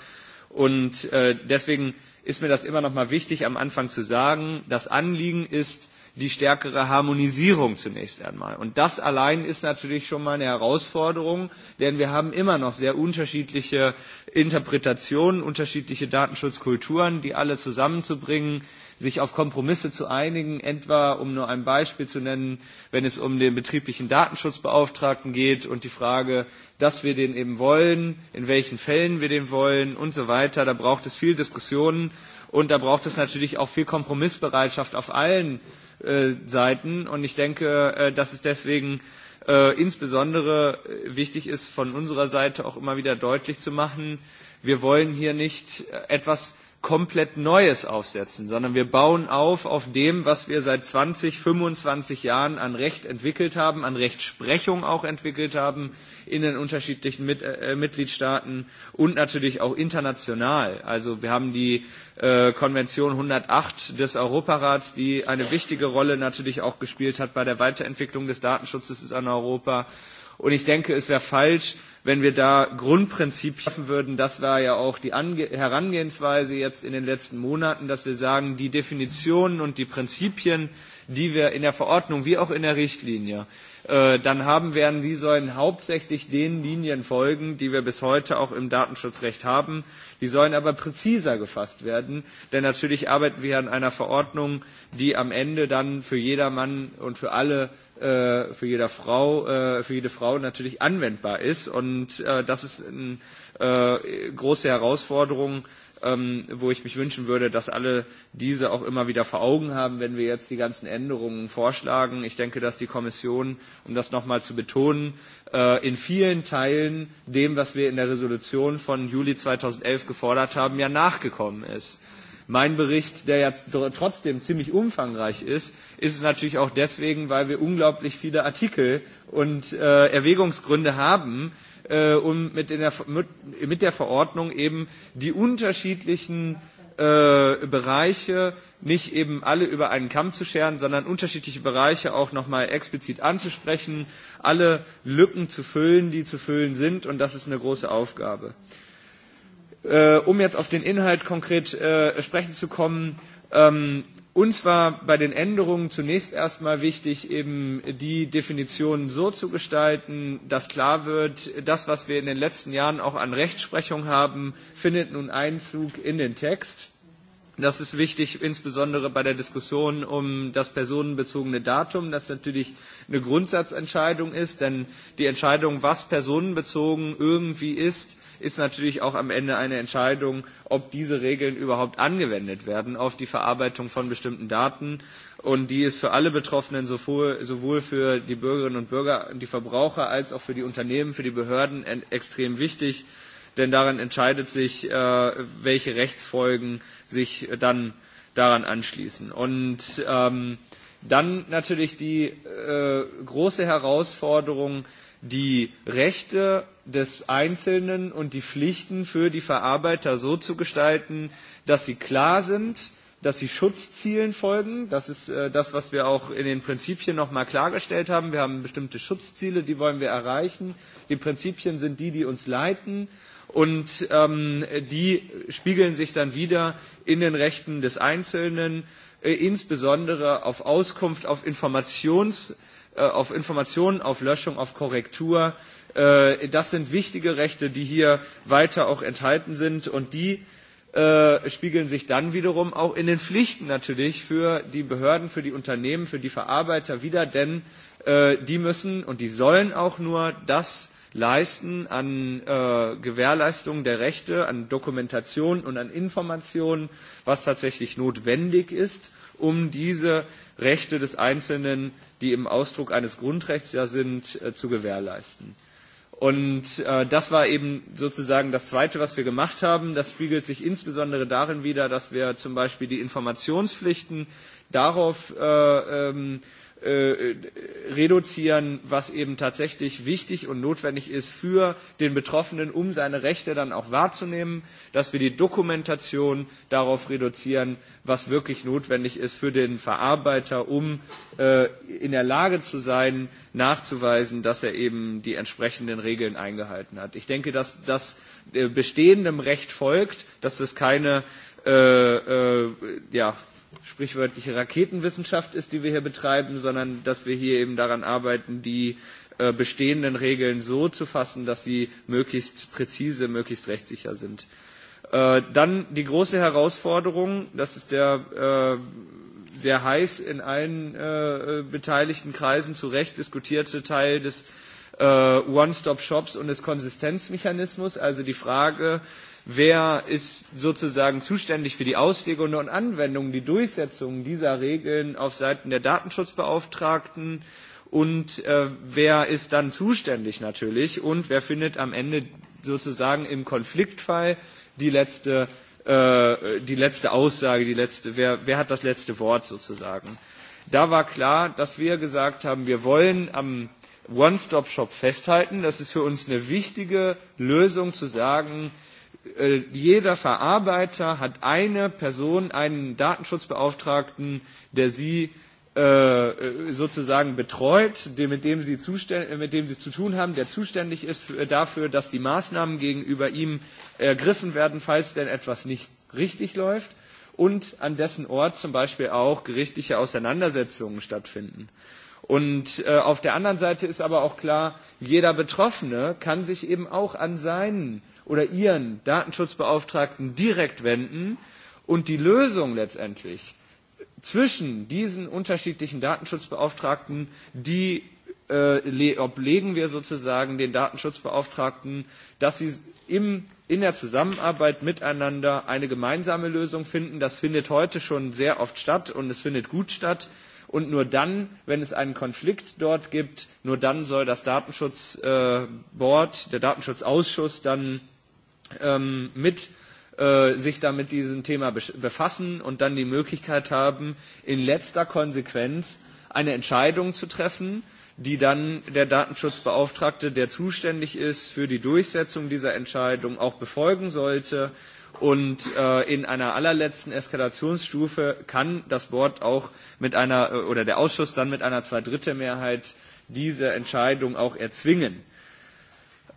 Und äh, deswegen ist mir das immer noch mal wichtig, am Anfang zu sagen, das Anliegen ist, die stärkere Harmonisierung zunächst einmal. Und das allein ist natürlich schon mal eine Herausforderung, denn wir haben immer noch sehr unterschiedliche Interpretationen, unterschiedliche Datenschutzkulturen, die alle zusammenzubringen, sich auf Kompromisse zu einigen, etwa, um nur ein Beispiel zu nennen, wenn es um den betrieblichen Datenschutzbeauftragten geht und die Frage, dass wir den eben wollen, in welchen Fällen wir den wollen und so weiter. Da braucht es viel Diskussionen und da braucht es natürlich auch viel Kompromissbereitschaft auf allen äh, Seiten. Und ich denke, äh, dass es deswegen äh, insbesondere äh, wichtig ist, von unserer Seite auch immer wieder deutlich zu machen, wir wollen hier nicht äh, etwas komplett Neues aufsetzen, sondern wir bauen auf auf dem, was wir seit 20, 25 Jahren an Recht entwickelt haben, an Rechtsprechung auch entwickelt haben in den unterschiedlichen Mit äh, äh Mitgliedstaaten und natürlich auch international. Also wir haben die äh, Konvention 108 des Europarats, die eine wichtige Rolle natürlich auch gespielt hat bei der Weiterentwicklung des Datenschutzes in Europa. Und ich denke, es wäre falsch, wenn wir da Grundprinzipien schaffen würden. Das war ja auch die Ange Herangehensweise jetzt in den letzten Monaten, dass wir sagen, die Definitionen und die Prinzipien, die wir in der Verordnung wie auch in der Richtlinie äh, dann haben werden, die sollen hauptsächlich den Linien folgen, die wir bis heute auch im Datenschutzrecht haben. Die sollen aber präziser gefasst werden, denn natürlich arbeiten wir an einer Verordnung, die am Ende dann für jedermann und für alle äh, für, jede Frau, äh, für jede Frau natürlich anwendbar ist. Und äh, das ist eine äh, große Herausforderung, ähm, wo ich mich wünschen würde, dass alle diese auch immer wieder vor Augen haben, wenn wir jetzt die ganzen Änderungen vorschlagen. Ich denke, dass die Kommission, um das nochmal zu betonen, äh, in vielen Teilen dem, was wir in der Resolution von Juli 2011 gefordert haben, ja nachgekommen ist. Äh, Mein Bericht, der ja trotzdem ziemlich umfangreich ist, ist es natürlich auch deswegen, weil wir unglaublich viele Artikel und äh, Erwägungsgründe haben, äh, um mit, in der, mit, mit der Verordnung eben die unterschiedlichen äh, Bereiche nicht eben alle über einen Kamm zu scheren, sondern unterschiedliche Bereiche auch nochmal explizit anzusprechen, alle Lücken zu füllen, die zu füllen sind, und das ist eine große Aufgabe. Äh, um jetzt auf den Inhalt konkret äh, sprechen zu kommen, ähm, uns war bei den Änderungen zunächst erstmal wichtig, eben die Definition so zu gestalten, dass klar wird, das, was wir in den letzten Jahren auch an Rechtsprechung haben, findet nun Einzug in den Text. Das ist wichtig, insbesondere bei der Diskussion um das personenbezogene Datum, das natürlich eine Grundsatzentscheidung ist, denn die Entscheidung, was personenbezogen irgendwie ist, ist natürlich auch am Ende eine Entscheidung, ob diese Regeln überhaupt angewendet werden auf die Verarbeitung von bestimmten Daten. Und die ist für alle Betroffenen sowohl, für die Bürgerinnen und Bürger, die Verbraucher als auch für die Unternehmen, für die Behörden extrem wichtig, denn daran entscheidet sich, äh, welche Rechtsfolgen sich dann daran anschließen. Und ähm, dann natürlich die äh, große Herausforderung, die Rechte des Einzelnen und die Pflichten für die Verarbeiter so zu gestalten, dass sie klar sind, dass sie Schutzzielen folgen. Das ist äh, das, was wir auch in den Prinzipien nochmal klargestellt haben. Wir haben bestimmte Schutzziele, die wollen wir erreichen. Die Prinzipien sind die, die uns leiten. Und ähm, die spiegeln sich dann wieder in den Rechten des Einzelnen, äh, insbesondere auf Auskunft, auf Informations- Äh, auf Information, auf Löschung, auf Korrektur. Äh, das sind wichtige Rechte, die hier weiter auch enthalten sind und die äh, spiegeln sich dann wiederum auch in den Pflichten natürlich für die Behörden, für die Unternehmen, für die Verarbeiter wieder, denn äh, die müssen und die sollen auch nur das leisten an äh, Gewährleistung der Rechte, an Dokumentation und an Informationen, was tatsächlich notwendig ist, um diese Rechte des Einzelnen die im Ausdruck eines Grundrechts ja sind, äh, zu gewährleisten. Und äh, das war eben sozusagen das Zweite, was wir gemacht haben. Das spiegelt sich insbesondere darin wider, dass wir zum Beispiel die Informationspflichten darauf äh, ähm, äh, reduzieren, was eben tatsächlich wichtig und notwendig ist für den Betroffenen, um seine Rechte dann auch wahrzunehmen, dass wir die Dokumentation darauf reduzieren, was wirklich notwendig ist für den Verarbeiter, um äh, in der Lage zu sein, nachzuweisen, dass er eben die entsprechenden Regeln eingehalten hat. Ich denke, dass das äh, bestehendem Recht folgt, dass es keine äh, äh, ja, sprichwörtliche Raketenwissenschaft ist, die wir hier betreiben, sondern dass wir hier eben daran arbeiten, die äh, bestehenden Regeln so zu fassen, dass sie möglichst präzise, möglichst rechtssicher sind. Äh, dann die große Herausforderung, das ist der äh, sehr heiß in allen äh, äh beteiligten Kreisen zu Recht diskutierte Teil des äh, One-Stop-Shops und des Konsistenzmechanismus, also die Frage, äh, wer ist sozusagen zuständig für die Auslegung und Anwendung, die Durchsetzung dieser Regeln auf Seiten der Datenschutzbeauftragten und äh, wer ist dann zuständig natürlich und wer findet am Ende sozusagen im Konfliktfall die letzte, äh, die letzte Aussage, die letzte, wer, wer hat das letzte Wort sozusagen. Da war klar, dass wir gesagt haben, wir wollen am One-Stop-Shop festhalten. Das ist für uns eine wichtige Lösung zu sagen, Äh, jeder Verarbeiter hat eine Person, einen Datenschutzbeauftragten, der sie äh, äh sozusagen betreut, dem, mit, dem sie äh, mit dem sie zu tun haben, der zuständig ist für, dafür, dass die Maßnahmen gegenüber ihm ergriffen werden, falls denn etwas nicht richtig läuft und an dessen Ort zum Beispiel auch gerichtliche Auseinandersetzungen stattfinden. Und äh, auf der anderen Seite ist aber auch klar, jeder Betroffene kann sich eben auch an seinen oder ihren Datenschutzbeauftragten direkt wenden und die Lösung letztendlich zwischen diesen unterschiedlichen Datenschutzbeauftragten, die äh, oblegen wir sozusagen den Datenschutzbeauftragten, dass sie im, in der Zusammenarbeit miteinander eine gemeinsame Lösung finden. Das findet heute schon sehr oft statt und es findet gut statt. Und nur dann, wenn es einen Konflikt dort gibt, nur dann soll das Datenschutzboard, äh, der Datenschutzausschuss dann ähm, mit äh, sich damit diesem Thema befassen und dann die Möglichkeit haben, in letzter Konsequenz eine Entscheidung zu treffen, die dann der Datenschutzbeauftragte, der zuständig ist für die Durchsetzung dieser Entscheidung, auch befolgen sollte. Und äh, in einer allerletzten Eskalationsstufe kann das Board auch mit einer äh, oder der Ausschuss dann mit einer Zweidrittelmehrheit diese Entscheidung auch erzwingen.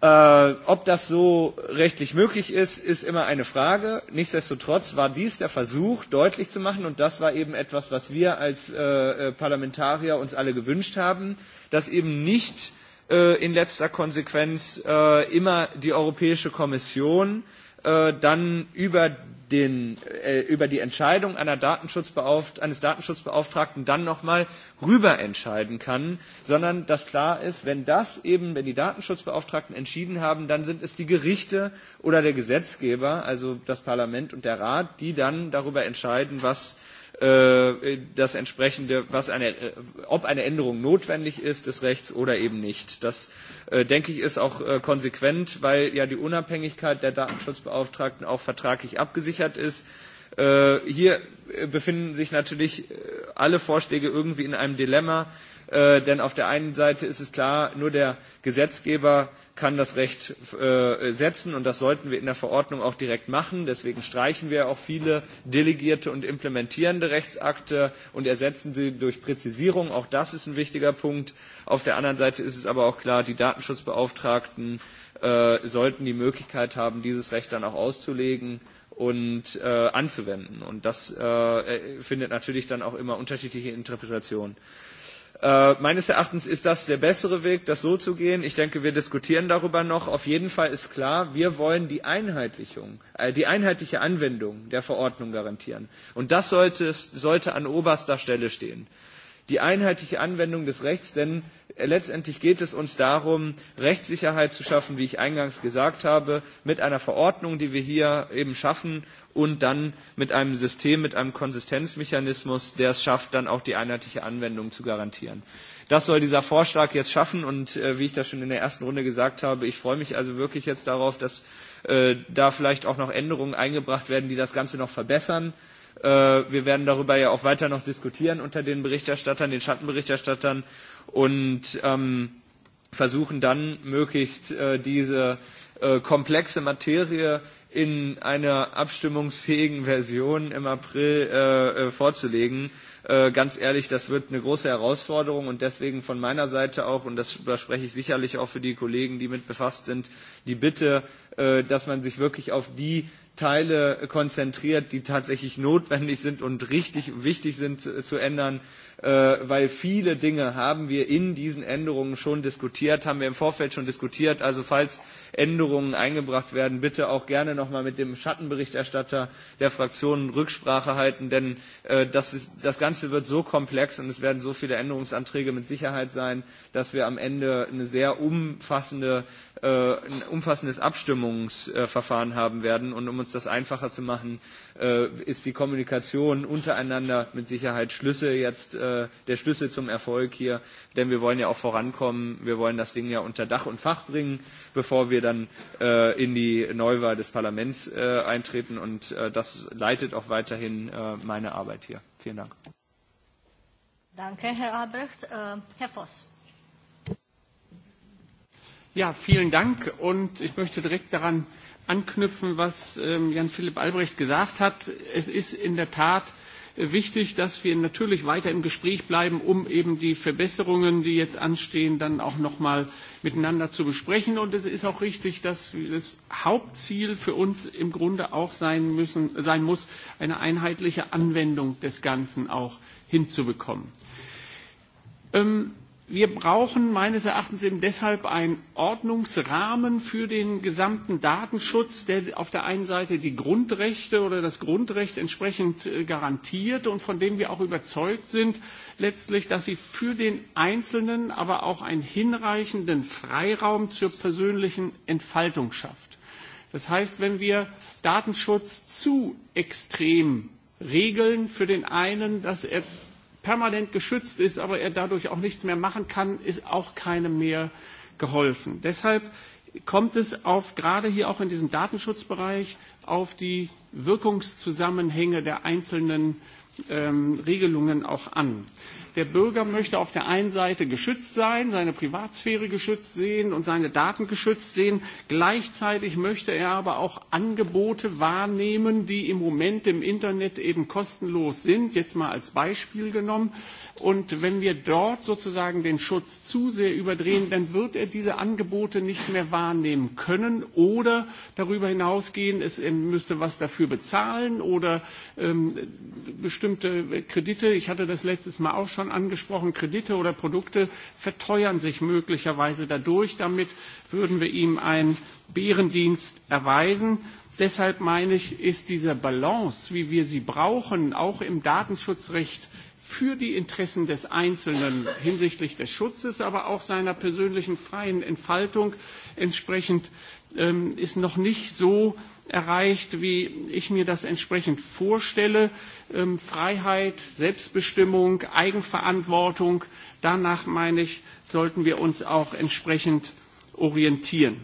Äh, ob das so rechtlich möglich ist, ist immer eine Frage. Nichtsdestotrotz war dies der Versuch, deutlich zu machen, und das war eben etwas, was wir als äh, äh Parlamentarier uns alle gewünscht haben, dass eben nicht äh, in letzter Konsequenz äh, immer die Europäische Kommission äh, dann über den, äh, über die Entscheidung einer Datenschutzbeauft eines Datenschutzbeauftragten dann nochmal rüber entscheiden kann, sondern dass klar ist, wenn das eben, wenn die Datenschutzbeauftragten entschieden haben, dann sind es die Gerichte oder der Gesetzgeber, also das Parlament und der Rat, die dann darüber entscheiden, was Äh, das entsprechende, was eine, äh, ob eine Änderung notwendig ist des Rechts oder eben nicht. Das, äh, denke ich, ist auch konsequent, weil ja die Unabhängigkeit der Datenschutzbeauftragten auch vertraglich abgesichert ist. Hier befinden sich natürlich alle Vorschläge irgendwie in einem Dilemma Äh, denn auf der einen Seite ist es klar, nur der Gesetzgeber kann das Recht äh, setzen und das sollten wir in der Verordnung auch direkt machen. Deswegen streichen wir auch viele delegierte und implementierende Rechtsakte und ersetzen sie durch Präzisierung. Auch das ist ein wichtiger Punkt. Auf der anderen Seite ist es aber auch klar, die Datenschutzbeauftragten äh, sollten die Möglichkeit haben, dieses Recht dann auch auszulegen und äh, anzuwenden. Und das äh, äh findet natürlich dann auch immer unterschiedliche Interpretationen. Äh, meines Erachtens ist das der bessere Weg, das so zu gehen. Ich denke, wir diskutieren darüber noch. Auf jeden Fall ist klar, wir wollen die, Einheitlichung, äh, die einheitliche Anwendung der Verordnung garantieren. Und das sollte, sollte an oberster Stelle stehen. Die einheitliche Anwendung des Rechts, denn Letztendlich geht es uns darum, Rechtssicherheit zu schaffen, wie ich eingangs gesagt habe, mit einer Verordnung, die wir hier eben schaffen und dann mit einem System, mit einem Konsistenzmechanismus, der es schafft, dann auch die einheitliche Anwendung zu garantieren. Das soll dieser Vorschlag jetzt schaffen und äh, wie ich das schon in der ersten Runde gesagt habe, ich freue mich also wirklich jetzt darauf, dass äh, da vielleicht auch noch Änderungen eingebracht werden, die das Ganze noch verbessern. Äh, wir werden darüber ja auch weiter noch diskutieren unter den Berichterstattern, den Schattenberichterstattern und ähm, versuchen dann möglichst äh, diese äh, komplexe Materie in einer abstimmungsfähigen Version im April äh, äh, vorzulegen. Äh, ganz ehrlich, das wird eine große Herausforderung und deswegen von meiner Seite auch, und das spreche ich sicherlich auch für die Kollegen, die mit befasst sind, die Bitte, äh, dass man sich wirklich auf die äh, Teile konzentriert, die tatsächlich notwendig sind und richtig wichtig sind zu, zu ändern, äh, weil viele Dinge haben wir in diesen Änderungen schon diskutiert, haben wir im Vorfeld schon diskutiert. Also falls Änderungen eingebracht werden, bitte auch gerne nochmal mit dem Schattenberichterstatter der Fraktionen Rücksprache halten, denn äh, das, ist, das Ganze wird so komplex und es werden so viele Änderungsanträge mit Sicherheit sein, dass wir am Ende eine sehr umfassende, äh, ein umfassendes Abstimmungsverfahren haben werden. Und um uns das einfacher zu machen, äh, ist die Kommunikation untereinander mit Sicherheit Schlüssel jetzt äh, der Schlüssel zum Erfolg hier, denn wir wollen ja auch vorankommen, wir wollen das Ding ja unter Dach und Fach bringen, bevor wir dann äh, in die Neuwahl des Parlaments äh, eintreten und äh, das leitet auch weiterhin äh, meine Arbeit hier. Vielen Dank. Danke, Herr Albrecht. Äh, Herr Voss. Ja, vielen Dank. Und ich möchte direkt daran anknüpfen, was ähm, Jan-Philipp Albrecht gesagt hat. Es ist in der Tat wichtig, dass wir natürlich weiter im Gespräch bleiben, um eben die Verbesserungen, die jetzt anstehen, dann auch nochmal miteinander zu besprechen. Und es ist auch richtig, dass das Hauptziel für uns im Grunde auch sein, müssen, sein muss, eine einheitliche Anwendung des Ganzen auch hinzubekommen. Ähm, Wir brauchen meines Erachtens eben deshalb einen Ordnungsrahmen für den gesamten Datenschutz, der auf der einen Seite die Grundrechte oder das Grundrecht entsprechend äh, garantiert und von dem wir auch überzeugt sind, letztlich, dass sie für den Einzelnen aber auch einen hinreichenden Freiraum zur persönlichen Entfaltung schafft. Das heißt, wenn wir Datenschutz zu extrem regeln für den einen, dass er permanent geschützt ist, aber er dadurch auch nichts mehr machen kann, ist auch keinem mehr geholfen. Deshalb kommt es auf, gerade hier auch in diesem Datenschutzbereich, auf die Wirkungszusammenhänge der einzelnen ähm, Regelungen auch an. Der Bürger möchte auf der einen Seite geschützt sein, seine Privatsphäre geschützt sehen und seine Daten geschützt sehen. Gleichzeitig möchte er aber auch Angebote wahrnehmen, die im Moment im Internet eben kostenlos sind, jetzt mal als Beispiel genommen. Und wenn wir dort sozusagen den Schutz zu sehr überdrehen, dann wird er diese Angebote nicht mehr wahrnehmen können oder darüber hinausgehen, es er müsste was dafür bezahlen oder ähm, bestimmte Kredite. Ich hatte das letztes Mal auch schon schon angesprochen, Kredite oder Produkte verteuern sich möglicherweise dadurch. Damit würden wir ihm einen Bärendienst erweisen. Deshalb meine ich, ist diese Balance, wie wir sie brauchen, auch im Datenschutzrecht für die Interessen des Einzelnen hinsichtlich des Schutzes, aber auch seiner persönlichen freien Entfaltung entsprechend ähm, ist noch nicht so erreicht, wie ich mir das entsprechend vorstelle. Ähm, Freiheit, Selbstbestimmung, Eigenverantwortung, danach meine ich, sollten wir uns auch entsprechend orientieren.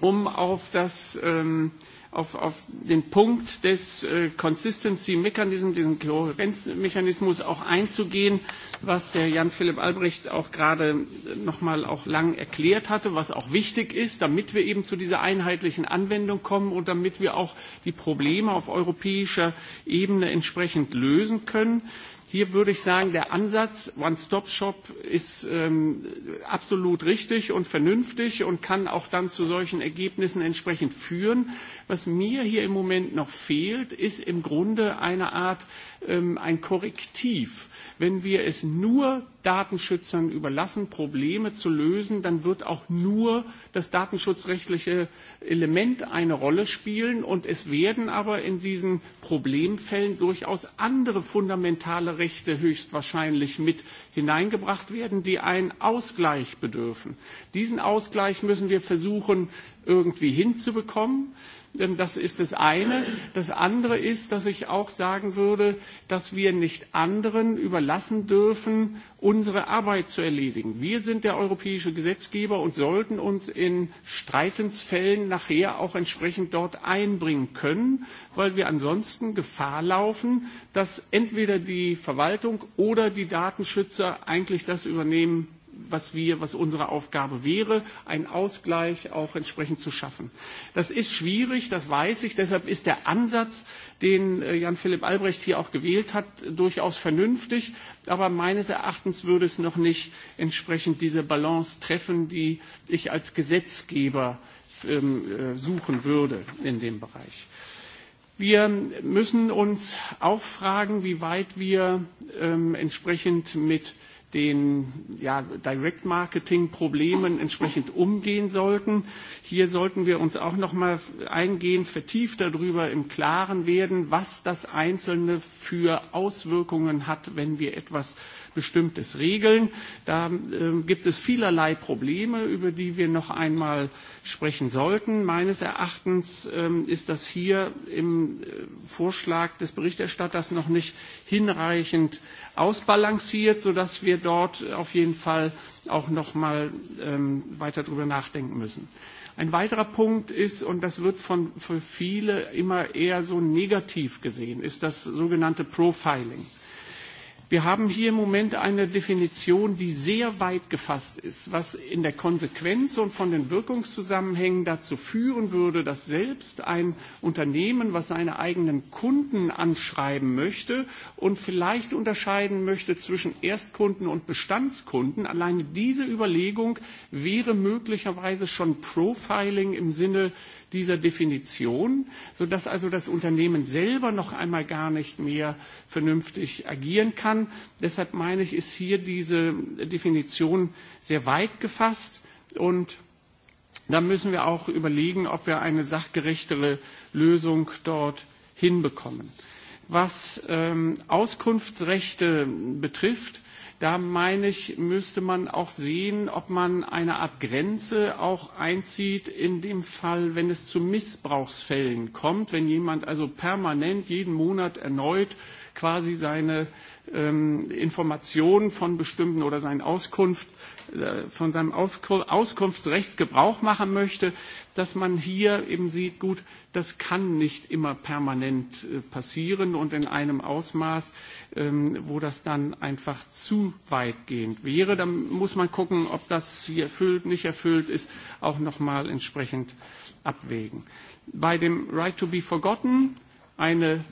Um auf das ähm, äh, auf, auf den Punkt des äh, Consistency Mechanism, diesen Kohärenzmechanismus auch einzugehen, was der Jan-Philipp Albrecht auch gerade äh, nochmal auch lang erklärt hatte, was auch wichtig ist, damit wir eben zu dieser einheitlichen Anwendung kommen und damit wir auch die Probleme auf europäischer Ebene entsprechend lösen können. Äh, Hier würde ich sagen, der Ansatz One-Stop-Shop ist ähm, absolut richtig und vernünftig und kann auch dann zu solchen Ergebnissen entsprechend führen. Was mir hier im Moment noch fehlt, ist im Grunde eine Art ähm, ein Korrektiv Wenn wir es nur Datenschützern überlassen, Probleme zu lösen, dann wird auch nur das datenschutzrechtliche Element eine Rolle spielen. Und es werden aber in diesen Problemfällen durchaus andere fundamentale Rechte höchstwahrscheinlich mit hineingebracht werden, die einen Ausgleich bedürfen. Diesen Ausgleich müssen wir versuchen irgendwie hinzubekommen. Das ist das eine. Das andere ist, dass ich auch sagen würde, dass wir nicht anderen überlassen dürfen, unsere Arbeit zu erledigen. Wir sind der europäische Gesetzgeber und sollten uns in Streitensfällen nachher auch entsprechend dort einbringen können, weil wir ansonsten Gefahr laufen, dass entweder die Verwaltung oder die Datenschützer eigentlich das übernehmen was wir, was unsere Aufgabe wäre, einen Ausgleich auch entsprechend zu schaffen. Das ist schwierig, das weiß ich. Deshalb ist der Ansatz, den äh, Jan Philipp Albrecht hier auch gewählt hat, durchaus vernünftig. Aber meines Erachtens würde es noch nicht entsprechend diese Balance treffen, die ich als Gesetzgeber ähm, äh, suchen würde in dem Bereich. Wir müssen uns auch fragen, wie weit wir ähm, entsprechend mit den ja, Direct-Marketing-Problemen entsprechend umgehen sollten. Hier sollten wir uns auch noch mal eingehend vertieft darüber im Klaren werden, was das Einzelne für Auswirkungen hat, wenn wir etwas äh, Bestimmtes regeln. Da äh, gibt es vielerlei Probleme, über die wir noch einmal sprechen sollten. Meines Erachtens äh, ist das hier im äh, Vorschlag des Berichterstatters noch nicht hinreichend ausbalanciert, sodass wir dort auf jeden Fall auch noch mal ähm, weiter darüber nachdenken müssen. Ein weiterer Punkt ist, und das wird von, für viele immer eher so negativ gesehen, ist das sogenannte Profiling. Wir haben hier im Moment eine Definition, die sehr weit gefasst ist, was in der Konsequenz und von den Wirkungszusammenhängen dazu führen würde, dass selbst ein Unternehmen, was seine eigenen Kunden anschreiben möchte und vielleicht unterscheiden möchte zwischen Erstkunden und Bestandskunden, alleine diese Überlegung wäre möglicherweise schon Profiling im Sinne dieser Definition, sodass also das Unternehmen selber noch einmal gar nicht mehr vernünftig agieren kann. Deshalb meine ich, ist hier diese Definition sehr weit gefasst und da müssen wir auch überlegen, ob wir eine sachgerechtere Lösung dort hinbekommen. Was ähm, Auskunftsrechte betrifft, Da meine ich, müsste man auch sehen, ob man eine Art Grenze auch einzieht in dem Fall, wenn es zu Missbrauchsfällen kommt, wenn jemand also permanent jeden Monat erneut quasi seine ähm, Informationen von bestimmten oder seine Auskunft Äh, von seinem Auskunftsrecht Gebrauch machen möchte, dass man hier eben sieht, gut, das kann nicht immer permanent äh, passieren und in einem Ausmaß, ähm, wo das dann einfach zu weitgehend wäre. Dann muss man gucken, ob das hier erfüllt, nicht erfüllt ist, auch nochmal entsprechend abwägen. Bei dem Right to be Forgotten eine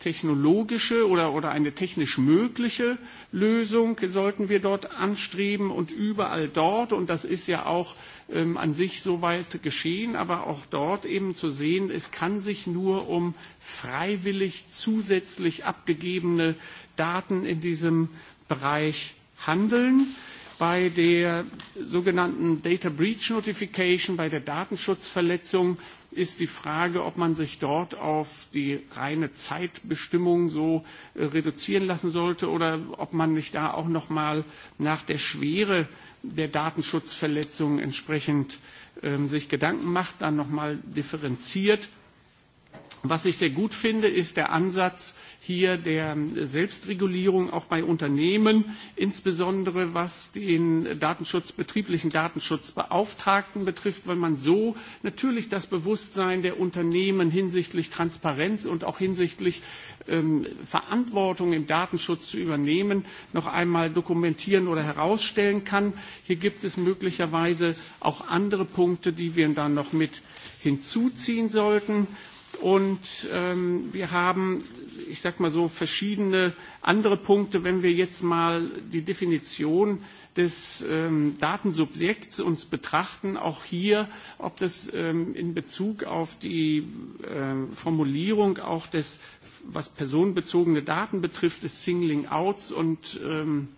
technologische oder, oder eine technisch mögliche Lösung sollten wir dort anstreben und überall dort, und das ist ja auch ähm, an sich soweit geschehen, aber auch dort eben zu sehen, es kann sich nur um freiwillig zusätzlich abgegebene Daten in diesem Bereich handeln bei der sogenannten Data Breach Notification, bei der Datenschutzverletzung, ist die Frage, ob man sich dort auf die reine Zeitbestimmung so äh, reduzieren lassen sollte oder ob man nicht da auch noch mal nach der Schwere der Datenschutzverletzung entsprechend ähm, sich Gedanken macht, dann noch mal differenziert. Was ich sehr gut finde, ist der Ansatz, hier der Selbstregulierung auch bei Unternehmen, insbesondere was den Datenschutz, betrieblichen Datenschutzbeauftragten betrifft, weil man so natürlich das Bewusstsein der Unternehmen hinsichtlich Transparenz und auch hinsichtlich ähm, Verantwortung im Datenschutz zu übernehmen, noch einmal dokumentieren oder herausstellen kann. Hier gibt es möglicherweise auch andere Punkte, die wir dann noch mit hinzuziehen sollten. Und ähm, wir haben, ich sag mal so, verschiedene andere Punkte, wenn wir jetzt mal die Definition des ähm, Datensubjekts uns betrachten, auch hier, ob das ähm, in Bezug auf die äh, Formulierung auch des, was personenbezogene Daten betrifft, des Singling Outs und ähm,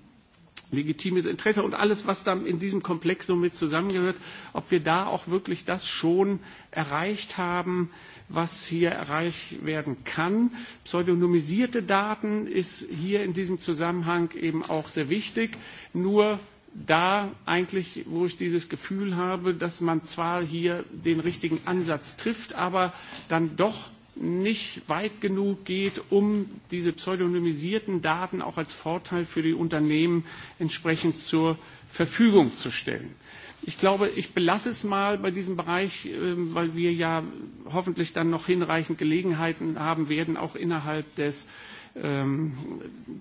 legitimes Interesse und alles, was dann in diesem Komplex somit zusammengehört, ob wir da auch wirklich das schon erreicht haben, was hier erreicht werden kann. Pseudonymisierte Daten ist hier in diesem Zusammenhang eben auch sehr wichtig. Nur da eigentlich, wo ich dieses Gefühl habe, dass man zwar hier den richtigen Ansatz trifft, aber dann doch nicht weit genug geht, um diese pseudonymisierten Daten auch als Vorteil für die Unternehmen entsprechend zur Verfügung zu stellen. Ich glaube, ich belasse es mal bei diesem Bereich, ähm, weil wir ja hoffentlich dann noch hinreichend Gelegenheiten haben werden, auch innerhalb des, ähm,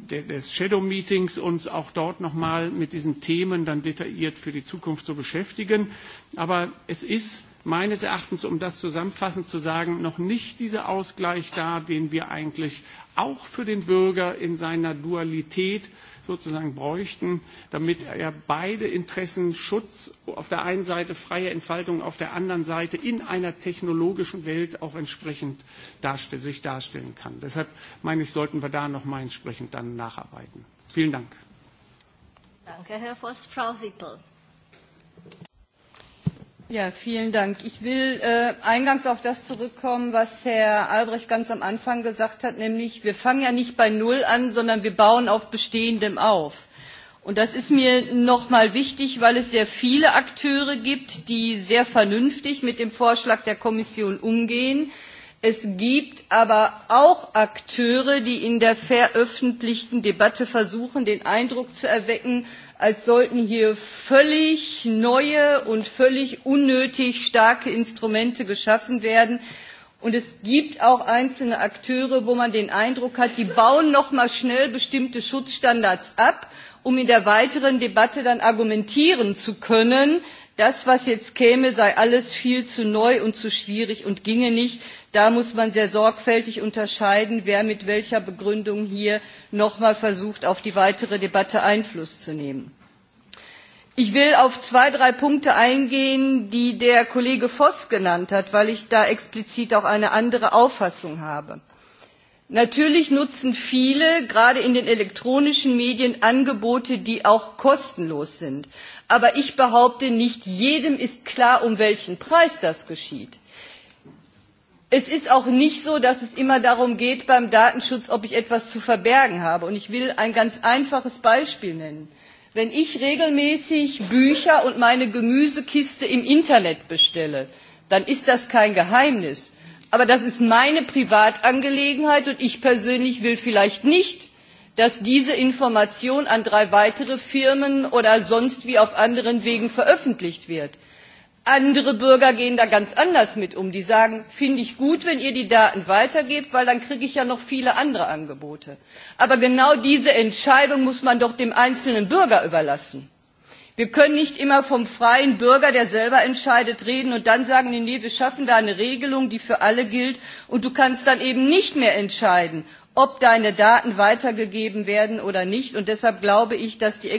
des Shadow Meetings uns auch dort nochmal mit diesen Themen dann detailliert für die Zukunft zu beschäftigen. Aber es ist meines Erachtens, um das zusammenfassend zu sagen, noch nicht dieser Ausgleich da, den wir eigentlich auch für den Bürger in seiner Dualität äh, sozusagen bräuchten, damit er beide Interessen Schutz auf der einen Seite, freie Entfaltung auf der anderen Seite in einer technologischen Welt auch entsprechend darstell sich darstellen kann. Deshalb meine ich, sollten wir da noch mal entsprechend dann nacharbeiten. Vielen Dank. Danke, Herr Voss. Frau Sippel. Ja, vielen Dank. Ich will äh, eingangs auf das zurückkommen, was Herr Albrecht ganz am Anfang gesagt hat, nämlich wir fangen ja nicht bei Null an, sondern wir bauen auf Bestehendem auf. Und das ist mir nochmal wichtig, weil es sehr viele Akteure gibt, die sehr vernünftig mit dem Vorschlag der Kommission umgehen. Es gibt aber auch Akteure, die in der veröffentlichten Debatte versuchen, den Eindruck zu erwecken, als sollten hier völlig neue und völlig unnötig starke Instrumente geschaffen werden. Und es gibt auch einzelne Akteure, wo man den Eindruck hat, die bauen noch mal schnell bestimmte Schutzstandards ab, um in der weiteren Debatte dann argumentieren zu können, das, was jetzt käme, sei alles viel zu neu und zu schwierig und ginge nicht. Da muss man sehr sorgfältig unterscheiden, wer mit welcher Begründung hier nochmal versucht, auf die weitere Debatte Einfluss zu nehmen. Ich will auf zwei, drei Punkte eingehen, die der Kollege Voss genannt hat, weil ich da explizit auch eine andere Auffassung habe. Natürlich nutzen viele, gerade in den elektronischen Medien, Angebote, die auch kostenlos sind aber ich behaupte, nicht jedem ist klar, um welchen Preis das geschieht. Es ist auch nicht so, dass es immer darum geht beim Datenschutz, ob ich etwas zu verbergen habe. Und ich will ein ganz einfaches Beispiel nennen. Wenn ich regelmäßig Bücher und meine Gemüsekiste im Internet bestelle, dann ist das kein Geheimnis. Aber das ist meine Privatangelegenheit und ich persönlich will vielleicht nicht dass diese Information an drei weitere Firmen oder sonst wie auf anderen Wegen veröffentlicht wird. Andere Bürger gehen da ganz anders mit um. Die sagen, finde ich gut, wenn ihr die Daten weitergebt, weil dann kriege ich ja noch viele andere Angebote. Aber genau diese Entscheidung muss man doch dem einzelnen Bürger überlassen. Wir können nicht immer vom freien Bürger, der selber entscheidet, reden und dann sagen, nee, nee, wir schaffen da eine Regelung, die für alle gilt und du kannst dann eben nicht mehr entscheiden, ob deine Daten weitergegeben werden oder nicht. Und deshalb glaube ich, dass die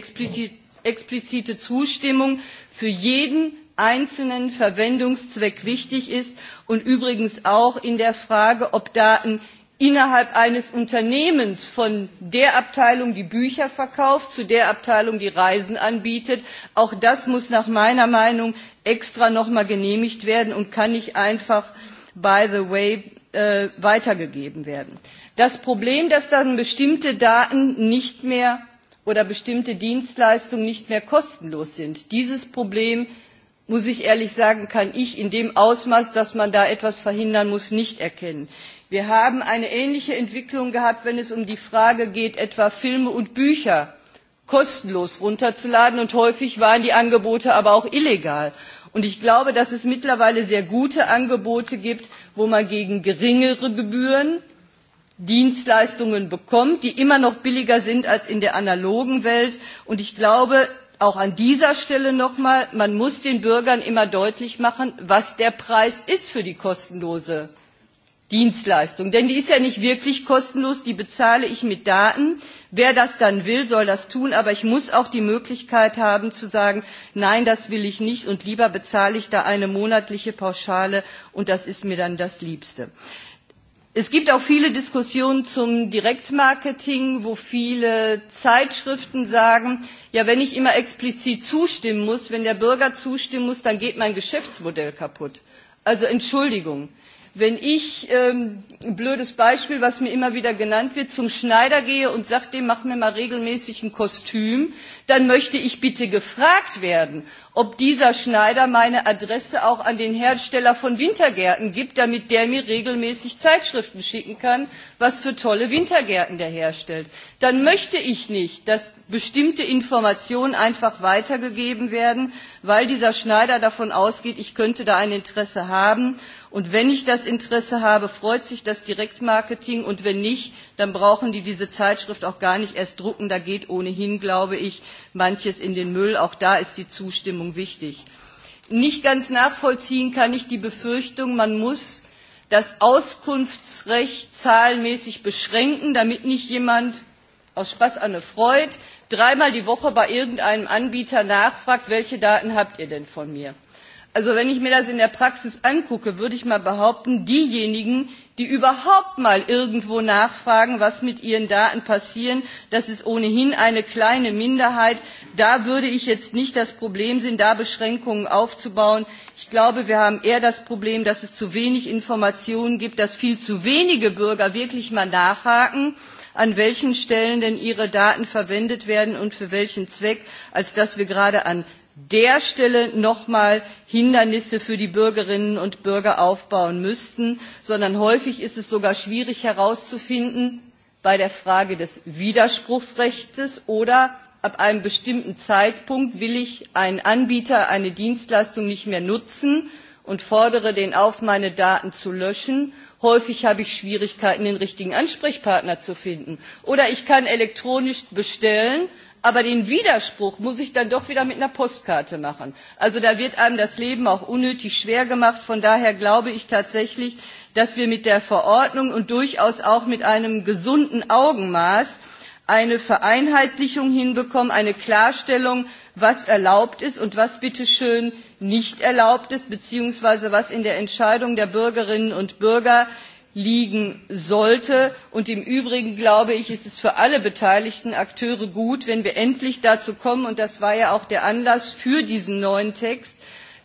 explizite Zustimmung für jeden einzelnen Verwendungszweck wichtig ist und übrigens auch in der Frage, ob Daten innerhalb eines Unternehmens von der Abteilung, die Bücher verkauft, zu der Abteilung, die Reisen anbietet. Auch das muss nach meiner Meinung extra nochmal genehmigt werden und kann nicht einfach by the way äh, weitergegeben werden das Problem, dass dann bestimmte Daten nicht mehr oder bestimmte Dienstleistungen nicht mehr kostenlos sind. Dieses Problem, muss ich ehrlich sagen, kann ich in dem Ausmaß, dass man da etwas verhindern muss, nicht erkennen. Wir haben eine ähnliche Entwicklung gehabt, wenn es um die Frage geht, etwa Filme und Bücher kostenlos runterzuladen und häufig waren die Angebote aber auch illegal. Und ich glaube, dass es mittlerweile sehr gute Angebote gibt, wo man gegen geringere Gebühren Dienstleistungen bekommt, die immer noch billiger sind als in der analogen Welt. Und ich glaube, auch an dieser Stelle nochmal, man muss den Bürgern immer deutlich machen, was der Preis ist für die kostenlose Dienstleistung. Denn die ist ja nicht wirklich kostenlos, die bezahle ich mit Daten. Wer das dann will, soll das tun, aber ich muss auch die Möglichkeit haben zu sagen, nein, das will ich nicht und lieber bezahle ich da eine monatliche Pauschale und das ist mir dann das Liebste. Es gibt auch viele Diskussionen zum Direktmarketing, wo viele Zeitschriften sagen, ja, wenn ich immer explizit zustimmen muss, wenn der Bürger zustimmen muss, dann geht mein Geschäftsmodell kaputt. Also Entschuldigung. Wenn ich, ähm, ein blödes Beispiel, was mir immer wieder genannt wird, zum Schneider gehe und sage, dem mach mir mal regelmäßig ein Kostüm, dann möchte ich bitte gefragt werden, ob dieser Schneider meine Adresse auch an den Hersteller von Wintergärten gibt, damit der mir regelmäßig Zeitschriften schicken kann, was für tolle Wintergärten der herstellt. Dann möchte ich nicht, dass bestimmte Informationen einfach weitergegeben werden, weil dieser Schneider davon ausgeht, ich könnte da ein Interesse haben. Und wenn ich das Interesse habe, freut sich das Direktmarketing. Und wenn nicht, dann brauchen die diese Zeitschrift auch gar nicht erst drucken. Da geht ohnehin, glaube ich, manches in den Müll. Auch da ist die Zustimmung wichtig. Nicht ganz nachvollziehen kann ich die Befürchtung, man muss das Auskunftsrecht zahlenmäßig beschränken, damit nicht jemand aus Spaß an eine Freude dreimal die Woche bei irgendeinem Anbieter nachfragt, welche Daten habt ihr denn von mir? Also wenn ich mir das in der Praxis angucke, würde ich mal behaupten, diejenigen, die überhaupt mal irgendwo nachfragen, was mit ihren Daten passieren, das ist ohnehin eine kleine Minderheit. Da würde ich jetzt nicht das Problem sehen, da Beschränkungen aufzubauen. Ich glaube, wir haben eher das Problem, dass es zu wenig Informationen gibt, dass viel zu wenige Bürger wirklich mal nachhaken an welchen Stellen denn ihre Daten verwendet werden und für welchen Zweck, als dass wir gerade an der Stelle nochmal Hindernisse für die Bürgerinnen und Bürger aufbauen müssten, sondern häufig ist es sogar schwierig herauszufinden bei der Frage des Widerspruchsrechts oder ab einem bestimmten Zeitpunkt will ich einen Anbieter, eine Dienstleistung nicht mehr nutzen und fordere den auf, meine Daten zu löschen häufig habe ich Schwierigkeiten, den richtigen Ansprechpartner zu finden. Oder ich kann elektronisch bestellen, aber den Widerspruch muss ich dann doch wieder mit einer Postkarte machen. Also da wird einem das Leben auch unnötig schwer gemacht. Von daher glaube ich tatsächlich, dass wir mit der Verordnung und durchaus auch mit einem gesunden Augenmaß eine Vereinheitlichung hinbekommen, eine Klarstellung, was erlaubt ist und was bitte schön nicht erlaubt ist, beziehungsweise was in der Entscheidung der Bürgerinnen und Bürger liegen sollte. Und im Übrigen, glaube ich, ist es für alle beteiligten Akteure gut, wenn wir endlich dazu kommen, und das war ja auch der Anlass für diesen neuen Text,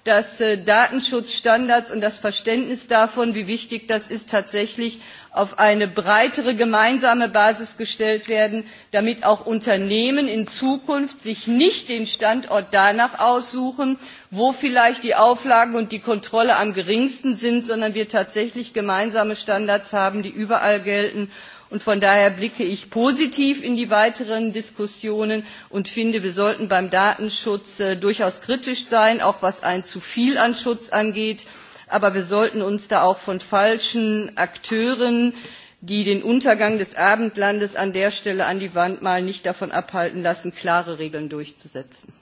dass äh, Datenschutzstandards und das Verständnis davon, wie wichtig das ist, tatsächlich auf eine breitere gemeinsame Basis gestellt werden, damit auch Unternehmen in Zukunft sich nicht den Standort danach aussuchen, wo vielleicht die Auflagen und die Kontrolle am geringsten sind, sondern wir tatsächlich gemeinsame Standards haben, die überall gelten. Und von daher blicke ich positiv in die weiteren Diskussionen und finde, wir sollten beim Datenschutz äh, durchaus kritisch sein, auch was ein zu viel an Schutz angeht. Aber wir sollten uns da auch von falschen Akteuren, die den Untergang des Abendlandes an der Stelle an die Wand malen, nicht davon abhalten lassen, klare Regeln durchzusetzen.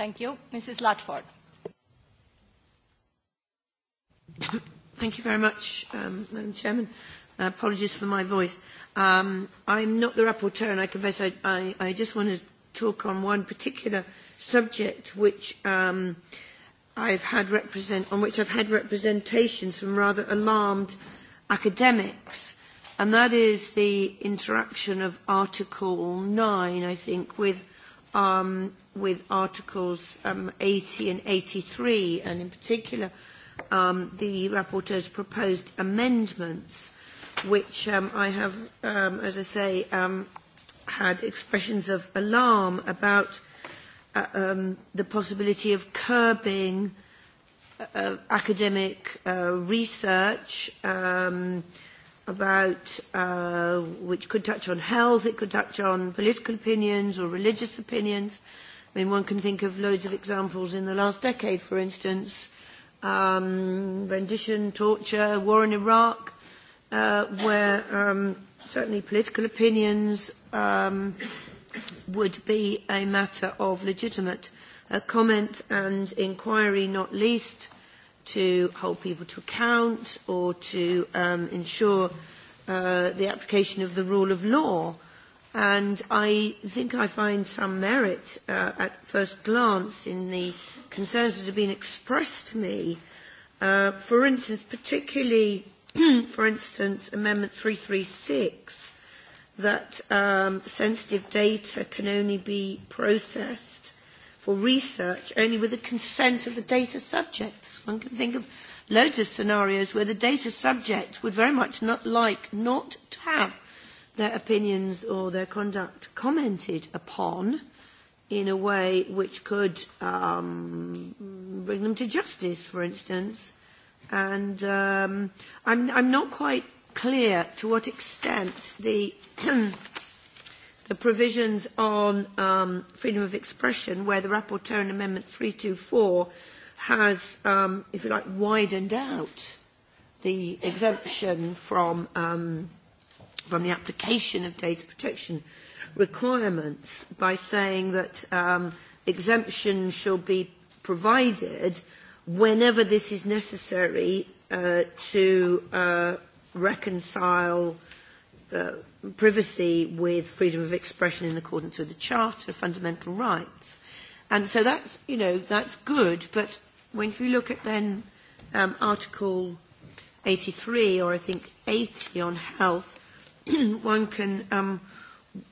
Thank you. Mrs. Ludford. Thank you very much, um, Madam Chairman. Uh, apologies for my voice. Um, I'm not the rapporteur, and I confess I, I, I just want to talk on one particular subject, which um, I've had represent, on which I've had representations from rather alarmed academics, and that is the interaction of Article 9, I think, with um, with Articles um, 80 and 83, and in particular, um, the rapporteur's proposed amendments, which um, I have, um, as I say, um, had expressions of alarm about uh, um, the possibility of curbing uh, academic uh, research um, about uh, which could touch on health, it could touch on political opinions or religious opinions. Uh, i mean, one can think of loads of examples in the last decade, for instance, um, rendition, torture, war in Iraq, uh, where um, certainly political opinions um, would be a matter of legitimate a uh, comment and inquiry, not least to hold people to account or to um, ensure uh, the application of the rule of law And I think I find some merit uh, at first glance in the concerns that have been expressed to me. Uh, for instance, particularly, for instance, Amendment 336, that um, sensitive data can only be processed for research only with the consent of the data subjects. One can think of loads of scenarios where the data subject would very much not like not to have their opinions or their conduct commented upon in a way which could um, bring them to justice, for instance. And um, I'm, I'm not quite clear to what extent the, the provisions on um, freedom of expression, where the rapporteur in Amendment 324 has, um, if you like, widened out the exemption from um, from the application of data protection requirements by saying that um, exemption shall be provided whenever this is necessary uh, to uh, reconcile uh, privacy with freedom of expression in accordance with the Charter of Fundamental Rights. And so that's, you know, that's good, but when if you look at then um, Article 83 or I think 80 on health, one can um,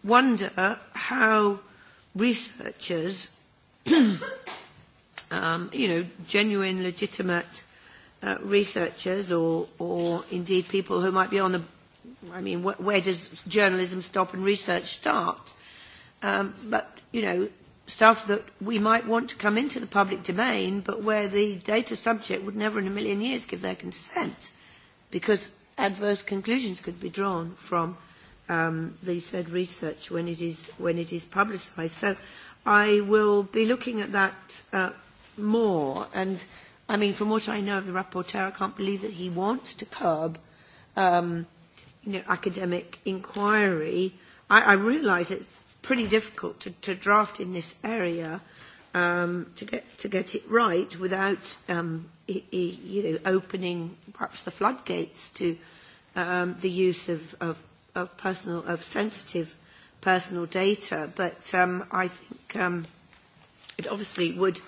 wonder how researchers, um, you know, genuine, legitimate uh, researchers, or, or indeed people who might be on the, I mean, wh- where does journalism stop and research start? Um, but you know, stuff that we might want to come into the public domain, but where the data subject would never in a million years give their consent, because adverse conclusions could be drawn from um, the said research when it is, when it is publicised. So I will be looking at that uh, more. And I mean, from what I know of the rapporteur, I can't believe that he wants to curb um, you know, academic inquiry. I, I realise it's pretty difficult to, to draft in this area um, to, get, to get it right without um, you know, opening perhaps the floodgates to um, the use of, of, of personal, of sensitive personal data. But um, I think um, it obviously would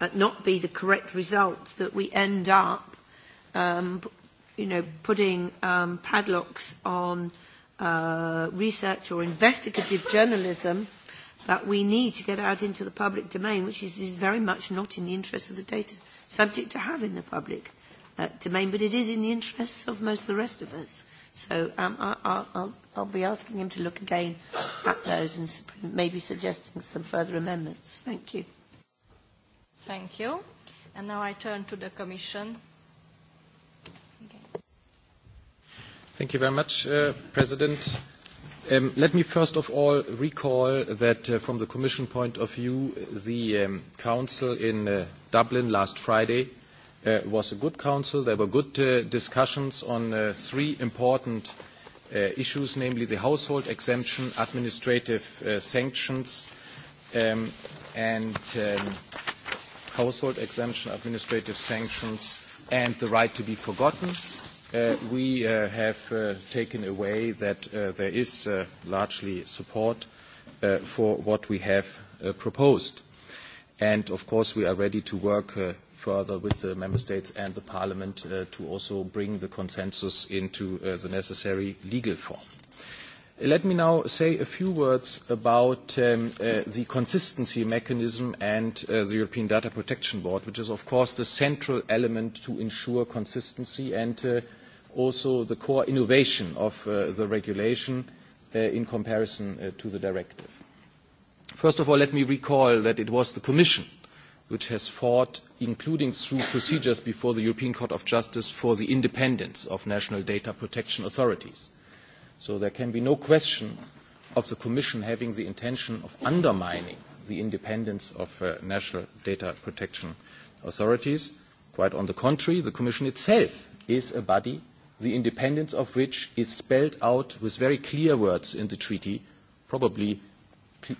uh, not be the correct result that we end up, um, you know, putting um, padlocks on uh, research or investigative journalism that we need to get out into the public domain, which is, is very much not in the interest of the data subject to have in the public uh, domain, but it is in the interests of most of the rest of us. So um, I, I, I'll, I'll be asking him to look again at those and maybe suggesting some further amendments. Thank you. Thank you. And now I turn to the Commission. Okay. Thank you very much, uh, President. Um, let me first of all recall that uh, from the Commission point of view, the um, Council in uh, Dublin last Friday uh, was a good Council. There were good uh, discussions on uh, three important uh, issues, namely the household exemption, administrative sanctions, um, and um, household exemption, administrative sanctions, and the right to be forgotten. Uh, we uh, have uh, taken away that there is largely support for what we have proposed. And of course, we are ready to work further with the member states and the parliament to also bring the consensus into the necessary legal form. Let me now say a few words about um, the consistency mechanism and the European Data Protection Board, which is, of course, the central element to ensure consistency and also the core innovation of uh, the regulation uh, in comparison uh, to the directive. First of all, let me recall that it was the Commission which has fought, including through procedures before the European Court of Justice, for the independence of national data protection authorities. So there can be no question of the Commission having the intention of undermining the independence of uh, national data protection authorities. Quite on the contrary, the Commission itself is a body the independence of which is spelled out with very clear words in the treaty, probably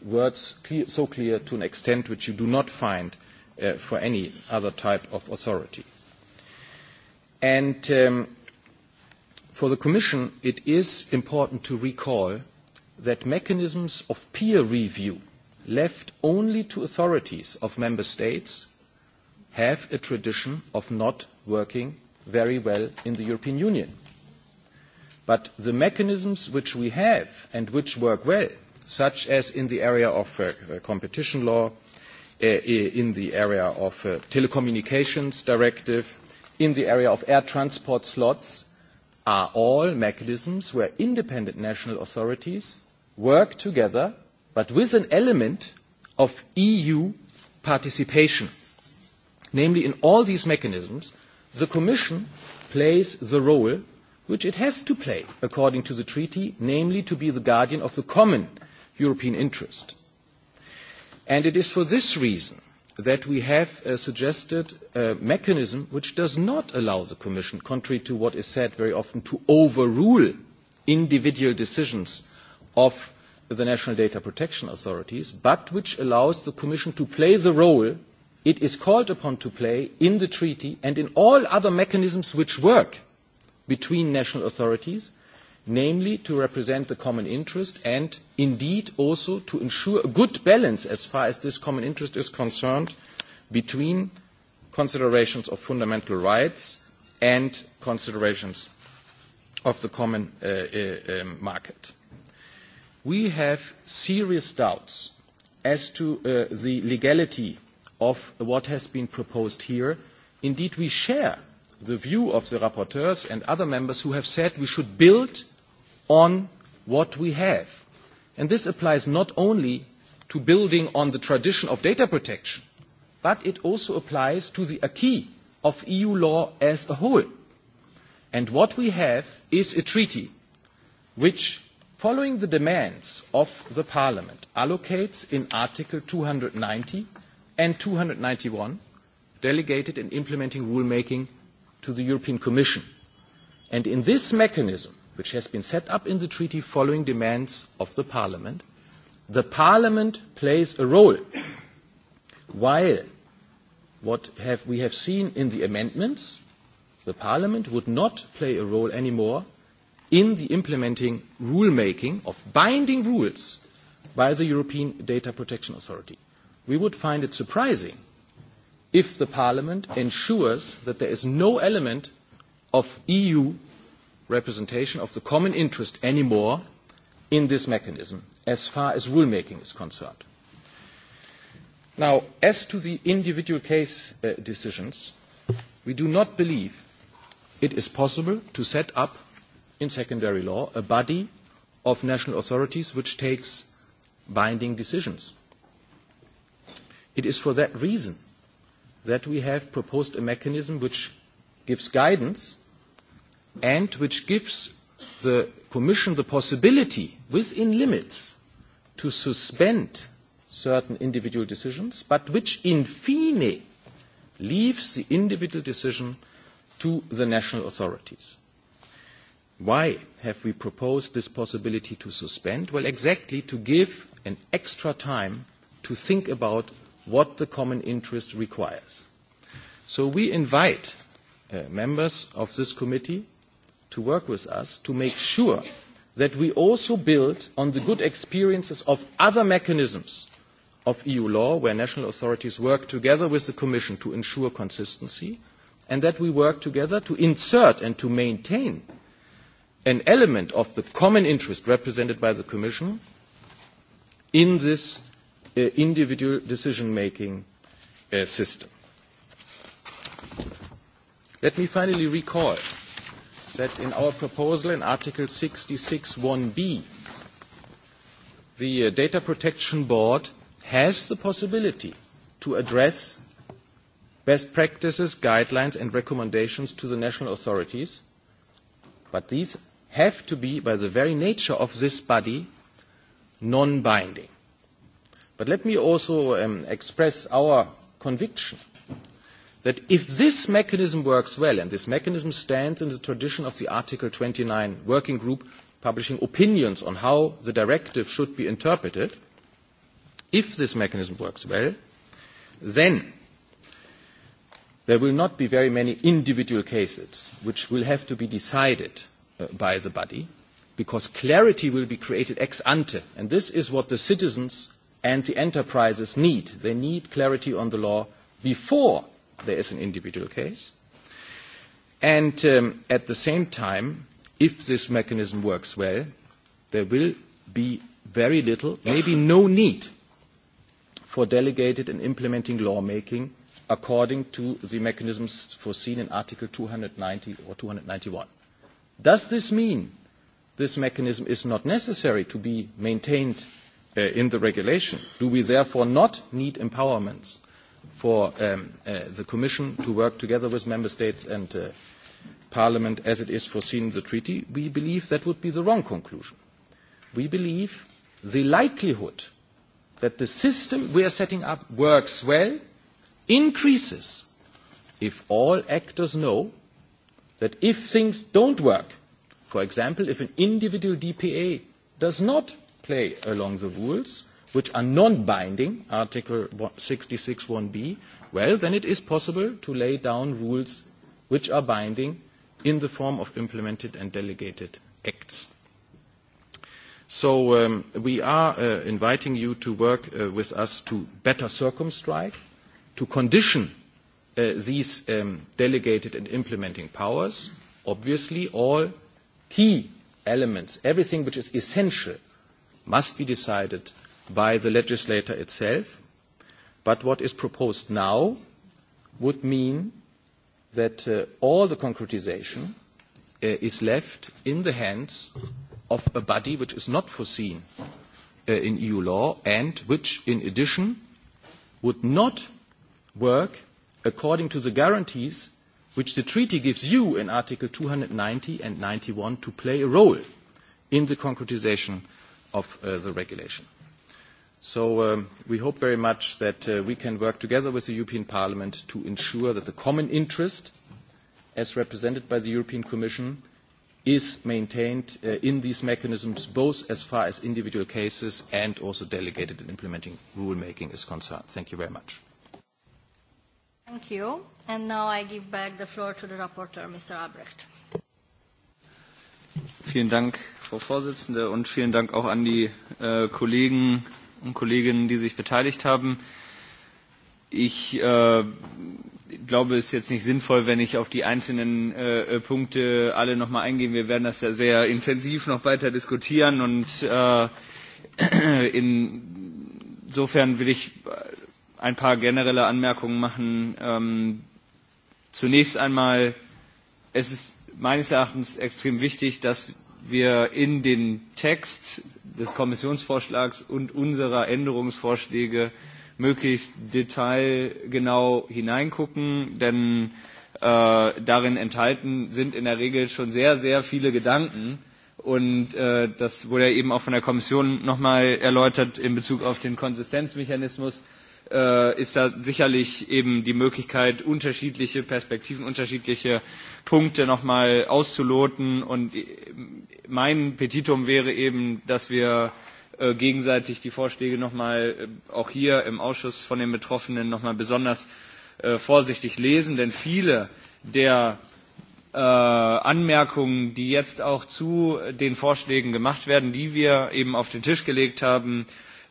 words clear, so clear to an extent which you do not find uh, for any other type of authority. And um, for the Commission, it is important to recall that mechanisms of peer review left only to authorities of member states have a tradition of not working very well in the European Union. But the mechanisms which we have and which work well, such as in the area of uh, uh competition law, uh, in the area of uh, telecommunications directive, in the area of air transport slots, are all mechanisms where independent national authorities work together, but with an element of EU participation. Namely, in all these mechanisms, the Commission plays the role which it has to play according to the treaty, namely to be the guardian of the common European interest. And it is for this reason that we have uh, suggested a mechanism which does not allow the Commission, contrary to what is said very often, to overrule individual decisions of the national data protection authorities, but which allows the Commission to play the role it is called upon to play in the treaty and in all other mechanisms which work between national authorities, namely to represent the common interest and indeed also to ensure a good balance as far as this common interest is concerned between considerations of fundamental rights and considerations of the common uh, uh, um, market. We have serious doubts as to uh, the legality of what has been proposed here. Indeed, we share the view of the rapporteurs and other members who have said we should build on what we have. And this applies not only to building on the tradition of data protection, but it also applies to the acquis of EU law as a whole. And what we have is a treaty which, following the demands of the Parliament, allocates in Article 290 and 291, delegated and implementing rulemaking to the European Commission. And in this mechanism, which has been set up in the treaty following demands of the Parliament, the Parliament plays a role. While what have, we have seen in the amendments, the Parliament would not play a role anymore in the implementing rulemaking of binding rules by the European Data Protection Authority we would find it surprising if the Parliament ensures that there is no element of EU representation of the common interest anymore in this mechanism, as far as rulemaking is concerned. Now, as to the individual case uh, decisions, we do not believe it is possible to set up in secondary law a body of national authorities which takes binding decisions. It is for that reason that we have proposed a mechanism which gives guidance and which gives the Commission the possibility, within limits, to suspend certain individual decisions, but which in fine leaves the individual decision to the national authorities. Why have we proposed this possibility to suspend? Well, exactly to give an extra time to think about what the common interest requires. So we invite uh, members of this committee to work with us to make sure that we also build on the good experiences of other mechanisms of EU law where national authorities work together with the Commission to ensure consistency and that we work together to insert and to maintain an element of the common interest represented by the Commission in this Uh, individual decision-making uh, system. Let me finally recall that in our proposal in Article 66.1b, the uh, Data Protection Board has the possibility to address best practices, guidelines, and recommendations to the national authorities, but these have to be, by the very nature of this body, non-binding. But let me also um, express our conviction that if this mechanism works well, and this mechanism stands in the tradition of the Article 29 working group publishing opinions on how the directive should be interpreted, if this mechanism works well, then there will not be very many individual cases which will have to be decided uh, by the body because clarity will be created ex ante. And this is what the citizens and the enterprises need. They need clarity on the law before there is an individual case. And um, at the same time, if this mechanism works well, there will be very little, maybe no need for delegated and implementing lawmaking according to the mechanisms foreseen in Article 290 or 291. Does this mean this mechanism is not necessary to be maintained Uh, in the regulation. Do we therefore not need empowerments for um, uh, the Commission to work together with Member States and uh, Parliament as it is foreseen in the treaty? We believe that would be the wrong conclusion. We believe the likelihood that the system we are setting up works well increases if all actors know that if things don't work, for example, if an individual DPA does not play along the rules, which are non-binding, Article 66.1b, well, then it is possible to lay down rules which are binding in the form of implemented and delegated acts. So um, we are uh, inviting you to work uh, with us to better circumscribe, to condition uh, these um, delegated and implementing powers. Obviously, all key elements, everything which is essential must be decided by the legislator itself. But what is proposed now would mean that uh, all the concretization uh, is left in the hands of a body which is not foreseen uh, in EU law and which, in addition, would not work according to the guarantees which the treaty gives you in Article 290 and 91 to play a role in the concretization process of uh, the regulation. So um, we hope very much that uh, we can work together with the European Parliament to ensure that the common interest, as represented by the European Commission, is maintained uh, in these mechanisms, both as far as individual cases and also delegated and implementing rulemaking is concerned. Thank you very much. Thank you. And now I give back the floor to the rapporteur, Mr. Albrecht. Vielen Dank, Frau Vorsitzende, und vielen Dank auch an die äh, Kollegen und Kolleginnen, die sich beteiligt haben. Ich äh, glaube, es ist jetzt nicht sinnvoll, wenn ich auf die einzelnen äh, äh Punkte alle nochmal eingehe. Wir werden das ja sehr intensiv noch weiter diskutieren und äh, insofern will ich ein paar generelle Anmerkungen machen. Ähm, zunächst einmal, es ist meines Erachtens extrem wichtig, dass wir in den Text des Kommissionsvorschlags und unserer Änderungsvorschläge möglichst detailgenau hineingucken, denn äh, darin enthalten sind in der Regel schon sehr, sehr viele Gedanken. Und äh, das wurde ja eben auch von der Kommission nochmal erläutert in Bezug auf den Konsistenzmechanismus äh, ist da sicherlich eben die Möglichkeit, unterschiedliche Perspektiven, unterschiedliche Punkte nochmal auszuloten. Und äh, mein Petitum wäre eben, dass wir äh, gegenseitig die Vorschläge nochmal äh, auch hier im Ausschuss von den Betroffenen nochmal besonders äh, vorsichtig lesen, denn viele der äh, Anmerkungen, die jetzt auch zu den Vorschlägen gemacht werden, die wir eben auf den Tisch gelegt haben, äh,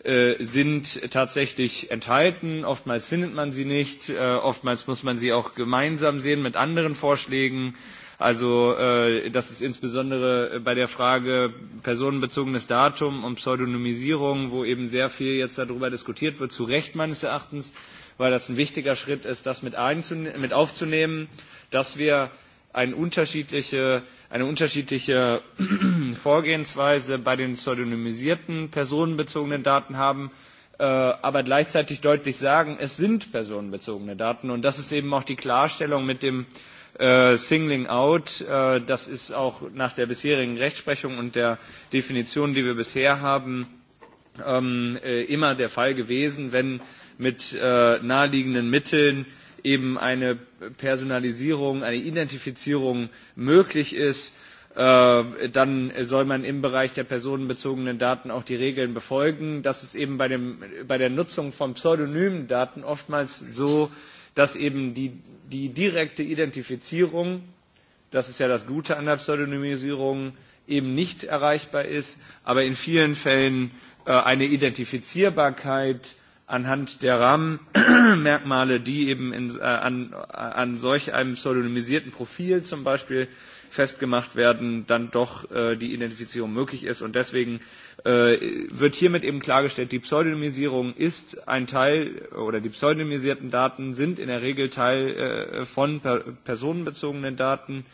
Äh, sind tatsächlich enthalten. Oftmals findet man sie nicht. Äh, oftmals muss man sie auch gemeinsam sehen mit anderen Vorschlägen. Also äh, das ist insbesondere bei der Frage personenbezogenes Datum und Pseudonymisierung, wo eben sehr viel jetzt darüber diskutiert wird, zu Recht meines Erachtens, weil das ein wichtiger Schritt ist, das mit, mit aufzunehmen, dass wir eine unterschiedliche eine unterschiedliche äh, Vorgehensweise bei den pseudonymisierten personenbezogenen Daten haben, äh, aber gleichzeitig deutlich sagen, es sind personenbezogene Daten. Und das ist eben auch die Klarstellung mit dem äh, Singling Out. Äh, das ist auch nach der bisherigen Rechtsprechung und der Definition, die wir bisher haben, ähm, äh, immer der Fall gewesen, wenn mit äh, naheliegenden Mitteln äh, eben eine Personalisierung, eine Identifizierung möglich ist, äh, dann soll man im Bereich der personenbezogenen Daten auch die Regeln befolgen. Das ist eben bei, dem, bei der Nutzung von pseudonymen Daten oftmals so, dass eben die, die direkte Identifizierung, das ist ja das Gute an der Pseudonymisierung, eben nicht erreichbar ist, aber in vielen Fällen äh, eine Identifizierbarkeit anhand der Rahmenmerkmale, die eben in, äh, an, äh, an solch einem pseudonymisierten Profil zum Beispiel festgemacht werden, dann doch äh, die Identifizierung möglich ist. Und deswegen äh, wird hiermit eben klargestellt, die Pseudonymisierung ist ein Teil oder die pseudonymisierten Daten sind in der Regel Teil äh, von per personenbezogenen Daten.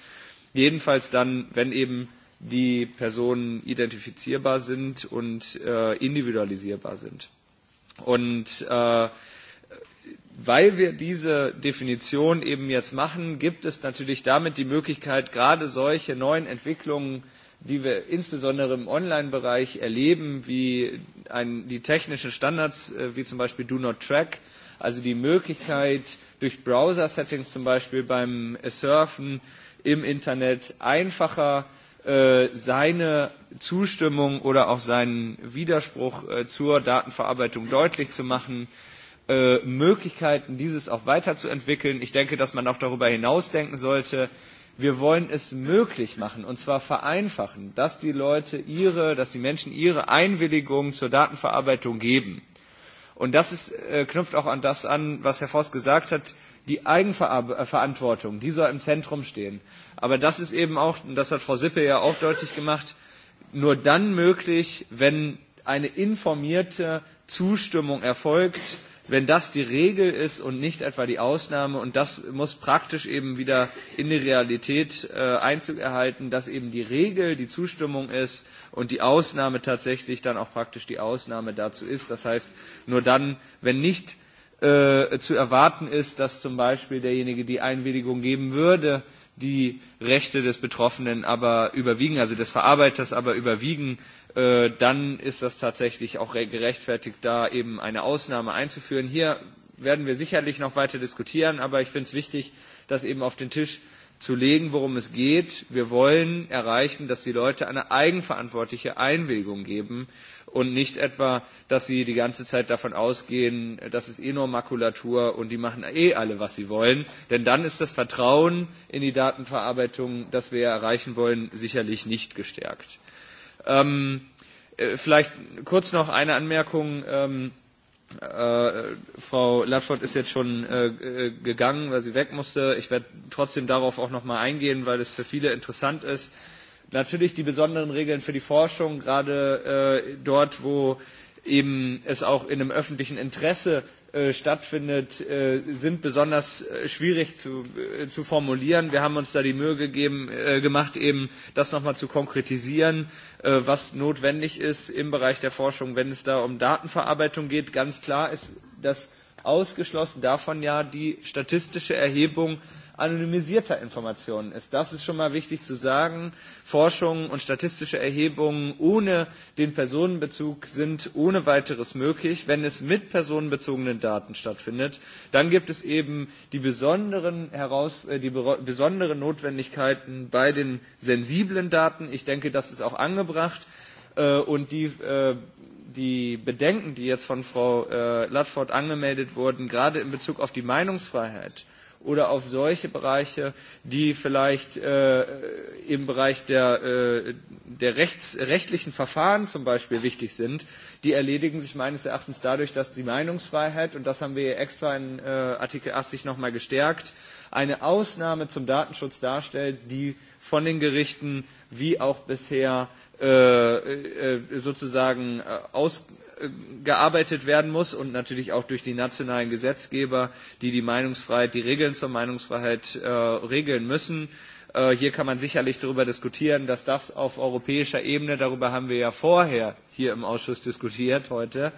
Jedenfalls dann, wenn eben die Personen identifizierbar sind und äh, individualisierbar sind. Und äh, weil wir diese Definition eben jetzt machen, gibt es natürlich damit die Möglichkeit, gerade solche neuen Entwicklungen, die wir insbesondere im Online-Bereich erleben, wie ein, die technischen Standards, äh, wie zum Beispiel Do Not Track, also die Möglichkeit, durch Browser-Settings zum Beispiel beim Surfen im Internet einfacher äh, Äh, seine Zustimmung oder auch seinen Widerspruch äh, zur Datenverarbeitung deutlich zu machen, äh, Möglichkeiten, dieses auch weiterzuentwickeln. Ich denke, dass man auch darüber hinaus denken sollte. Wir wollen es möglich machen, und zwar vereinfachen, dass die Leute ihre, dass die Menschen ihre Einwilligung zur Datenverarbeitung geben. Und das ist, äh, knüpft auch an das an, was Herr Voss gesagt hat die Eigenverantwortung, die soll im Zentrum stehen. Aber das ist eben auch, und das hat Frau Sippe ja auch deutlich gemacht, nur dann möglich, wenn eine informierte Zustimmung erfolgt, wenn das die Regel ist und nicht etwa die Ausnahme. Und das muss praktisch eben wieder in die Realität äh, Einzug erhalten, dass eben die Regel die Zustimmung ist und die Ausnahme tatsächlich dann auch praktisch die Ausnahme dazu ist. Das heißt, nur dann, wenn nicht Äh, zu erwarten ist, dass zum Beispiel derjenige, die Einwilligung geben würde, die Rechte des Betroffenen aber überwiegen, also des Verarbeiters aber überwiegen, äh, dann ist das tatsächlich auch gerechtfertigt, da eben eine Ausnahme einzuführen. Hier werden wir sicherlich noch weiter diskutieren, aber ich finde es wichtig, das eben auf den Tisch zu legen, worum es geht. Wir wollen erreichen, dass die Leute eine eigenverantwortliche Einwilligung geben und nicht etwa, dass sie die ganze Zeit davon ausgehen, das ist eh nur Makulatur und die machen eh alle, was sie wollen. Denn dann ist das Vertrauen in die Datenverarbeitung, das wir erreichen wollen, sicherlich nicht gestärkt. Ähm, äh, vielleicht kurz noch eine Anmerkung. Ähm, äh, Frau Ludford ist jetzt schon äh, äh, gegangen, weil sie weg musste. Ich werde trotzdem darauf auch noch mal eingehen, weil es für viele interessant ist. Natürlich die besonderen Regeln für die Forschung, gerade äh, dort, wo eben es auch in einem öffentlichen Interesse äh, stattfindet, äh, sind besonders äh, schwierig zu, äh, zu formulieren. Wir haben uns da die Mühe gegeben, äh, gemacht, eben das nochmal zu konkretisieren, äh, was notwendig ist im Bereich der Forschung, wenn es da um Datenverarbeitung geht. Ganz klar ist, dass ausgeschlossen davon ja die statistische Erhebung äh, anonymisierter Informationen ist. Das ist schon mal wichtig zu sagen. Forschung und statistische Erhebungen ohne den Personenbezug sind ohne weiteres möglich. Wenn es mit personenbezogenen Daten stattfindet, dann gibt es eben die besonderen, Heraus äh, die besonderen Notwendigkeiten bei den sensiblen Daten. Ich denke, das ist auch angebracht. Äh, und die äh, die Bedenken, die jetzt von Frau Ludford angemeldet wurden, gerade in Bezug auf die Meinungsfreiheit, oder auf solche Bereiche, die vielleicht äh, im Bereich der, äh, der rechts, rechtlichen Verfahren zum Beispiel wichtig sind, die erledigen sich meines Erachtens dadurch, dass die Meinungsfreiheit, und das haben wir extra in äh, Artikel 80 nochmal gestärkt, eine Ausnahme zum Datenschutz darstellt, die von den Gerichten wie auch bisher äh, äh, sozusagen äh, aus, gearbeitet werden muss und natürlich auch durch die nationalen Gesetzgeber, die die Meinungsfreiheit, die Regeln zur Meinungsfreiheit äh, regeln müssen. Äh, hier kann man sicherlich darüber diskutieren, dass das auf europäischer Ebene, darüber haben wir ja vorher hier im Ausschuss diskutiert heute,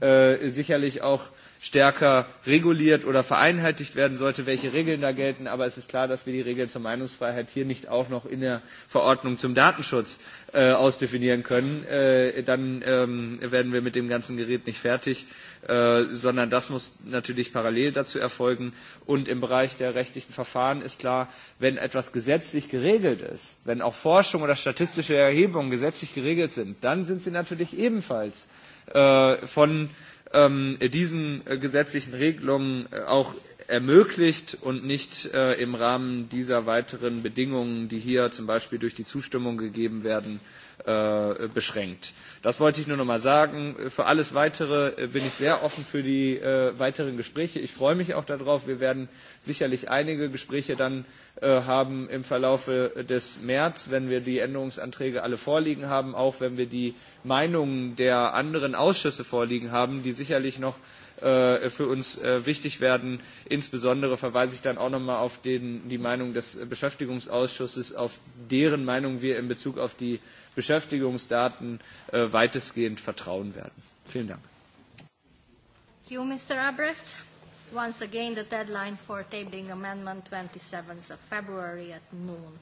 äh, sicherlich auch äh, stärker reguliert oder vereinheitlicht werden sollte, welche Regeln da gelten. Aber es ist klar, dass wir die Regeln zur Meinungsfreiheit hier nicht auch noch in der Verordnung zum Datenschutz äh, ausdefinieren können. Äh, dann ähm, werden wir mit dem ganzen Gerät nicht fertig, äh, sondern das muss natürlich parallel dazu erfolgen. Und im Bereich der rechtlichen Verfahren ist klar, wenn etwas gesetzlich geregelt ist, wenn auch Forschung oder statistische Erhebungen gesetzlich geregelt sind, dann sind sie natürlich ebenfalls äh, von äh, ähm, diesen äh, gesetzlichen Regelungen äh, auch ermöglicht und nicht äh, im Rahmen dieser weiteren Bedingungen, die hier zum Beispiel durch die Zustimmung gegeben werden, äh, äh, beschränkt. Das wollte ich nur noch mal sagen. Für alles Weitere äh, bin ich sehr offen für die äh, weiteren Gespräche. Ich freue mich auch darauf. Wir werden sicherlich einige Gespräche dann äh, haben im Verlaufe des März, wenn wir die Änderungsanträge alle vorliegen haben, auch wenn wir die Meinungen der anderen Ausschüsse vorliegen haben, die sicherlich noch äh, für uns äh, wichtig werden. Insbesondere verweise ich dann auch nochmal auf den, die Meinung des Beschäftigungsausschusses, auf deren Meinung wir in Bezug auf die Beschäftigungsdaten äh, weitestgehend vertrauen werden. Vielen Dank. Thank you, Mr. Abrecht. Once again, the deadline for tabling amendment 27th of February at noon.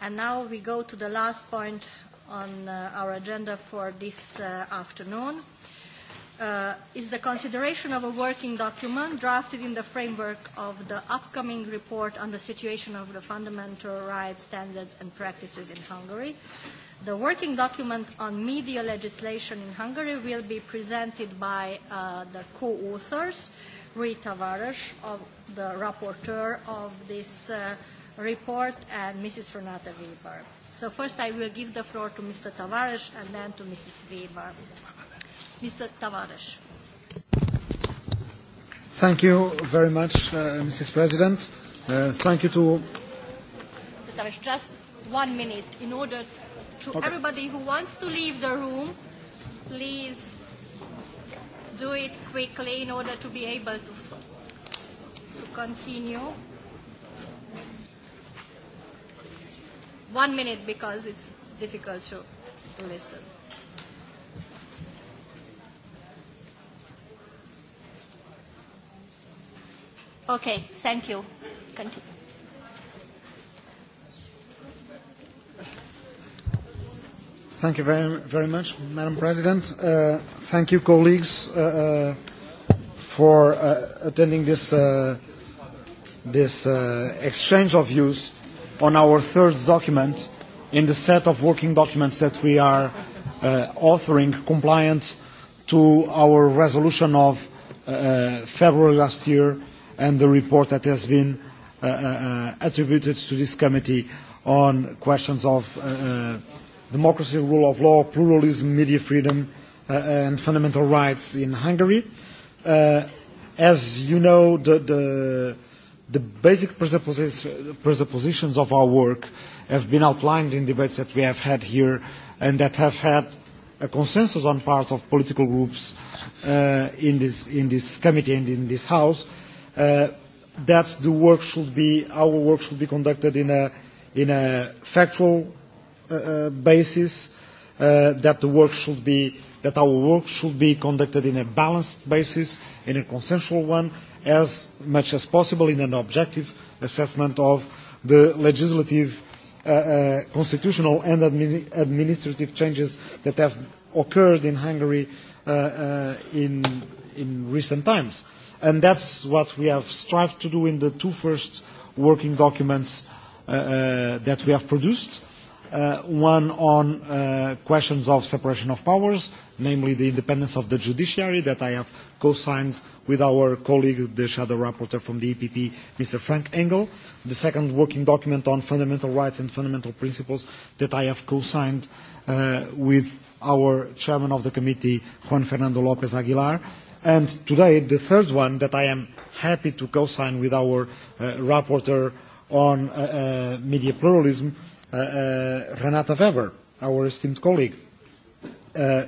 And now we go to the last point on uh, our agenda for this uh, afternoon. Uh, is the consideration of a working document drafted in the framework of the upcoming report on the situation of the fundamental rights standards and practices in Hungary. The working document on media legislation in Hungary will be presented by uh, the co-authors, Rita Varas, of the rapporteur of this uh, report, and Mrs. Renata Weber. So first I will give the floor to Mr. Tavares and then to Mrs. Weber. Mr. Tavares. Thank you very much, uh, Mrs. President. Uh, thank you to... Mr. Tavares, just one minute in order to okay. everybody who wants to leave the room, please do it quickly in order to be able to, to continue. One minute because it's difficult to listen. Okay, thank you. Continue. Thank you very, very much, Madam President. Uh, thank you, colleagues, uh, uh, for uh, attending this, uh, this uh, exchange of views on our third document in the set of working documents that we are uh, authoring compliant to our resolution of uh, uh February last year and the report that has been uh, uh, uh attributed to this committee on questions of uh, democracy, rule of law, pluralism, media freedom, uh, and fundamental rights in Hungary. Uh, as you know, the, the, the basic presupposi presuppositions of our work have been outlined in debates that we have had here and that have had a consensus on part of political groups uh, in, this, in this committee and in this house uh, that the work should be, our work should be conducted in a, in a factual Uh, uh, basis, uh, that the work should be that our work should be conducted in a balanced basis, in a consensual one, as much as possible in an objective assessment of the legislative, uh, uh, constitutional and admin administrative changes that have occurred in Hungary uh, uh, in, in recent times. And that's what we have strived to do in the two first working documents uh, uh, that we have produced. Uh, uh, one on uh, questions of separation of powers, namely the independence of the judiciary that I have co-signed with our colleague, the shadow rapporteur from the EPP, Mr. Frank Engel. The second working document on fundamental rights and fundamental principles that I have co-signed uh, with our chairman of the committee, Juan Fernando López Aguilar. And today, the third one that I am happy to co-sign with our uh, rapporteur on uh, uh, media pluralism, Uh, uh, Renata Weber, our esteemed colleague. Uh,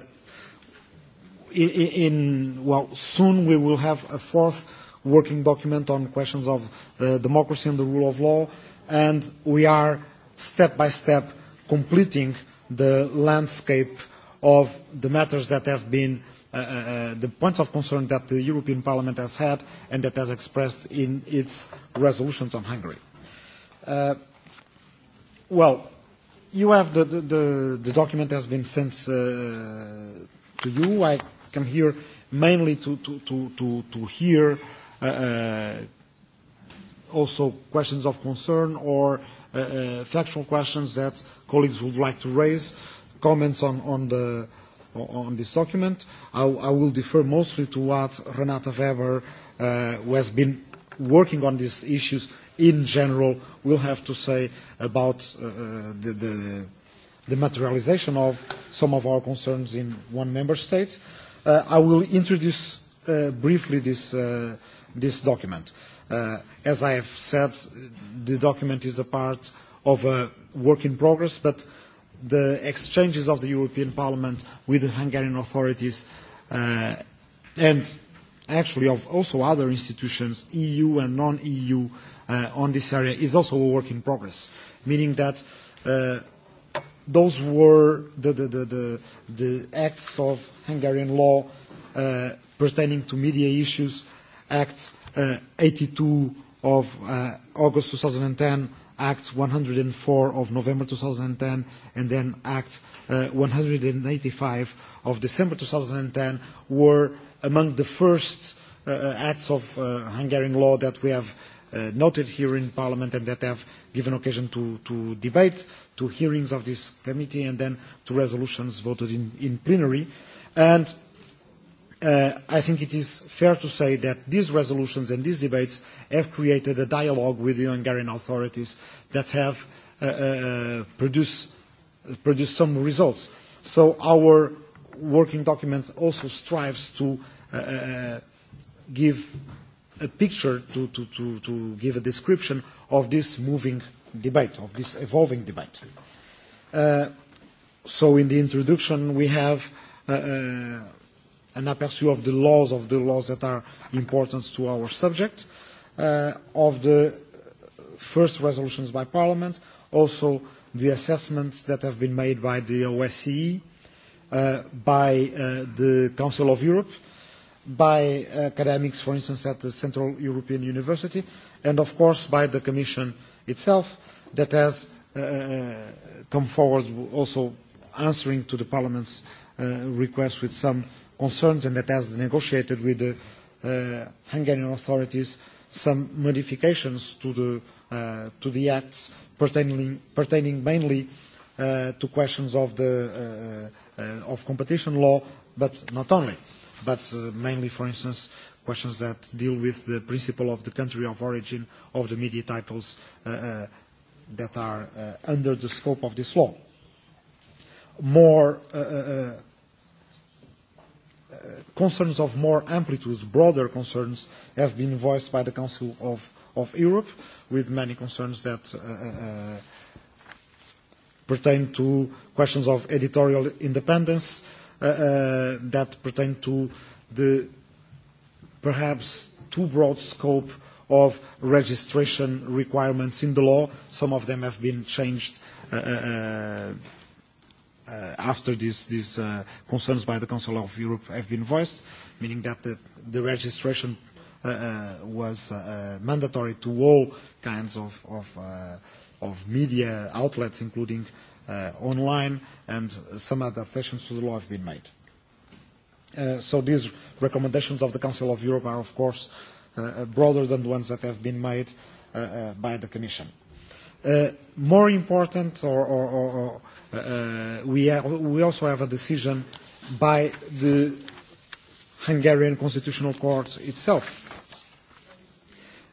in, in, well, soon we will have a fourth working document on questions of uh, democracy and the rule of law, and we are step by step completing the landscape of the matters that have been uh, uh, uh the points of concern that the European Parliament has had and that has expressed in its resolutions on Hungary. Uh, Well, you have the, the, the, the document has been sent uh, to you. I come here mainly to, to, to, to, to hear uh, uh, also questions of concern or uh, uh, factual questions that colleagues would like to raise, comments on, on, the, on this document. I, I will defer mostly to what Renata Weber, uh, who has been working on these issues in general, will have to say about uh, uh, the, the, the materialization of some of our concerns in one member state. Uh, I will introduce uh, briefly this, uh, this document. Uh, as I have said, the document is a part of a work in progress, but the exchanges of the European Parliament with the Hungarian authorities uh, and actually of also other institutions, EU and non-EU, uh, on this area is also a work in progress, meaning that uh, those were the, the, the, the, the acts of Hungarian law uh, pertaining to media issues, Act uh, 82 of uh, August 2010, Act 104 of November 2010, and then Act uh, 185 of December 2010 were among the first uh, uh, acts of uh, Hungarian law that we have uh, noted here in Parliament and that have given occasion to, to debate, to hearings of this committee, and then to resolutions voted in, in plenary. And uh, I think it is fair to say that these resolutions and these debates have created a dialogue with the Hungarian authorities that have uh, uh, produced, some results. So our working document also strives to uh, uh give a picture, to, to, to, to give a description of this moving debate, of this evolving debate. Uh, so in the introduction we have uh, uh, an aperçu of the laws, of the laws that are important to our subject, uh, of the first resolutions by Parliament, also the assessments that have been made by the OSCE, uh, by uh, the Council of Europe, uh, by uh, academics, for instance, at the Central European University, and of course by the Commission itself that has uh, uh, come forward also answering to the Parliament's uh, request with some concerns and that has negotiated with the uh, Hungarian authorities some modifications to the, uh, to the acts pertaining, pertaining mainly uh, to questions of, the, uh, uh, of competition law, but not only. Uh, but uh, mainly, for instance, questions that deal with the principle of the country of origin of the media titles uh, uh, that are uh, under the scope of this law. More uh, uh, uh, uh concerns of more amplitude, broader concerns, have been voiced by the Council of, of Europe, with many concerns that uh, uh, uh pertain to questions of editorial independence, uh, uh, uh, that pertain to the perhaps too broad scope of registration requirements in the law. Some of them have been changed uh, uh, uh, uh after these uh, concerns by the Council of Europe have been voiced, meaning that the, the registration uh, uh, was uh, uh mandatory to all kinds of, of, uh, of media outlets, including uh, online, and some adaptations to the law have been made. Uh, so these recommendations of the Council of Europe are, of course, uh, uh broader than the ones that have been made uh, uh, by the Commission. Uh, more important, or, or, or uh, uh, we, have, we also have a decision by the Hungarian Constitutional Court itself.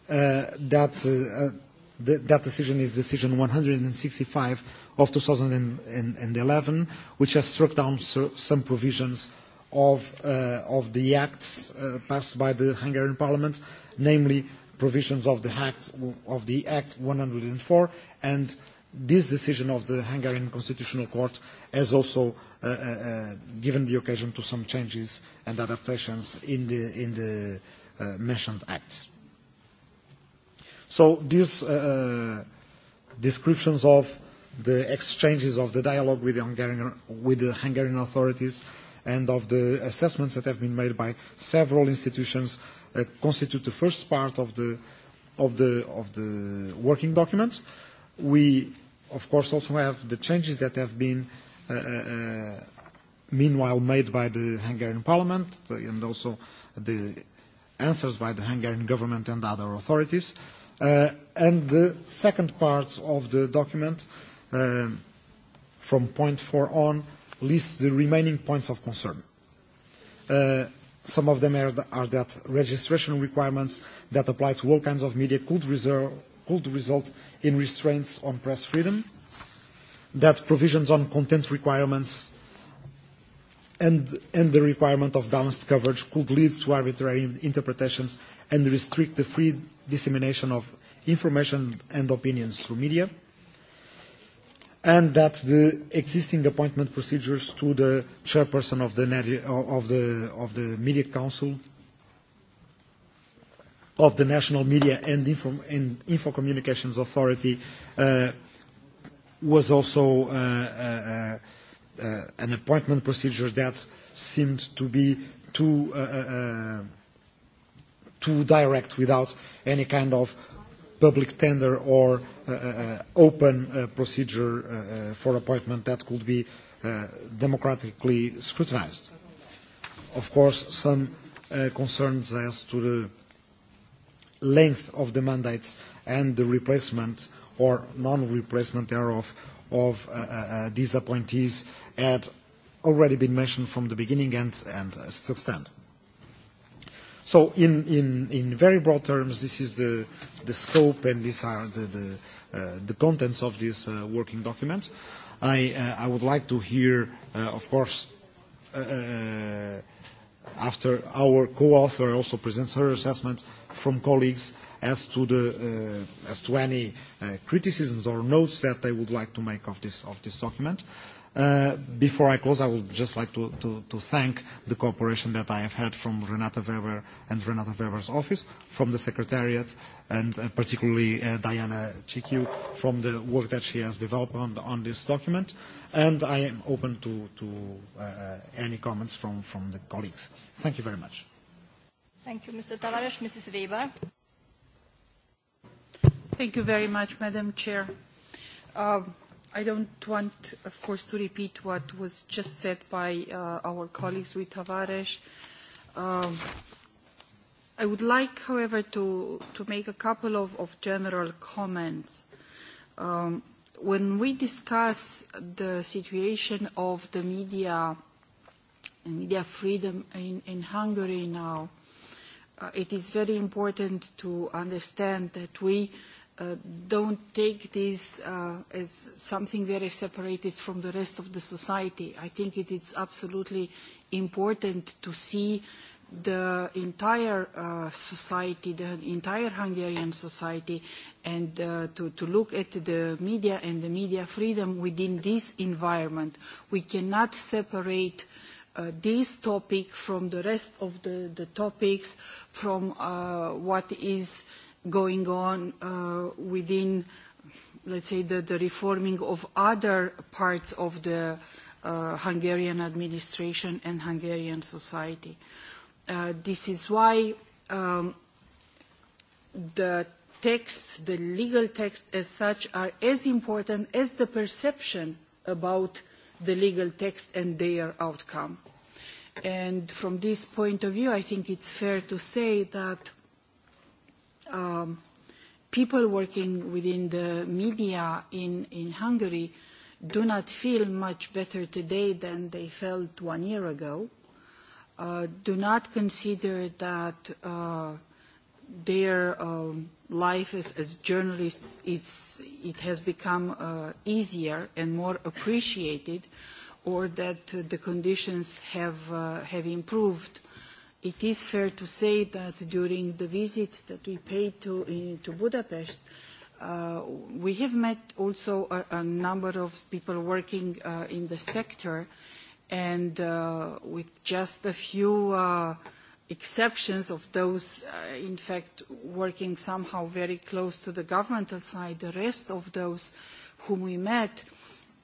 Uh, that, uh, uh, th that decision is decision 165 of 2011, which has struck down some provisions of, uh, of the acts uh, passed by the Hungarian parliament, namely provisions of the Act, of the Act 104, and this decision of the Hungarian Constitutional Court has also uh, uh, uh, given the occasion to some changes and adaptations in the, in the uh, mentioned acts. So these uh, uh descriptions of the exchanges of the dialogue with the Hungarian, with the Hungarian authorities and of the assessments that have been made by several institutions that constitute the first part of the, of, the, of the working document. We, of course, also have the changes that have been uh, uh, uh meanwhile made by the Hungarian parliament uh, and also the answers by the Hungarian government and other authorities. Uh, and the second part of the document uh, um, from point four on, lists the remaining points of concern. Uh, some of them are, the, are that registration requirements that apply to all kinds of media could, reserve, could result in restraints on press freedom, that provisions on content requirements and, and the requirement of balanced coverage could lead to arbitrary interpretations and restrict the free dissemination of information and opinions through media and that the existing appointment procedures to the chairperson of the, of the, of the Media Council of the National Media and Info, and Info Communications Authority uh, was also uh, uh, uh, uh an appointment procedure that seemed to be too, uh, too direct without any kind of public tender or Uh, uh, uh, open procedure for appointment that could be democratically scrutinized. Of course, some concerns as to the length of the mandates and the replacement or non-replacement thereof of uh, uh, these appointees had already been mentioned from the beginning and, and uh, still stand. So in, in, in very broad terms, this is the, the scope and these are the, the, Uh, the contents of this uh, working document. I, uh, I would like to hear, of course, after our co-author also presents her assessment from colleagues as to the uh, as to any uh, criticisms or notes that they would like to make of this of this document. Uh, before I close, I would just like to, to, to thank the cooperation that I have had from Renata Weber and Renata Weber's office, from the Secretariat, and uh, particularly uh, Diana Chikiu from the work that she has developed on, on this document. And I am open to, to uh, uh, any comments from, from the colleagues. Thank you very much. Thank you, Mr. Tavares. Mrs. Weber. Thank you very much, Madam Chair. Uh, I don't want, of course, to repeat what was just said by uh, our colleagues with Tavares. Um, i would like, however, to, to make a couple of, of general comments. Um, when we discuss the situation of the media, media freedom in, in Hungary now, uh, it is very important to understand that we uh, don't take this uh, as something very separated from the rest of the society. I think it is absolutely important to see the entire uh, society, the entire Hungarian society, and uh, to, to look at the media and the media freedom within this environment. We cannot separate uh, this topic from the rest of the, the topics, from uh, what is going on uh, within, let's say, the, the reforming of other parts of the uh, Hungarian administration and Hungarian society. Uh, this is why um, the texts, the legal texts as such, are as important as the perception about the legal text and their outcome. And from this point of view, I think it's fair to say that um, people working within the media in, in Hungary do not feel much better today than they felt one year ago Uh, do not consider that uh, their um, life as, as journalists it's, it has become uh, easier and more appreciated or that uh, the conditions have, uh, have improved. It is fair to say that during the visit that we paid to, in, to Budapest, uh, we have met also a, a number of people working uh, in the sector uh, and uh, with just a few uh, exceptions of those, uh, in fact, working somehow very close to the governmental side, the rest of those whom we met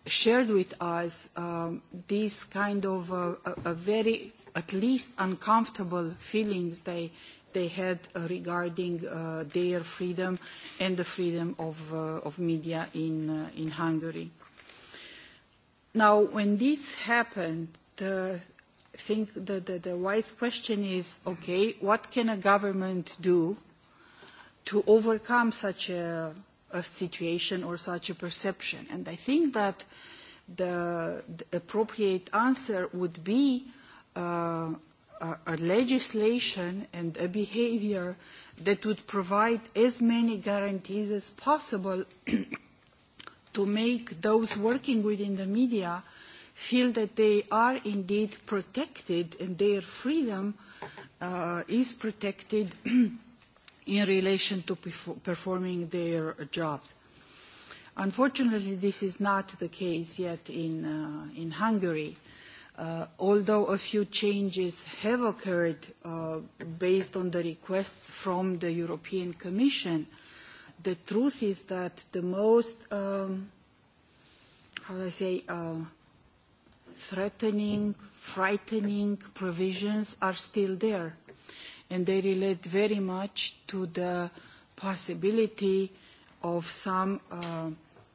shared with us um, this kind of uh, a, a very, at least uncomfortable feelings they they had uh, regarding uh, their freedom and the freedom of, uh, of media in, uh, in Hungary. Now, when this happened, the I think the, the, the wise question is, okay, what can a government do to overcome such a, a situation or such a perception? And I think that the, the appropriate answer would be uh, a, a legislation and a behavior that would provide as many guarantees as possible to make those working within the media feel that they are indeed protected and their freedom uh, is protected in relation to performing their jobs. Unfortunately, this is not the case yet in, uh, in Hungary. Uh, although a few changes have occurred uh, based on the requests from the European Commission, the truth is that the most, um, how do I say, uh, threatening, frightening provisions are still there. And they relate very much to the possibility of some uh,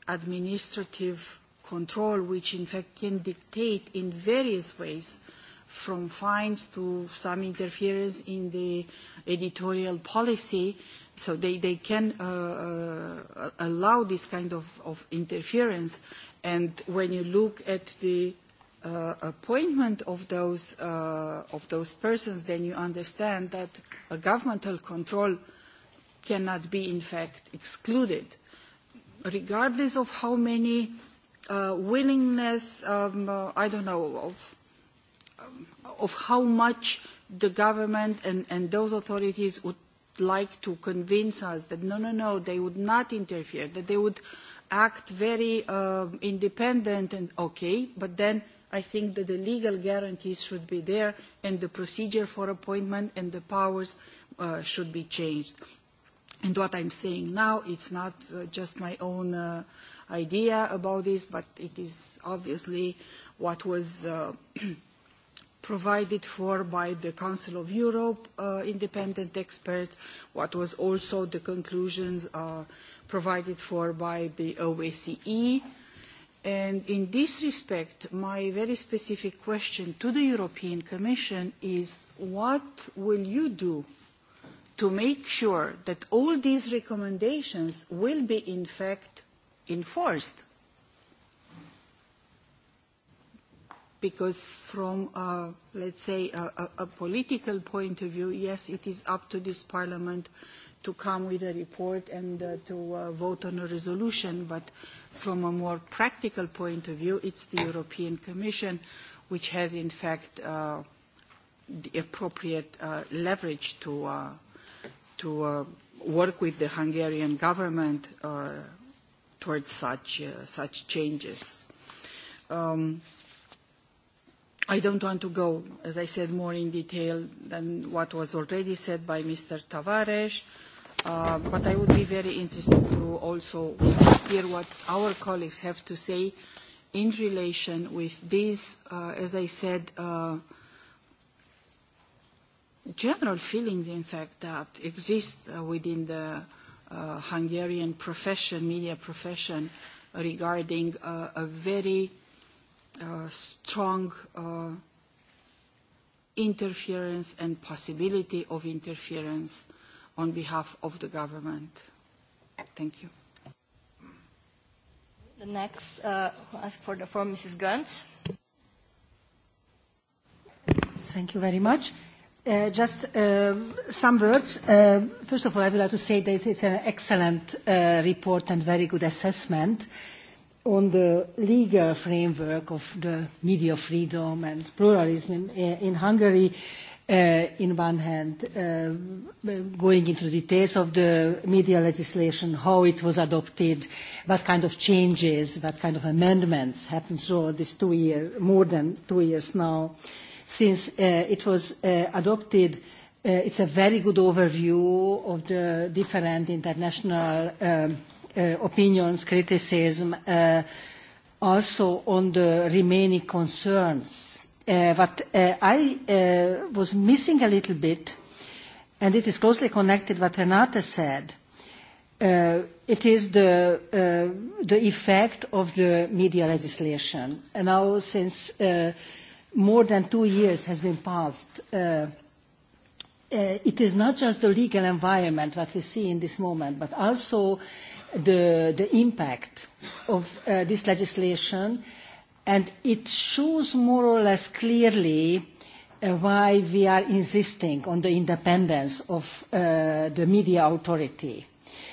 administrative control, which in fact can dictate in various ways from fines to some interference in the editorial policy So they, they can uh, uh, allow this kind of, of interference. And when you look at the uh, appointment of those, uh, of those persons, then you understand that a governmental control cannot be, in fact, excluded, regardless of how many uh, willingness, um, uh, I don't know, of, um, of how much the government and, and those authorities would like to convince us that no, no, no, they would not interfere, that they would act very uh, independent and okay, but then I think that the legal guarantees should be there and the procedure for appointment and the powers uh, should be changed. And what I'm saying now, it's not uh, just my own uh, idea about this, but it is obviously what was uh, provided for by the Council of Europe uh, independent experts, what was also the conclusions uh, provided for by the OSCE. And in this respect, my very specific question to the European Commission is what will you do to make sure that all these recommendations will be in fact enforced? because from, uh, let's say, a, a political point of view, yes, it is up to this parliament to come with a report and uh, to uh, vote on a resolution, but from a more practical point of view, it's the European Commission which has, in fact, uh, the appropriate uh, leverage to, uh, to uh, work with the Hungarian government uh, towards such, uh, such changes. Um, i don't want to go, as I said, more in detail than what was already said by Mr. Tavares, uh, but I would be very interested to also hear what our colleagues have to say in relation with this, uh, as I said, uh, general feelings, in fact, that exist uh, within the uh, Hungarian profession, media profession, regarding uh, a very Uh, strong uh, interference and possibility of interference on behalf of the government. Thank you. The next uh, ask for the form, Mrs. Gunt. Thank you very much. Uh, just uh, some words. Uh, first of all, I would like to say that it's an excellent uh, report and very good assessment. Uh, on the legal framework of the media freedom and pluralism in, in Hungary, uh, in one hand, uh, going into the details of the media legislation, how it was adopted, what kind of changes, what kind of amendments happened throughout this two year, more than two years now, since uh, it was uh, adopted uh, it's a very good overview of the different international um, Uh, opinions, criticism, uh, also on the remaining concerns. What uh, I was missing a little bit, and it is closely connected what Renate said, Uh, it is the, uh, the effect of the media legislation. And now, since uh, more than two years has been passed, it is not just the legal environment that we see in this moment, but also the, the impact of uh, this legislation, and it shows more or less clearly uh, why we are insisting on the independence of uh, the media authority.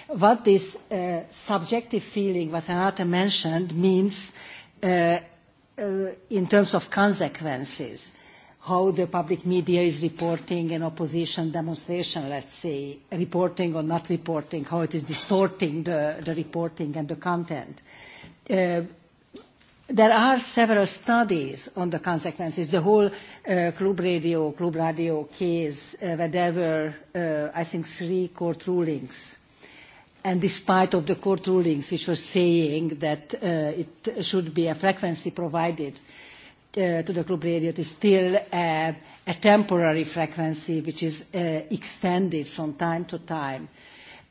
What this uh, subjective feeling, what Renata mentioned, means uh, uh, in terms of consequences how the public media is reporting an opposition demonstration, let's say, reporting or not reporting, how it is distorting the, the reporting and the content. Uh, there are several studies on the consequences. The whole uh, Club Radio, Club Radio case, uh, where there were, uh, I think, three court rulings and despite of the court rulings which were saying that uh, it should be a frequency provided Eh, to the club radio it is still a, a temporary frequency which is uh, extended from time to time.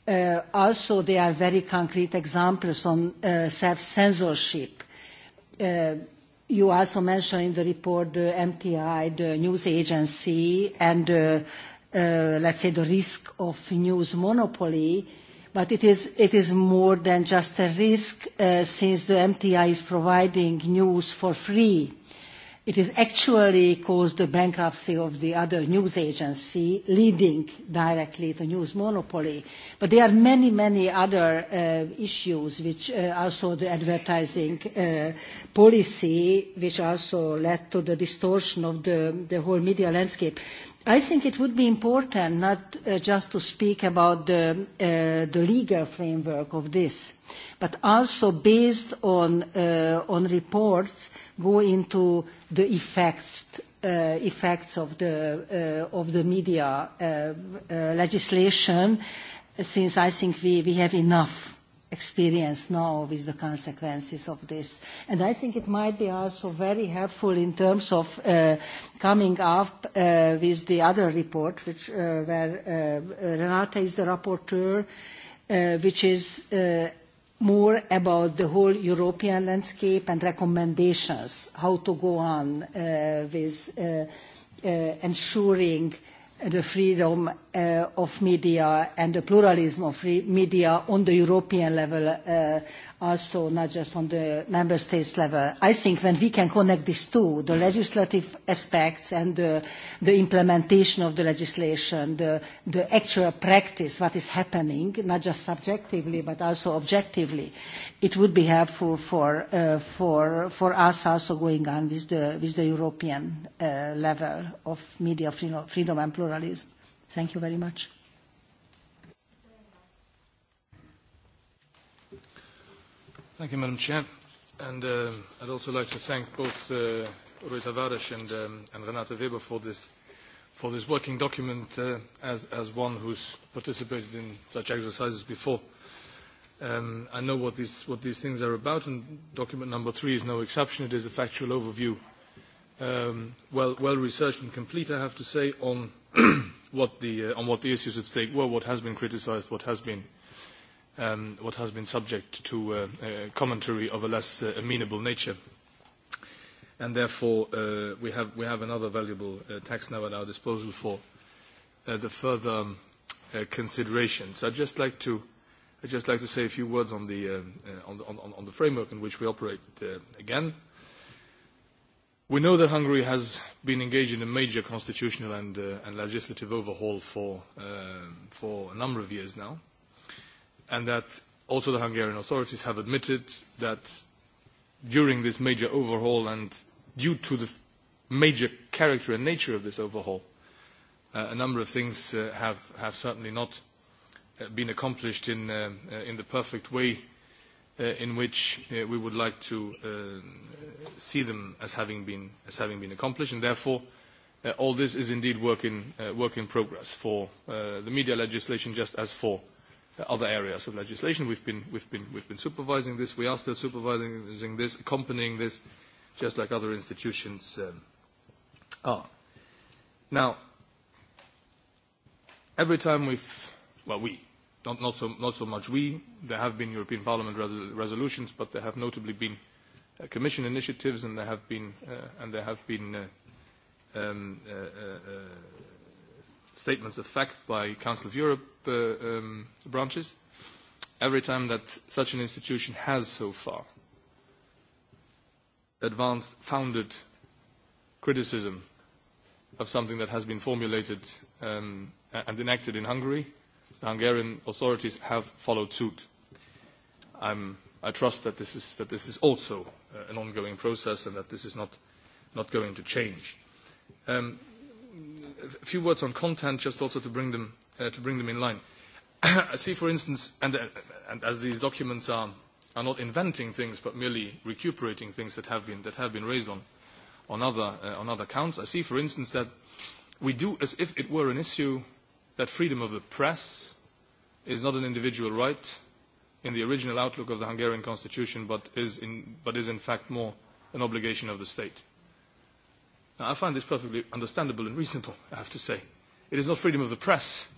Uh, also, there are very concrete examples on uh, self-censorship. Uh, you also mentioned in the report the MTI, the news agency, and uh, uh, let's say the risk of news monopoly. But it is, it is more than just a risk uh, since the MTI is providing news for free It has actually caused the bankruptcy of the other news agency, leading directly to news monopoly. But there are many, many other uh, issues, which uh, also the advertising uh, policy, which also led to the distortion of the, the whole media landscape. I think it would be important not uh, just to speak about the, uh, the legal framework of this, but also based on, uh, on reports go into the effects Uh, effects of the uh, of the media uh, uh, legislation, since I think we, we have enough experience now with the consequences of this. And I think it might be also very helpful in terms of uh, coming up uh, with the other report, which where Renate is the rapporteur, which is more about the whole European landscape and recommendations, how to go on uh, with uh, uh, ensuring the freedom Uh, of media and the pluralism of media on the European level, uh, also not just on the member states level. I think when we can connect these two, the legislative aspects and the, the implementation of the legislation, the, the actual practice, what is happening, not just subjectively but also objectively, it would be helpful for, uh, for, for us also going on with the, with the European uh, level of media freedom, freedom and pluralism. Thank you very much. Thank you, Madam Chair. And uh, I'd also like to thank both uh, Roy Tavares and, um, and Renata Weber for this, for this working document uh, as, as one who's participated in such exercises before. Um, I know what these, what these things are about, and document number three is no exception. It is a factual overview, um, well, well researched and complete, I have to say, on what the, uh, on what the issues at stake were, what has been criticised, what has been um, what has been subject to uh, uh, commentary of a less uh, amenable nature. And therefore, uh, we, have, we have another valuable uh, text now at our disposal for uh, the further um, uh, considerations. I'd just like to I'd just like to say a few words on the, uh, uh, on, the on, on the framework in which we operate uh, again. Uh, We know that Hungary has been engaged in a major constitutional and, uh, and legislative overhaul for, uh, for a number of years now, and that also the Hungarian authorities have admitted that during this major overhaul and due to the major character and nature of this overhaul, uh, a number of things uh, have, have certainly not uh, been accomplished in, um, uh, in the perfect way Uh, in which uh, we would like to uh, see them as having been, as having been accomplished. And therefore, all this is indeed work in, work in progress for the media legislation just as for other areas of legislation. We've been, we've, been, we've been supervising this. We are still supervising this, accompanying this, just like other institutions um, are. Now, every time we've, well, we, not, not, so, not so much we. There have been European Parliament res- resolutions, but there have notably been uh, Commission initiatives, and there have been, uh, and there have been uh, um, uh, uh, uh, statements of fact by Council of Europe uh, um, branches. Every time that such an institution has so far advanced, founded criticism of something that has been formulated um, and enacted in Hungary, the Hungarian authorities have followed suit. I'm, I trust that this is, that this is also uh, an ongoing process and that this is not, not going to change. Um, a few words on content, just also to bring them, uh, to bring them in line. I see, for instance, and, uh, and as these documents are, are not inventing things but merely recuperating things that have been, that have been raised on, on, other, uh, on other counts, I see, for instance, that we do as if it were an issue that freedom of the press is not an individual right in the original outlook of the Hungarian constitution, but is in, but is in fact more an obligation of the state. Now, I find this perfectly understandable and reasonable, I have to say. It is not freedom of the press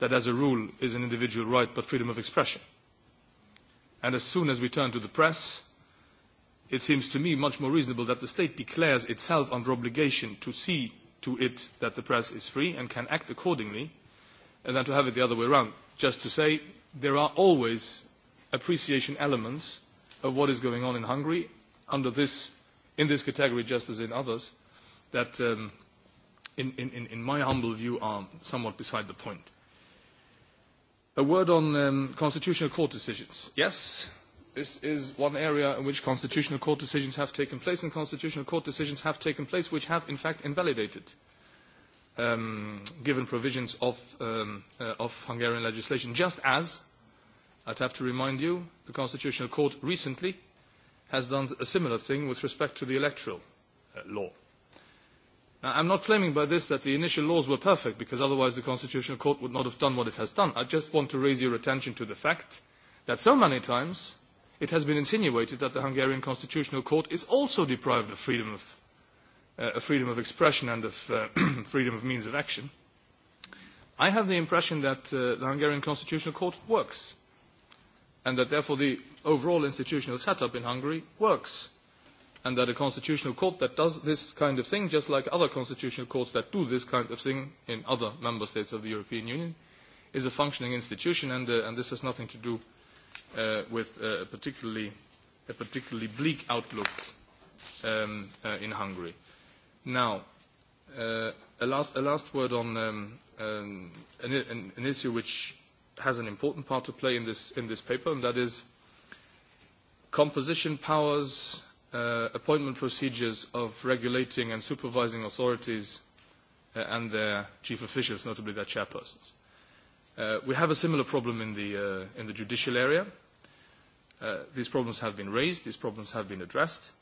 that, as a rule, is an individual right, but freedom of expression. And as soon as we turn to the press, it seems to me much more reasonable that the state declares itself under obligation to see to it that the press is free and can act accordingly and then to have it the other way around. Just to say, there are always appreciation elements of what is going on in Hungary under this, in this category just as in others that um, in, in, in my humble view are somewhat beside the point. A word on um, constitutional court decisions. Yes, this is one area in which constitutional court decisions have taken place and constitutional court decisions have taken place which have in fact invalidated uh, um, given provisions of, um, uh, of Hungarian legislation, just as, I'd have to remind you, the Constitutional Court recently has done a similar thing with respect to the electoral uh, law. Now, I'm not claiming by this that the initial laws were perfect, because otherwise the Constitutional Court would not have done what it has done. I just want to raise your attention to the fact that so many times it has been insinuated that the Hungarian Constitutional Court is also deprived of freedom of uh, of freedom of expression and of uh, freedom of means of action, I have the impression that uh, the Hungarian Constitutional Court works, and that therefore the overall institutional setup in Hungary works, and that a constitutional court that does this kind of thing, just like other constitutional courts that do this kind of thing in other member states of the European Union, is a functioning institution, and, uh, and this has nothing to do uh, with uh, particularly, a particularly bleak outlook um, uh, in Hungary. Now, uh, a, last, a last word on um, um, an, an, an issue which has an important part to play in this, in this paper, and that is composition powers, uh, appointment procedures of regulating and supervising authorities uh, and their chief officials, notably their chairpersons. Uh, we have a similar problem in the, uh, in the judicial area. Uh, these problems have been raised, these problems have been addressed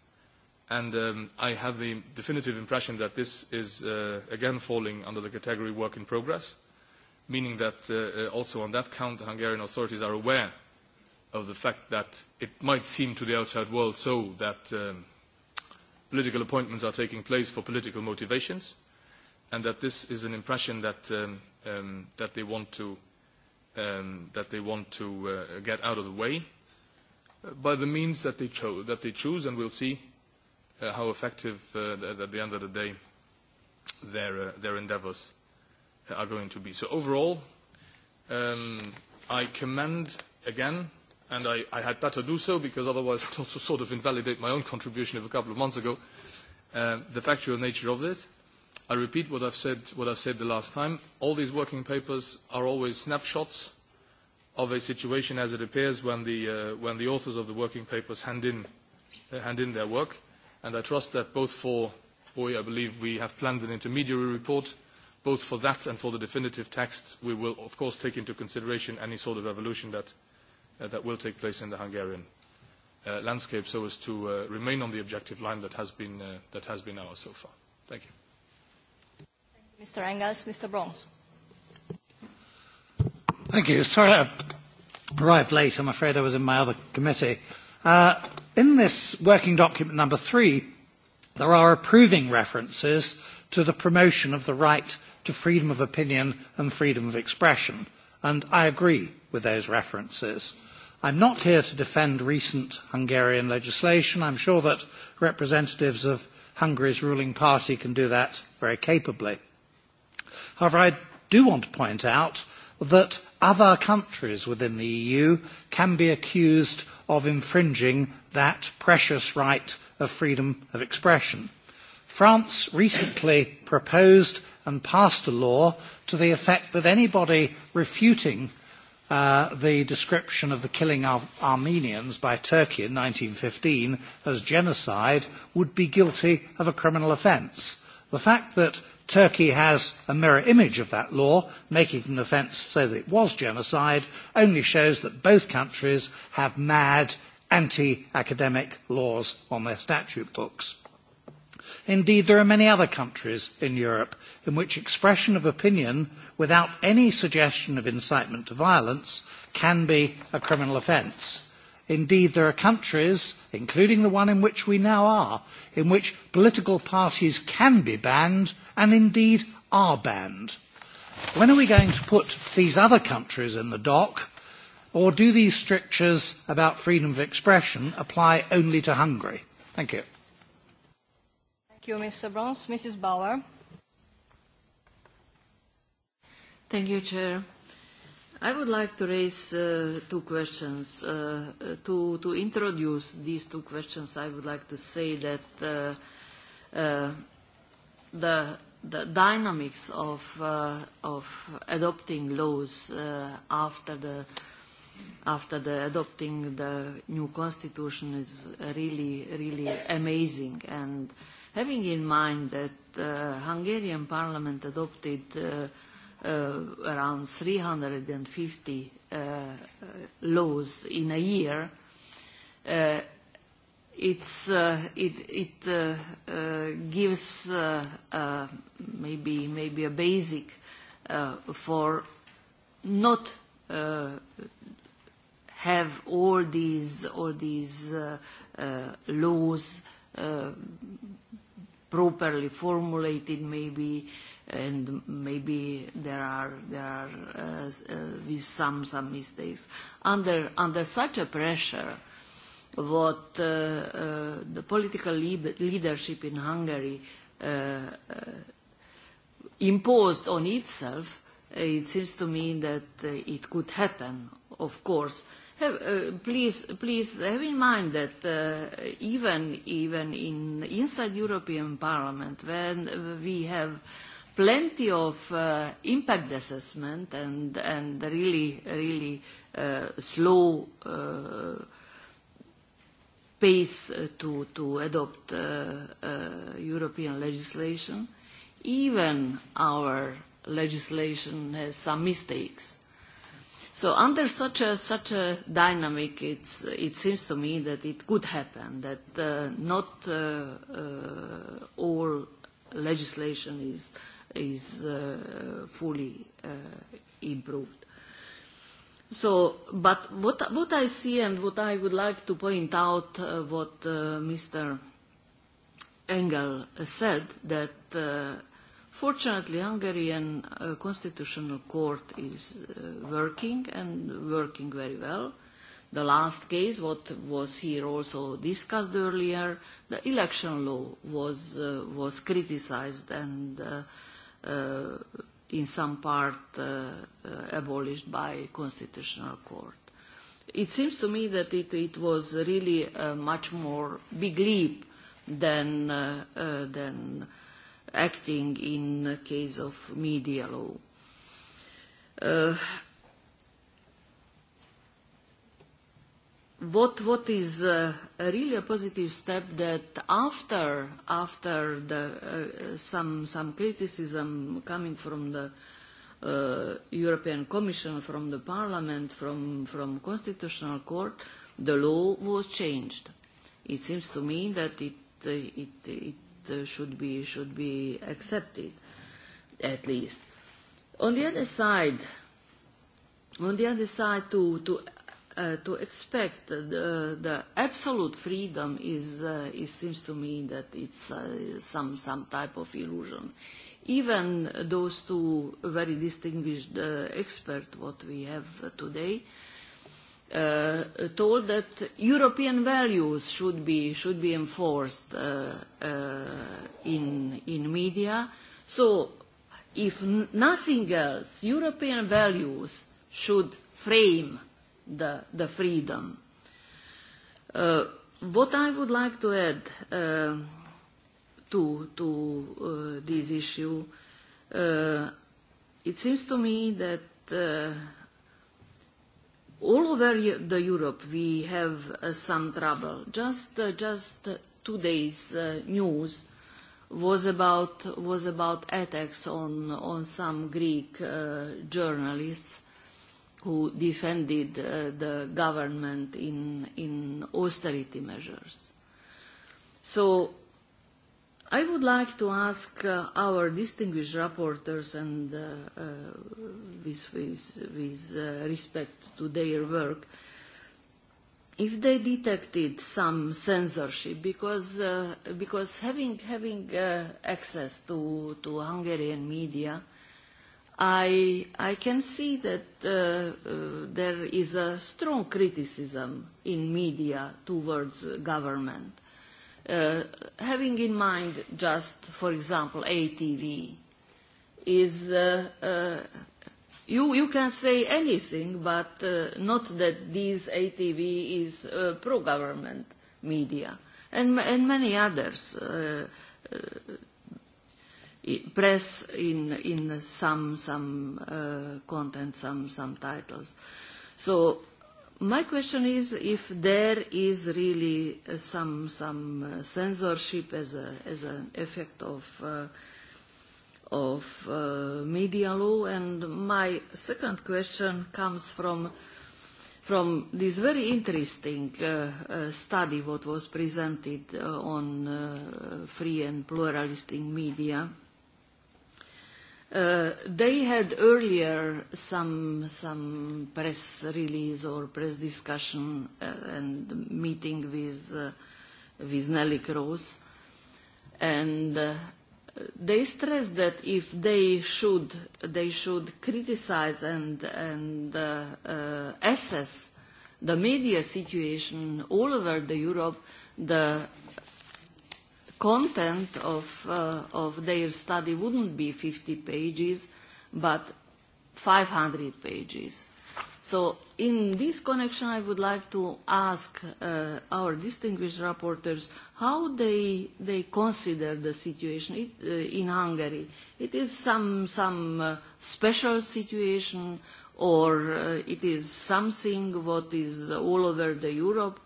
and um, I have the definitive impression that this is uh, again falling under the category work in progress, meaning that uh, uh also on that count the Hungarian authorities are aware of the fact that it might seem to the outside world so that um, political appointments are taking place for political motivations, and that this is an impression that, um, um, that they want to, um, that they want to uh, get out of the way uh, by the means that they, cho that they choose, and we'll see uh, how effective, uh, at the end of the day, their, uh, their endeavours are going to be. So overall, um, I commend again, and I, I had better do so because otherwise I'd also sort of invalidate my own contribution of a couple of months ago, uh, the factual nature of this. I repeat what I've said, what I've said the last time. All these working papers are always snapshots of a situation as it appears when the, uh, when the authors of the working papers hand in, uh, hand in their work and I trust that both for Oi, I believe we have planned an intermediary report. Both for that and for the definitive text, we will of course take into consideration any sort of evolution that, uh, that will take place in the Hungarian uh, landscape so as to uh, remain on the objective line that has been, uh, that has been ours so far. Thank you. Thank you Mr. Engels, Mr. Bronx. Thank you. Sorry I arrived late. I'm afraid I was in my other committee. Uh, in this working document number three, there are approving references to the promotion of the right to freedom of opinion and freedom of expression, and I agree with those references. I'm not here to defend recent Hungarian legislation. I'm sure that representatives of Hungary's ruling party can do that very capably. However, I do want to point out that other countries within the EU can be accused of infringing that precious right of freedom of expression. France recently proposed and passed a law to the effect that anybody refuting uh, the description of the killing of Armenians by Turkey in 1915 as genocide would be guilty of a criminal offence. The fact that Turkey has a mirror image of that law, making it an offence so that it was genocide, only shows that both countries have mad anti-academic laws on their statute books. Indeed, there are many other countries in Europe in which expression of opinion without any suggestion of incitement to violence can be a criminal offence. Indeed, there are countries, including the one in which we now are, in which political parties can be banned and indeed are banned. When are we going to put these other countries in the dock? Or do these strictures about freedom of expression apply only to Hungary? Thank you. Thank you, Mr. Brons. Mrs. Bauer. Thank you, Chair. I would like to raise uh, two questions. Uh, to, to introduce these two questions, I would like to say that uh, uh, the, the dynamics of, uh, of adopting laws uh, after, the, after the adopting the new constitution is really, really amazing. And having in mind that uh, Hungarian parliament adopted uh, uh, around 350 uh, laws in a year, uh, it's, uh, it, it uh, uh, gives uh, uh, maybe, maybe a basic uh, for not uh, have all these, all these uh, uh, laws uh, properly formulated maybe uh, and maybe there are there are uh, uh, with some some mistakes. Under under such a pressure, what uh, uh, the political leadership in Hungary uh, uh, imposed on itself, uh, it seems to me that uh, it could happen. Of course, have, uh, please please have in mind that uh, even even in inside European Parliament when we have plenty of uh, impact assessment and, and really, really uh, slow uh, pace uh, to, to adopt uh, uh, European legislation. Even our legislation has some mistakes. So under such a, such a dynamic, it's, it seems to me that it could happen, that uh, not uh, uh, all legislation is uh, is uh, fully uh, improved. So, but what, what I see and what I would like to point out uh, what uh, Mr. Engel said, that uh, fortunately Hungarian uh, Constitutional Court is uh, working and working very well. The last case, what was here also discussed earlier, the election law was, uh, was criticized and uh, uh, in some part uh, uh, abolished by constitutional court. It seems to me that it, it was really a much more big leap than, uh, uh, than acting in the case of media law. Uh, what what is uh, really a positive step that after after the uh, some some criticism coming from the uh, European Commission, from the Parliament, from from Constitutional Court, the law was changed. It seems to me that it uh, it it uh, should be should be accepted, at least. On the other side, on the other side, to to uh, to expect the, the absolute freedom is, uh, it seems to me that it's uh, some, some type of illusion. Even those two very distinguished uh, experts, what we have today, uh, told that European values should be, should be enforced uh, uh, in, in media. So if n nothing else, European values should frame the, the freedom. Uh, what I would like to add uh, to, to uh, this issue, uh, it seems to me that uh, all over the Europe we have uh, some trouble. Just, uh, just today's uh, news was about, was about attacks on, on some Greek uh, journalists who defended uh, the government in, in austerity measures. So I would like to ask uh, our distinguished rapporteurs and uh, uh, with, with, with uh, respect to their work if they detected some censorship because, uh, because having, having uh, access to, to Hungarian media – i, I can see that uh, uh, there is a strong criticism in media towards government. Uh, having in mind just, for example, ATV, is uh, uh, you, you can say anything, but uh, not that this ATV is uh, pro-government media, and, and many others. Uh, uh, press in in some some uh, content, some some titles. So my question is if there is really uh, some some uh, censorship as a as an effect of uh, of uh, media law. And my second question comes from from this very interesting uh, uh, study what was presented uh, on uh, free and pluralistic media Uh, they had earlier some some press release or press discussion uh, and meeting with uh, with Nelly Cruz, and uh, they stressed that if they should they should criticize and and uh, uh, assess the media situation all over the Europe, the content of, uh, of their study wouldn't be 50 pages, but 500 pages. So in this connection, I would like to ask uh, our distinguished rapporteurs how they, they consider the situation it, uh, in Hungary. It is some, some uh, special situation or uh, it is something what is all over the Europe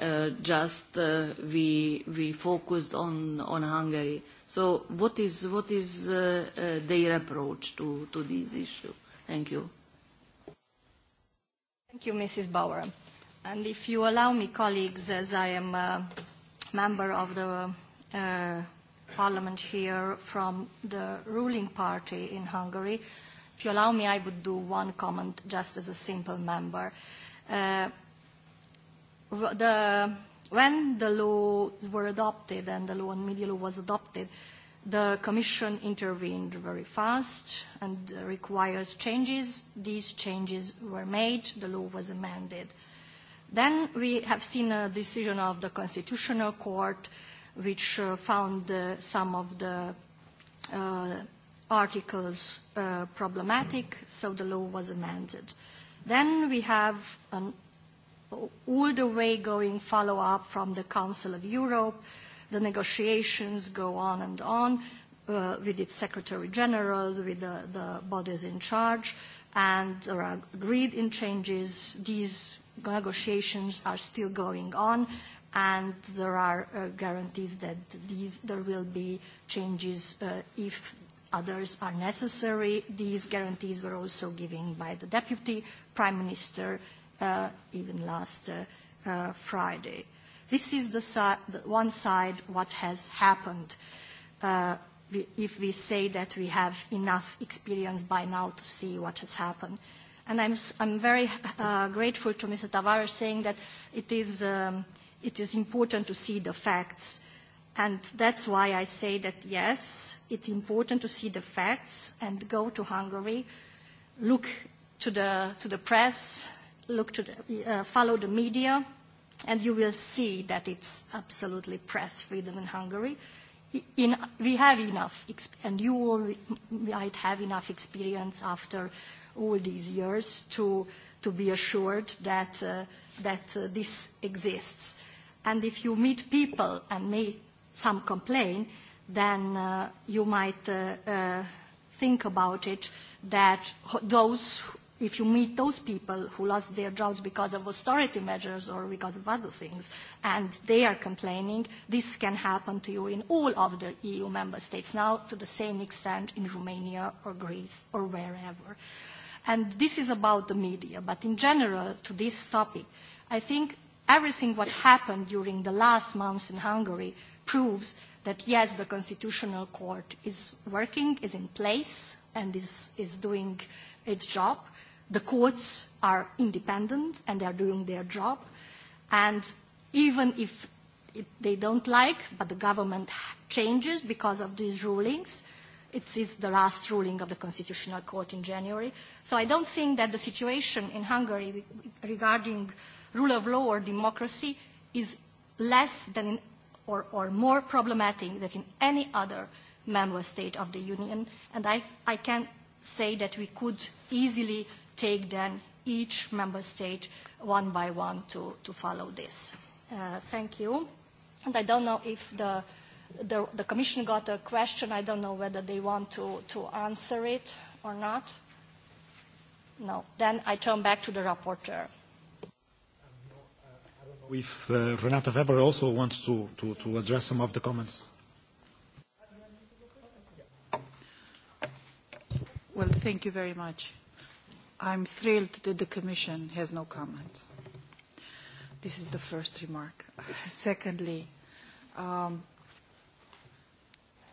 Uh, just uh, we we focused on on Hungary. So what is what is uh, uh, their approach to to this issue? Thank you. Thank you, Mrs. Bauer. And if you allow me, colleagues, as I am a member of the uh, parliament here from the ruling party in Hungary, if you allow me, I would do one comment just as a simple member. Uh, the, when the laws were adopted and the law on media law was adopted, the Commission intervened very fast and required changes. These changes were made. The law was amended. Then we have seen a decision of the Constitutional Court which uh, found uh, some of the uh, articles uh, problematic, so the law was amended. Then we have an all the way going follow-up from the Council of Europe. The negotiations go on and on uh, with its Secretary General, with the, the bodies in charge, and there are agreed in changes. These negotiations are still going on, and there are uh, guarantees that these, there will be changes uh, if others are necessary. These guarantees were also given by the Deputy Prime Minister uh, even last uh, uh, Friday. This is the, si- the one side what has happened. Uh, we, if we say that we have enough experience by now to see what has happened. And I'm, I'm very uh, grateful to Mr. Tavares saying that it is, um, it is important to see the facts. And that's why I say that, yes, it's important to see the facts and go to Hungary, look to the, to the press, look to the, uh, follow the media, and you will see that it's absolutely press freedom in Hungary. In, we have enough, and you all might have enough experience after all these years to, to be assured that, uh, that uh, this exists. And if you meet people and make some complain, then uh, you might uh, uh, think about it that those if you meet those people who lost their jobs because of austerity measures or because of other things, and they are complaining, this can happen to you in all of the EU member states now to the same extent in Romania or Greece or wherever. And this is about the media, but in general to this topic, I think everything what happened during the last months in Hungary proves that yes, the Constitutional Court is working, is in place, and is, is doing its job. The courts are independent and they are doing their job. And even if it, they don't like, but the government changes because of these rulings, it is the last ruling of the Constitutional Court in January. So I don't think that the situation in Hungary regarding rule of law or democracy is less than in, or, or more problematic than in any other member state of the Union. And I, I can say that we could easily take then each member state one by one to, to follow this. Uh, thank you. And I don't know if the, the, the Commission got a question. I don't know whether they want to, to answer it or not. No. Then I turn back to the rapporteur. If uh, Renata Weber also wants to, to, to address some of the comments. Well, thank you very much. I'm thrilled that the Commission has no comment. This is the first remark. Secondly, um,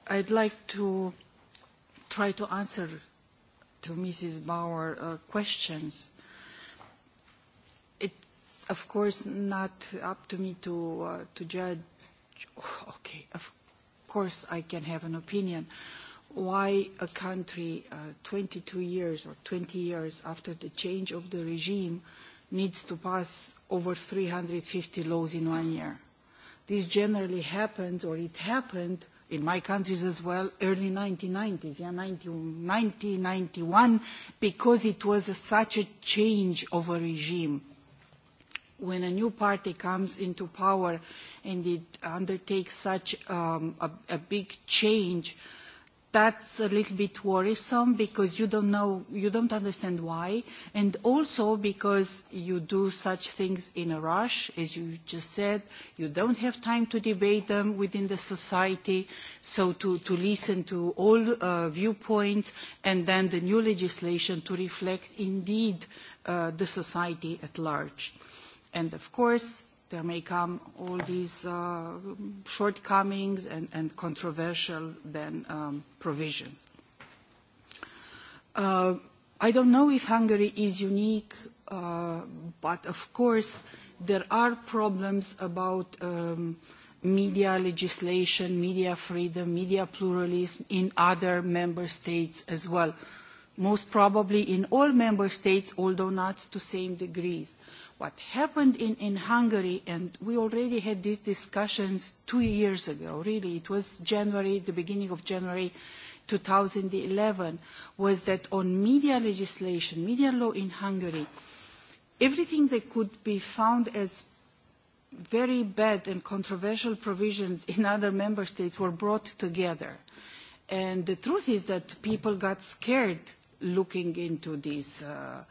I'd like to try to answer to Mrs. Bauer uh, questions. It's, of course, not up to me to, uh, to judge. okay, of course I can have an opinion. Uh, why a country uh, 22 years or 20 years after the change of the regime needs to pass over 350 laws in one year. This generally happens, or it happened in my countries as well, early 1990s, yeah, 1991, because it was a, such a change of a regime. When a new party comes into power and it undertakes such um, a, a big change, uh, that's a little bit worrisome because you don't know, you don't understand why, and also because you do such things in a rush, as you just said, you don't have time to debate them within the society, so to, to listen to all uh, viewpoints and then the new legislation to reflect indeed uh, the society at large. And of course, there may come all these uh, shortcomings and, and controversial then um, provisions. Uh, I don't know if Hungary is unique, uh, but of course there are problems about um, media legislation, media freedom, media pluralism in other member states as well, most probably in all member states, although not to same degrees. What happened in, in Hungary, and we already had these discussions two years ago, really, it was January, the beginning of January 2011, was that on media legislation, media law in Hungary, everything that could be found as very bad and controversial provisions in other member states were brought together. And the truth is that people got scared looking into these uh,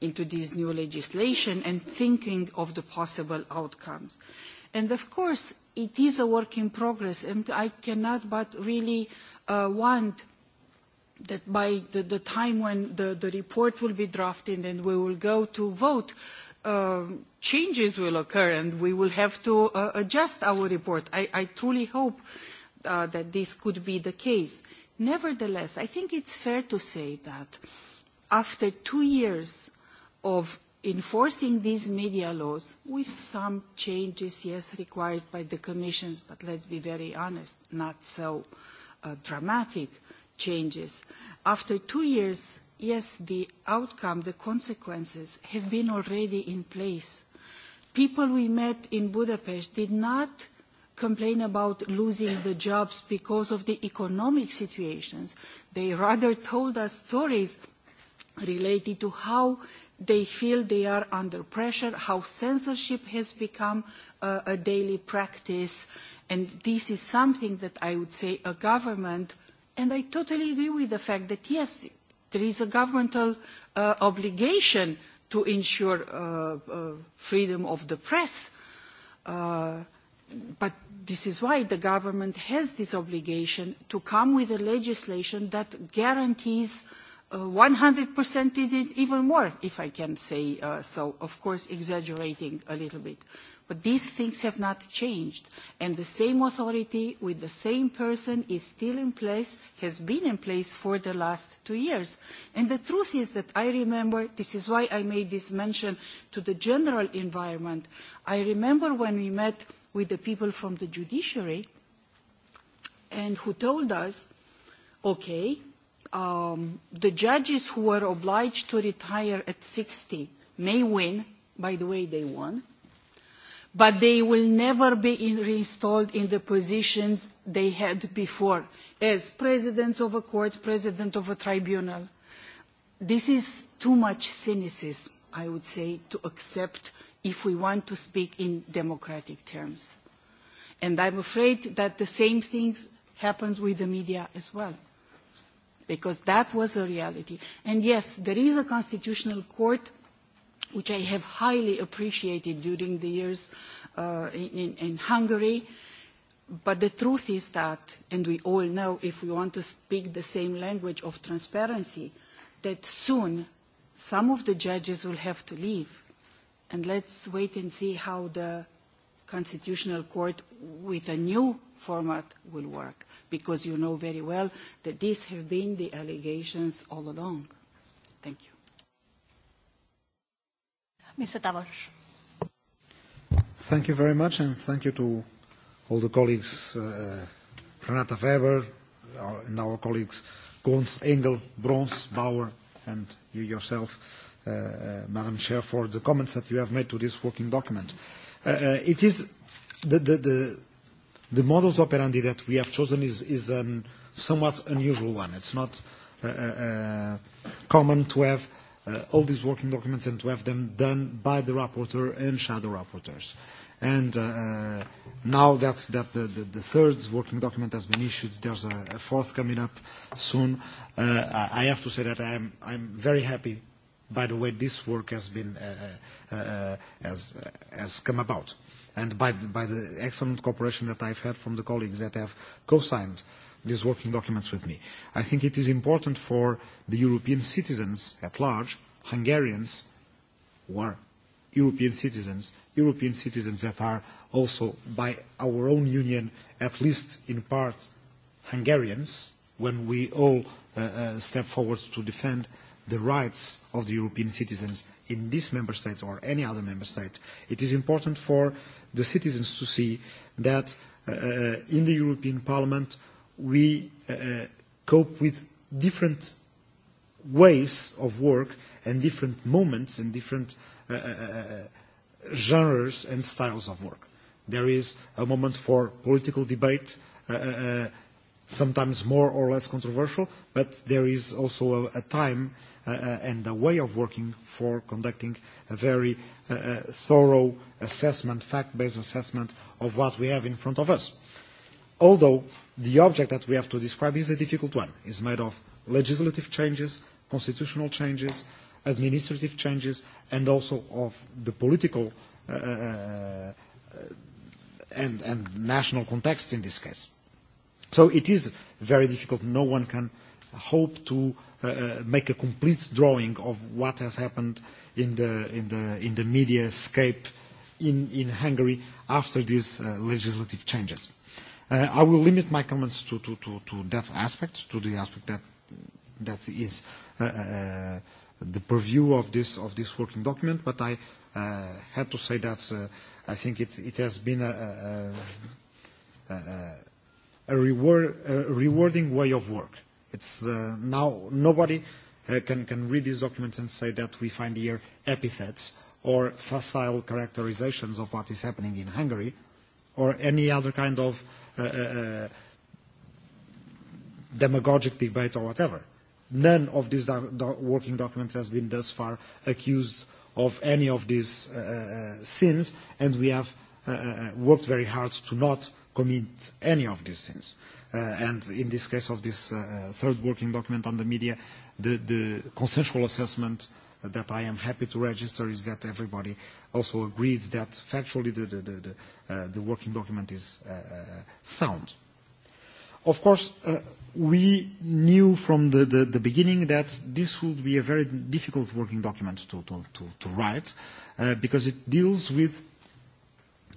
into this new legislation and thinking of the possible outcomes. And of course, it is a work in progress, and I cannot but really uh, want that by the, the time when the, the report will be drafted and we will go to vote, uh, changes will occur and we will have to uh, adjust our report. I, I truly hope uh, that this could be the case. Nevertheless, I think it's fair to say that after two years of enforcing these media laws with some changes, yes, required by the commissions, but let's be very honest, not so uh, dramatic changes. After two years, yes, the outcome, the consequences have been already in place. People we met in Budapest did not complain about losing the jobs because of the economic situations. They rather told us stories related to how they feel they are under pressure, how censorship has become uh, a daily practice. And this is something that I would say a government, and I totally agree with the fact that yes, there is a governmental uh, obligation to ensure uh, uh freedom of the press. Uh, but this is why the government has this obligation to come with a legislation that guarantees uh, 100% uh, did it even more, if I can say uh, so, of course exaggerating a little bit. But these things have not changed, and the same authority with the same person is still in place, has been in place for the last two years. And the truth is that I remember, this is why I made this mention to the general environment, I remember when we met with the people from the judiciary, and who told us, okay, um, the judges who were obliged to retire at 60 may win. By the way, they won. But they will never be in, reinstalled in the positions they had before as presidents of a court, president of a tribunal. This is too much cynicism, I would say, to accept if we want to speak in democratic terms. And I'm afraid that the same thing happens with the media as well because that was a reality. And yes, there is a constitutional court which I have highly appreciated during the years uh, in, in Hungary. But the truth is that, and we all know if we want to speak the same language of transparency, that soon some of the judges will have to leave. And let's wait and see how the Constitutional Court with a new format will work because you know very well that these have been the allegations all along. Thank you. Mr. Tavares. Thank you very much, and thank you to all the colleagues, uh, Renata Weber, uh, and our colleagues, Gons, Engel, Brons, Bauer, and you yourself, uh, uh, Madam Chair, for the comments that you have made to this working document. Uh, uh, it is the, the, the The modus operandi that we have chosen is, is a an somewhat unusual one. It's not uh, uh, uh, common to have uh, all these working documents and to have them done by the rapporteur and shadow rapporteurs. And uh, uh now that, that the, the, the third working document has been issued, there's a, a fourth coming up soon. Uh, I have to say that I'm, I'm very happy by the way this work has been uh, uh, has, uh, has come about and by, by the excellent cooperation that I've had from the colleagues that have co-signed these working documents with me. I think it is important for the European citizens at large, Hungarians who are European citizens, European citizens that are also by our own union, at least in part, Hungarians, when we all uh, uh, step forward to defend the rights of the European citizens in this member state or any other member state. It is important for uh, the citizens to see that uh, uh in the European Parliament we uh, uh, cope with different ways of work and different moments and different uh, uh, uh, genres and styles of work. There is a moment for political debate, uh, uh, sometimes more or less controversial, but there is also a, a time uh, and a way of working for conducting a very uh, thorough assessment, fact-based assessment of what we have in front of us. Although the object that we have to describe is a difficult one. It's made of legislative changes, constitutional changes, administrative changes, and also of the political uh, uh and, and national context in this case. So it is very difficult. No one can hope to uh, Uh, uh, make a complete drawing of what has happened in the, in the, in the media scape in, in Hungary after these uh, legislative changes. Uh, I will limit my comments to, to, to, to that aspect, to the aspect that, that is uh, uh, uh the purview of this, of this working document, but I uh, had to say that uh, I think it, it has been a, a, a, a, reward, a rewarding way of work. It's uh, now nobody uh, can, can read these documents and say that we find here epithets or facile characterizations of what is happening in Hungary or any other kind of uh, uh, uh demagogic debate or whatever. None of these do do working documents has been thus far accused of any of these uh, uh sins, and we have uh, uh, worked very hard to not commit any of these sins. Uh, uh, and in this case of this uh, uh, third working document on the media, the, the consensual assessment that I am happy to register is that everybody also agrees that factually the, the, the, uh, the working document is uh, uh, sound. Of course, uh, we knew from the, the, the beginning that this would be a very difficult working document to, to, to, to write uh, because it deals with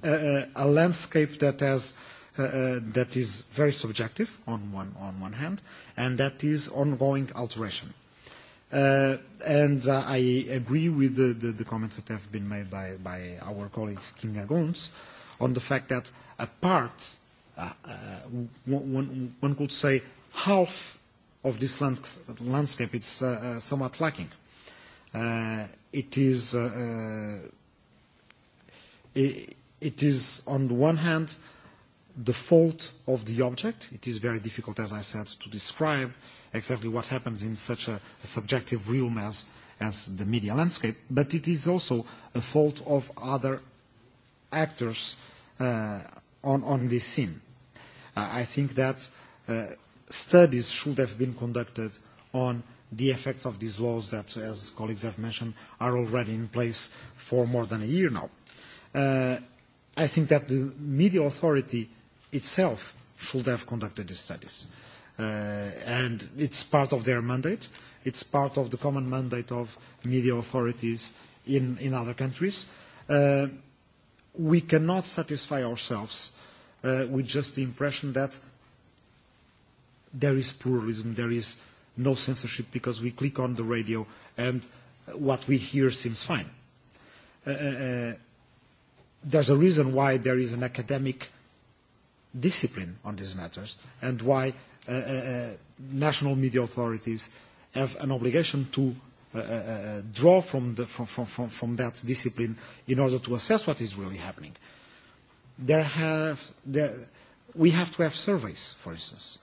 a, uh, a landscape that has uh, Uh, uh, that is very subjective on one, on one hand, and that is ongoing alteration. Uh, and uh, I agree with the, the, the comments that have been made by, by our colleague Kinga Gons on the fact that a part, uh, uh, one, one could say half of this land, landscape is uh, uh, somewhat lacking. Uh, it is uh, uh, it, it is on the one hand uh, the fault of the object. It is very difficult, as I said, to describe exactly what happens in such a, a subjective realm as, as the media landscape, but it is also a fault of other actors uh, on, on this scene. Uh, I think that uh, studies should have been conducted on the effects of these laws that, as colleagues have mentioned, are already in place for more than a year now. Uh, I think that the media authority uh, itself should have conducted the studies. Uh, and it's part of their mandate. It's part of the common mandate of media authorities in, in other countries. Uh, we cannot satisfy ourselves uh, with just the impression that there is pluralism, there is no censorship because we click on the radio and what we hear seems fine. Uh, uh, uh there's a reason why there is an academic discipline on these matters and why uh, uh, uh, national media authorities have an obligation to uh, uh, uh draw from, the, from, from, from, that discipline in order to assess what is really happening. There have, there, we have to have surveys, for instance,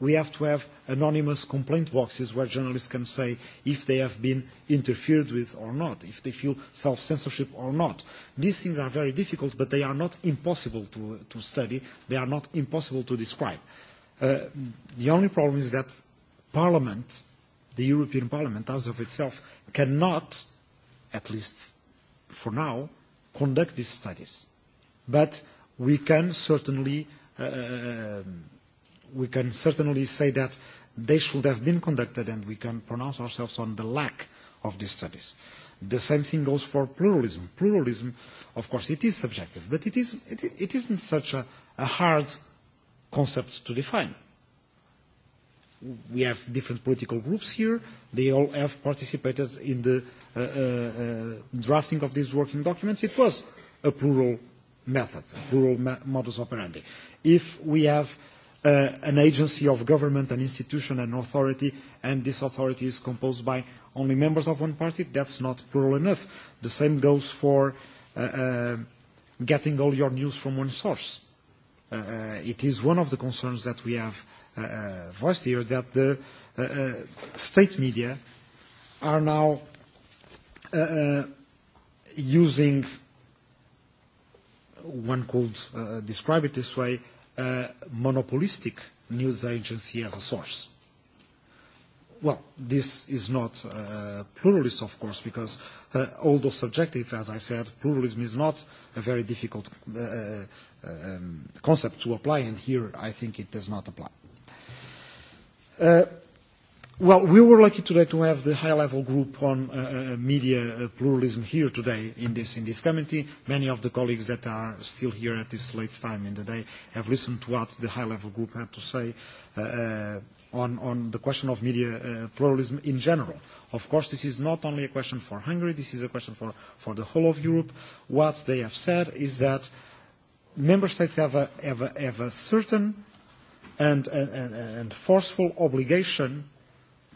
we have to have anonymous complaint boxes where journalists can say if they have been interfered with or not, if they feel self-censorship or not. These things are very difficult, but they are not impossible to, to study. They are not impossible to describe. Uh, the only problem is that Parliament, the European Parliament as of itself, cannot, at least for now, conduct these studies. But we can certainly uh, uh um, we can certainly say that they should have been conducted and we can pronounce ourselves on the lack of these studies. The same thing goes for pluralism. Pluralism, of course, it is subjective, but it, is, it, it isn't such a, a hard concept to define. We have different political groups here. They all have participated in the uh, uh, uh drafting of these working documents. It was a plural method, a plural modus operandi. If we have uh, an agency of government, an institution, an authority, and this authority is composed by only members of one party, that's not plural enough. The same goes for uh, uh, getting all your news from one source. Uh, uh, it is one of the concerns that we have uh, uh, voiced here that the uh, uh, state media are now uh, uh, using, one could uh, describe it this way, uh, monopolistic news agency as a source. Well, this is not uh, pluralist, of course, because uh, although subjective, as I said, pluralism is not a very difficult uh, uh, um, concept to apply, and here I think it does not apply. Uh, Well, we were lucky today to have the high-level group on uh, uh media uh, pluralism here today in this, in this committee. Many of the colleagues that are still here at this late time in the day have listened to what the high-level group had to say uh, uh, on, on the question of media uh, pluralism in general. Of course, this is not only a question for Hungary, this is a question for, for the whole of Europe. What they have said is that member states have a, have a, have a certain and, and, and forceful obligation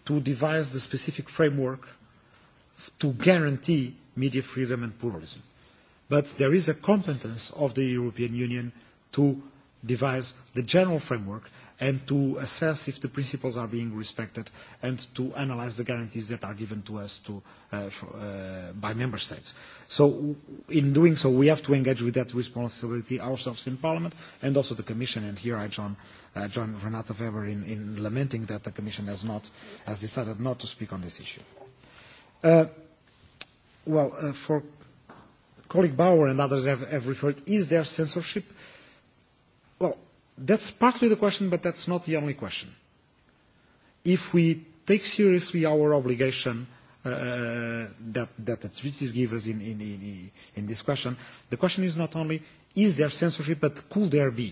to devise the specific framework to guarantee media freedom and pluralism. But there is a competence of the European Union to devise the general framework and to assess if the principles are being respected and to analyze the guarantees that are given to us to, uh, for, uh, by member states. So in doing so, we have to engage with that responsibility ourselves in Parliament and also the Commission, and here I join Uh, John Renato Weber in, in lamenting that the Commission has not has decided not to speak on this issue. Uh, well, uh, for colleague Bauer and others have, have referred, is there censorship? Well, that's partly the question, but that's not the only question. If we take seriously our obligation Uh, that, that the treaties give us in, in, in, in this question. The question is not only is there censorship, but could there be?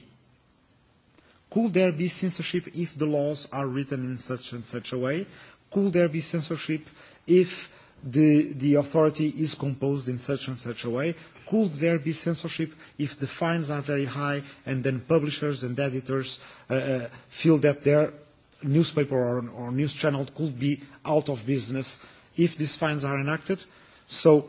Could there be censorship if the laws are written in such and such a way? Could there be censorship if the, the authority is composed in such and such a way? Could there be censorship if the fines are very high and then publishers and editors uh, uh, feel that their newspaper or, or news channel could be out of business if these fines are enacted? So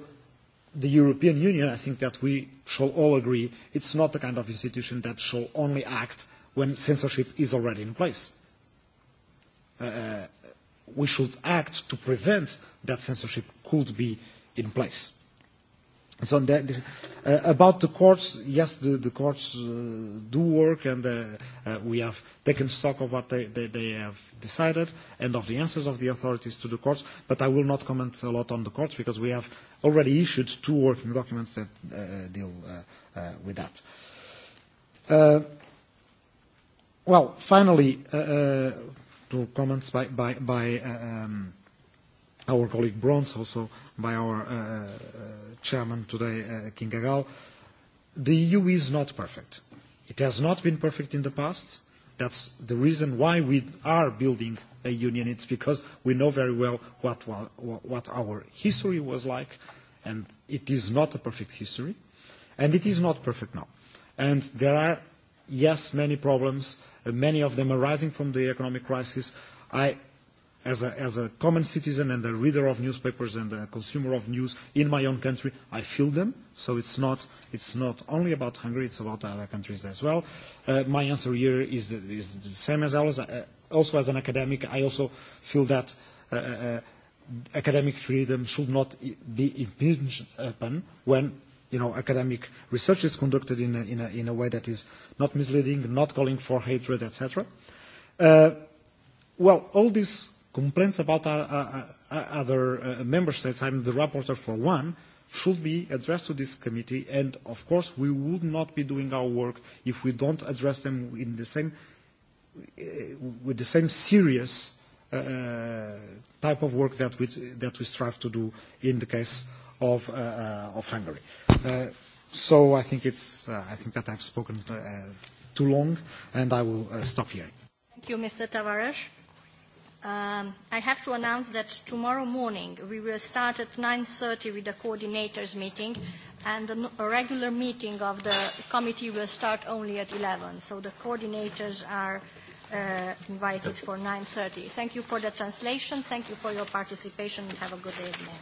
the European Union, I think that we shall all agree, it's not the kind of institution that shall only act when censorship is already in place. Uh, uh, we should act to prevent that censorship could be in place. So that, this, uh, about the courts, yes, the, the courts uh, do work, and uh, uh, we have taken stock of what they, they, they have decided and of the answers of the authorities to the courts. But I will not comment a lot on the courts because we have already issued two working documents that uh, deal uh, uh, with that. Uh, Well, finally, uh, uh two comments by, by, by uh, um, our colleague Brons, also by our uh, uh, chairman today, uh, King Agal, the EU is not perfect. It has not been perfect in the past. That's the reason why we are building a union. It's because we know very well what, what our history was like, and it is not a perfect history, and it is not perfect now. And there are yes, many problems, uh, many of them arising from the economic crisis. I, as a, as a common citizen and a reader of newspapers and a consumer of news in my own country, I feel them. So it's not, it's not only about Hungary, it's about other countries as well. Uh, my answer here is, is the same as ours. Uh, also as an academic, I also feel that uh, uh, uh academic freedom should not be impinged upon when you know, academic research is conducted in a, in a, in a way that is not misleading, not calling for hatred, etc. Uh, well, all these complaints about uh, uh, uh, other uh, member states, I'm the rapporteur for one, should be addressed to this committee, and of course we would not be doing our work if we don't address them in the same, uh, with the same serious uh, type of work that we, that we strive to do in the case of, uh, uh, of Hungary. Uh, so I think, it's, uh, I think that I've spoken uh, too long, and I will uh, stop here. Thank you, Mr. Tavares. Um, I have to announce that tomorrow morning we will start at 9.30 with the coordinators meeting and a regular meeting of the committee will start only at 11. So the coordinators are uh, invited for 9.30. Thank you for the translation. Thank you for your participation and have a good evening.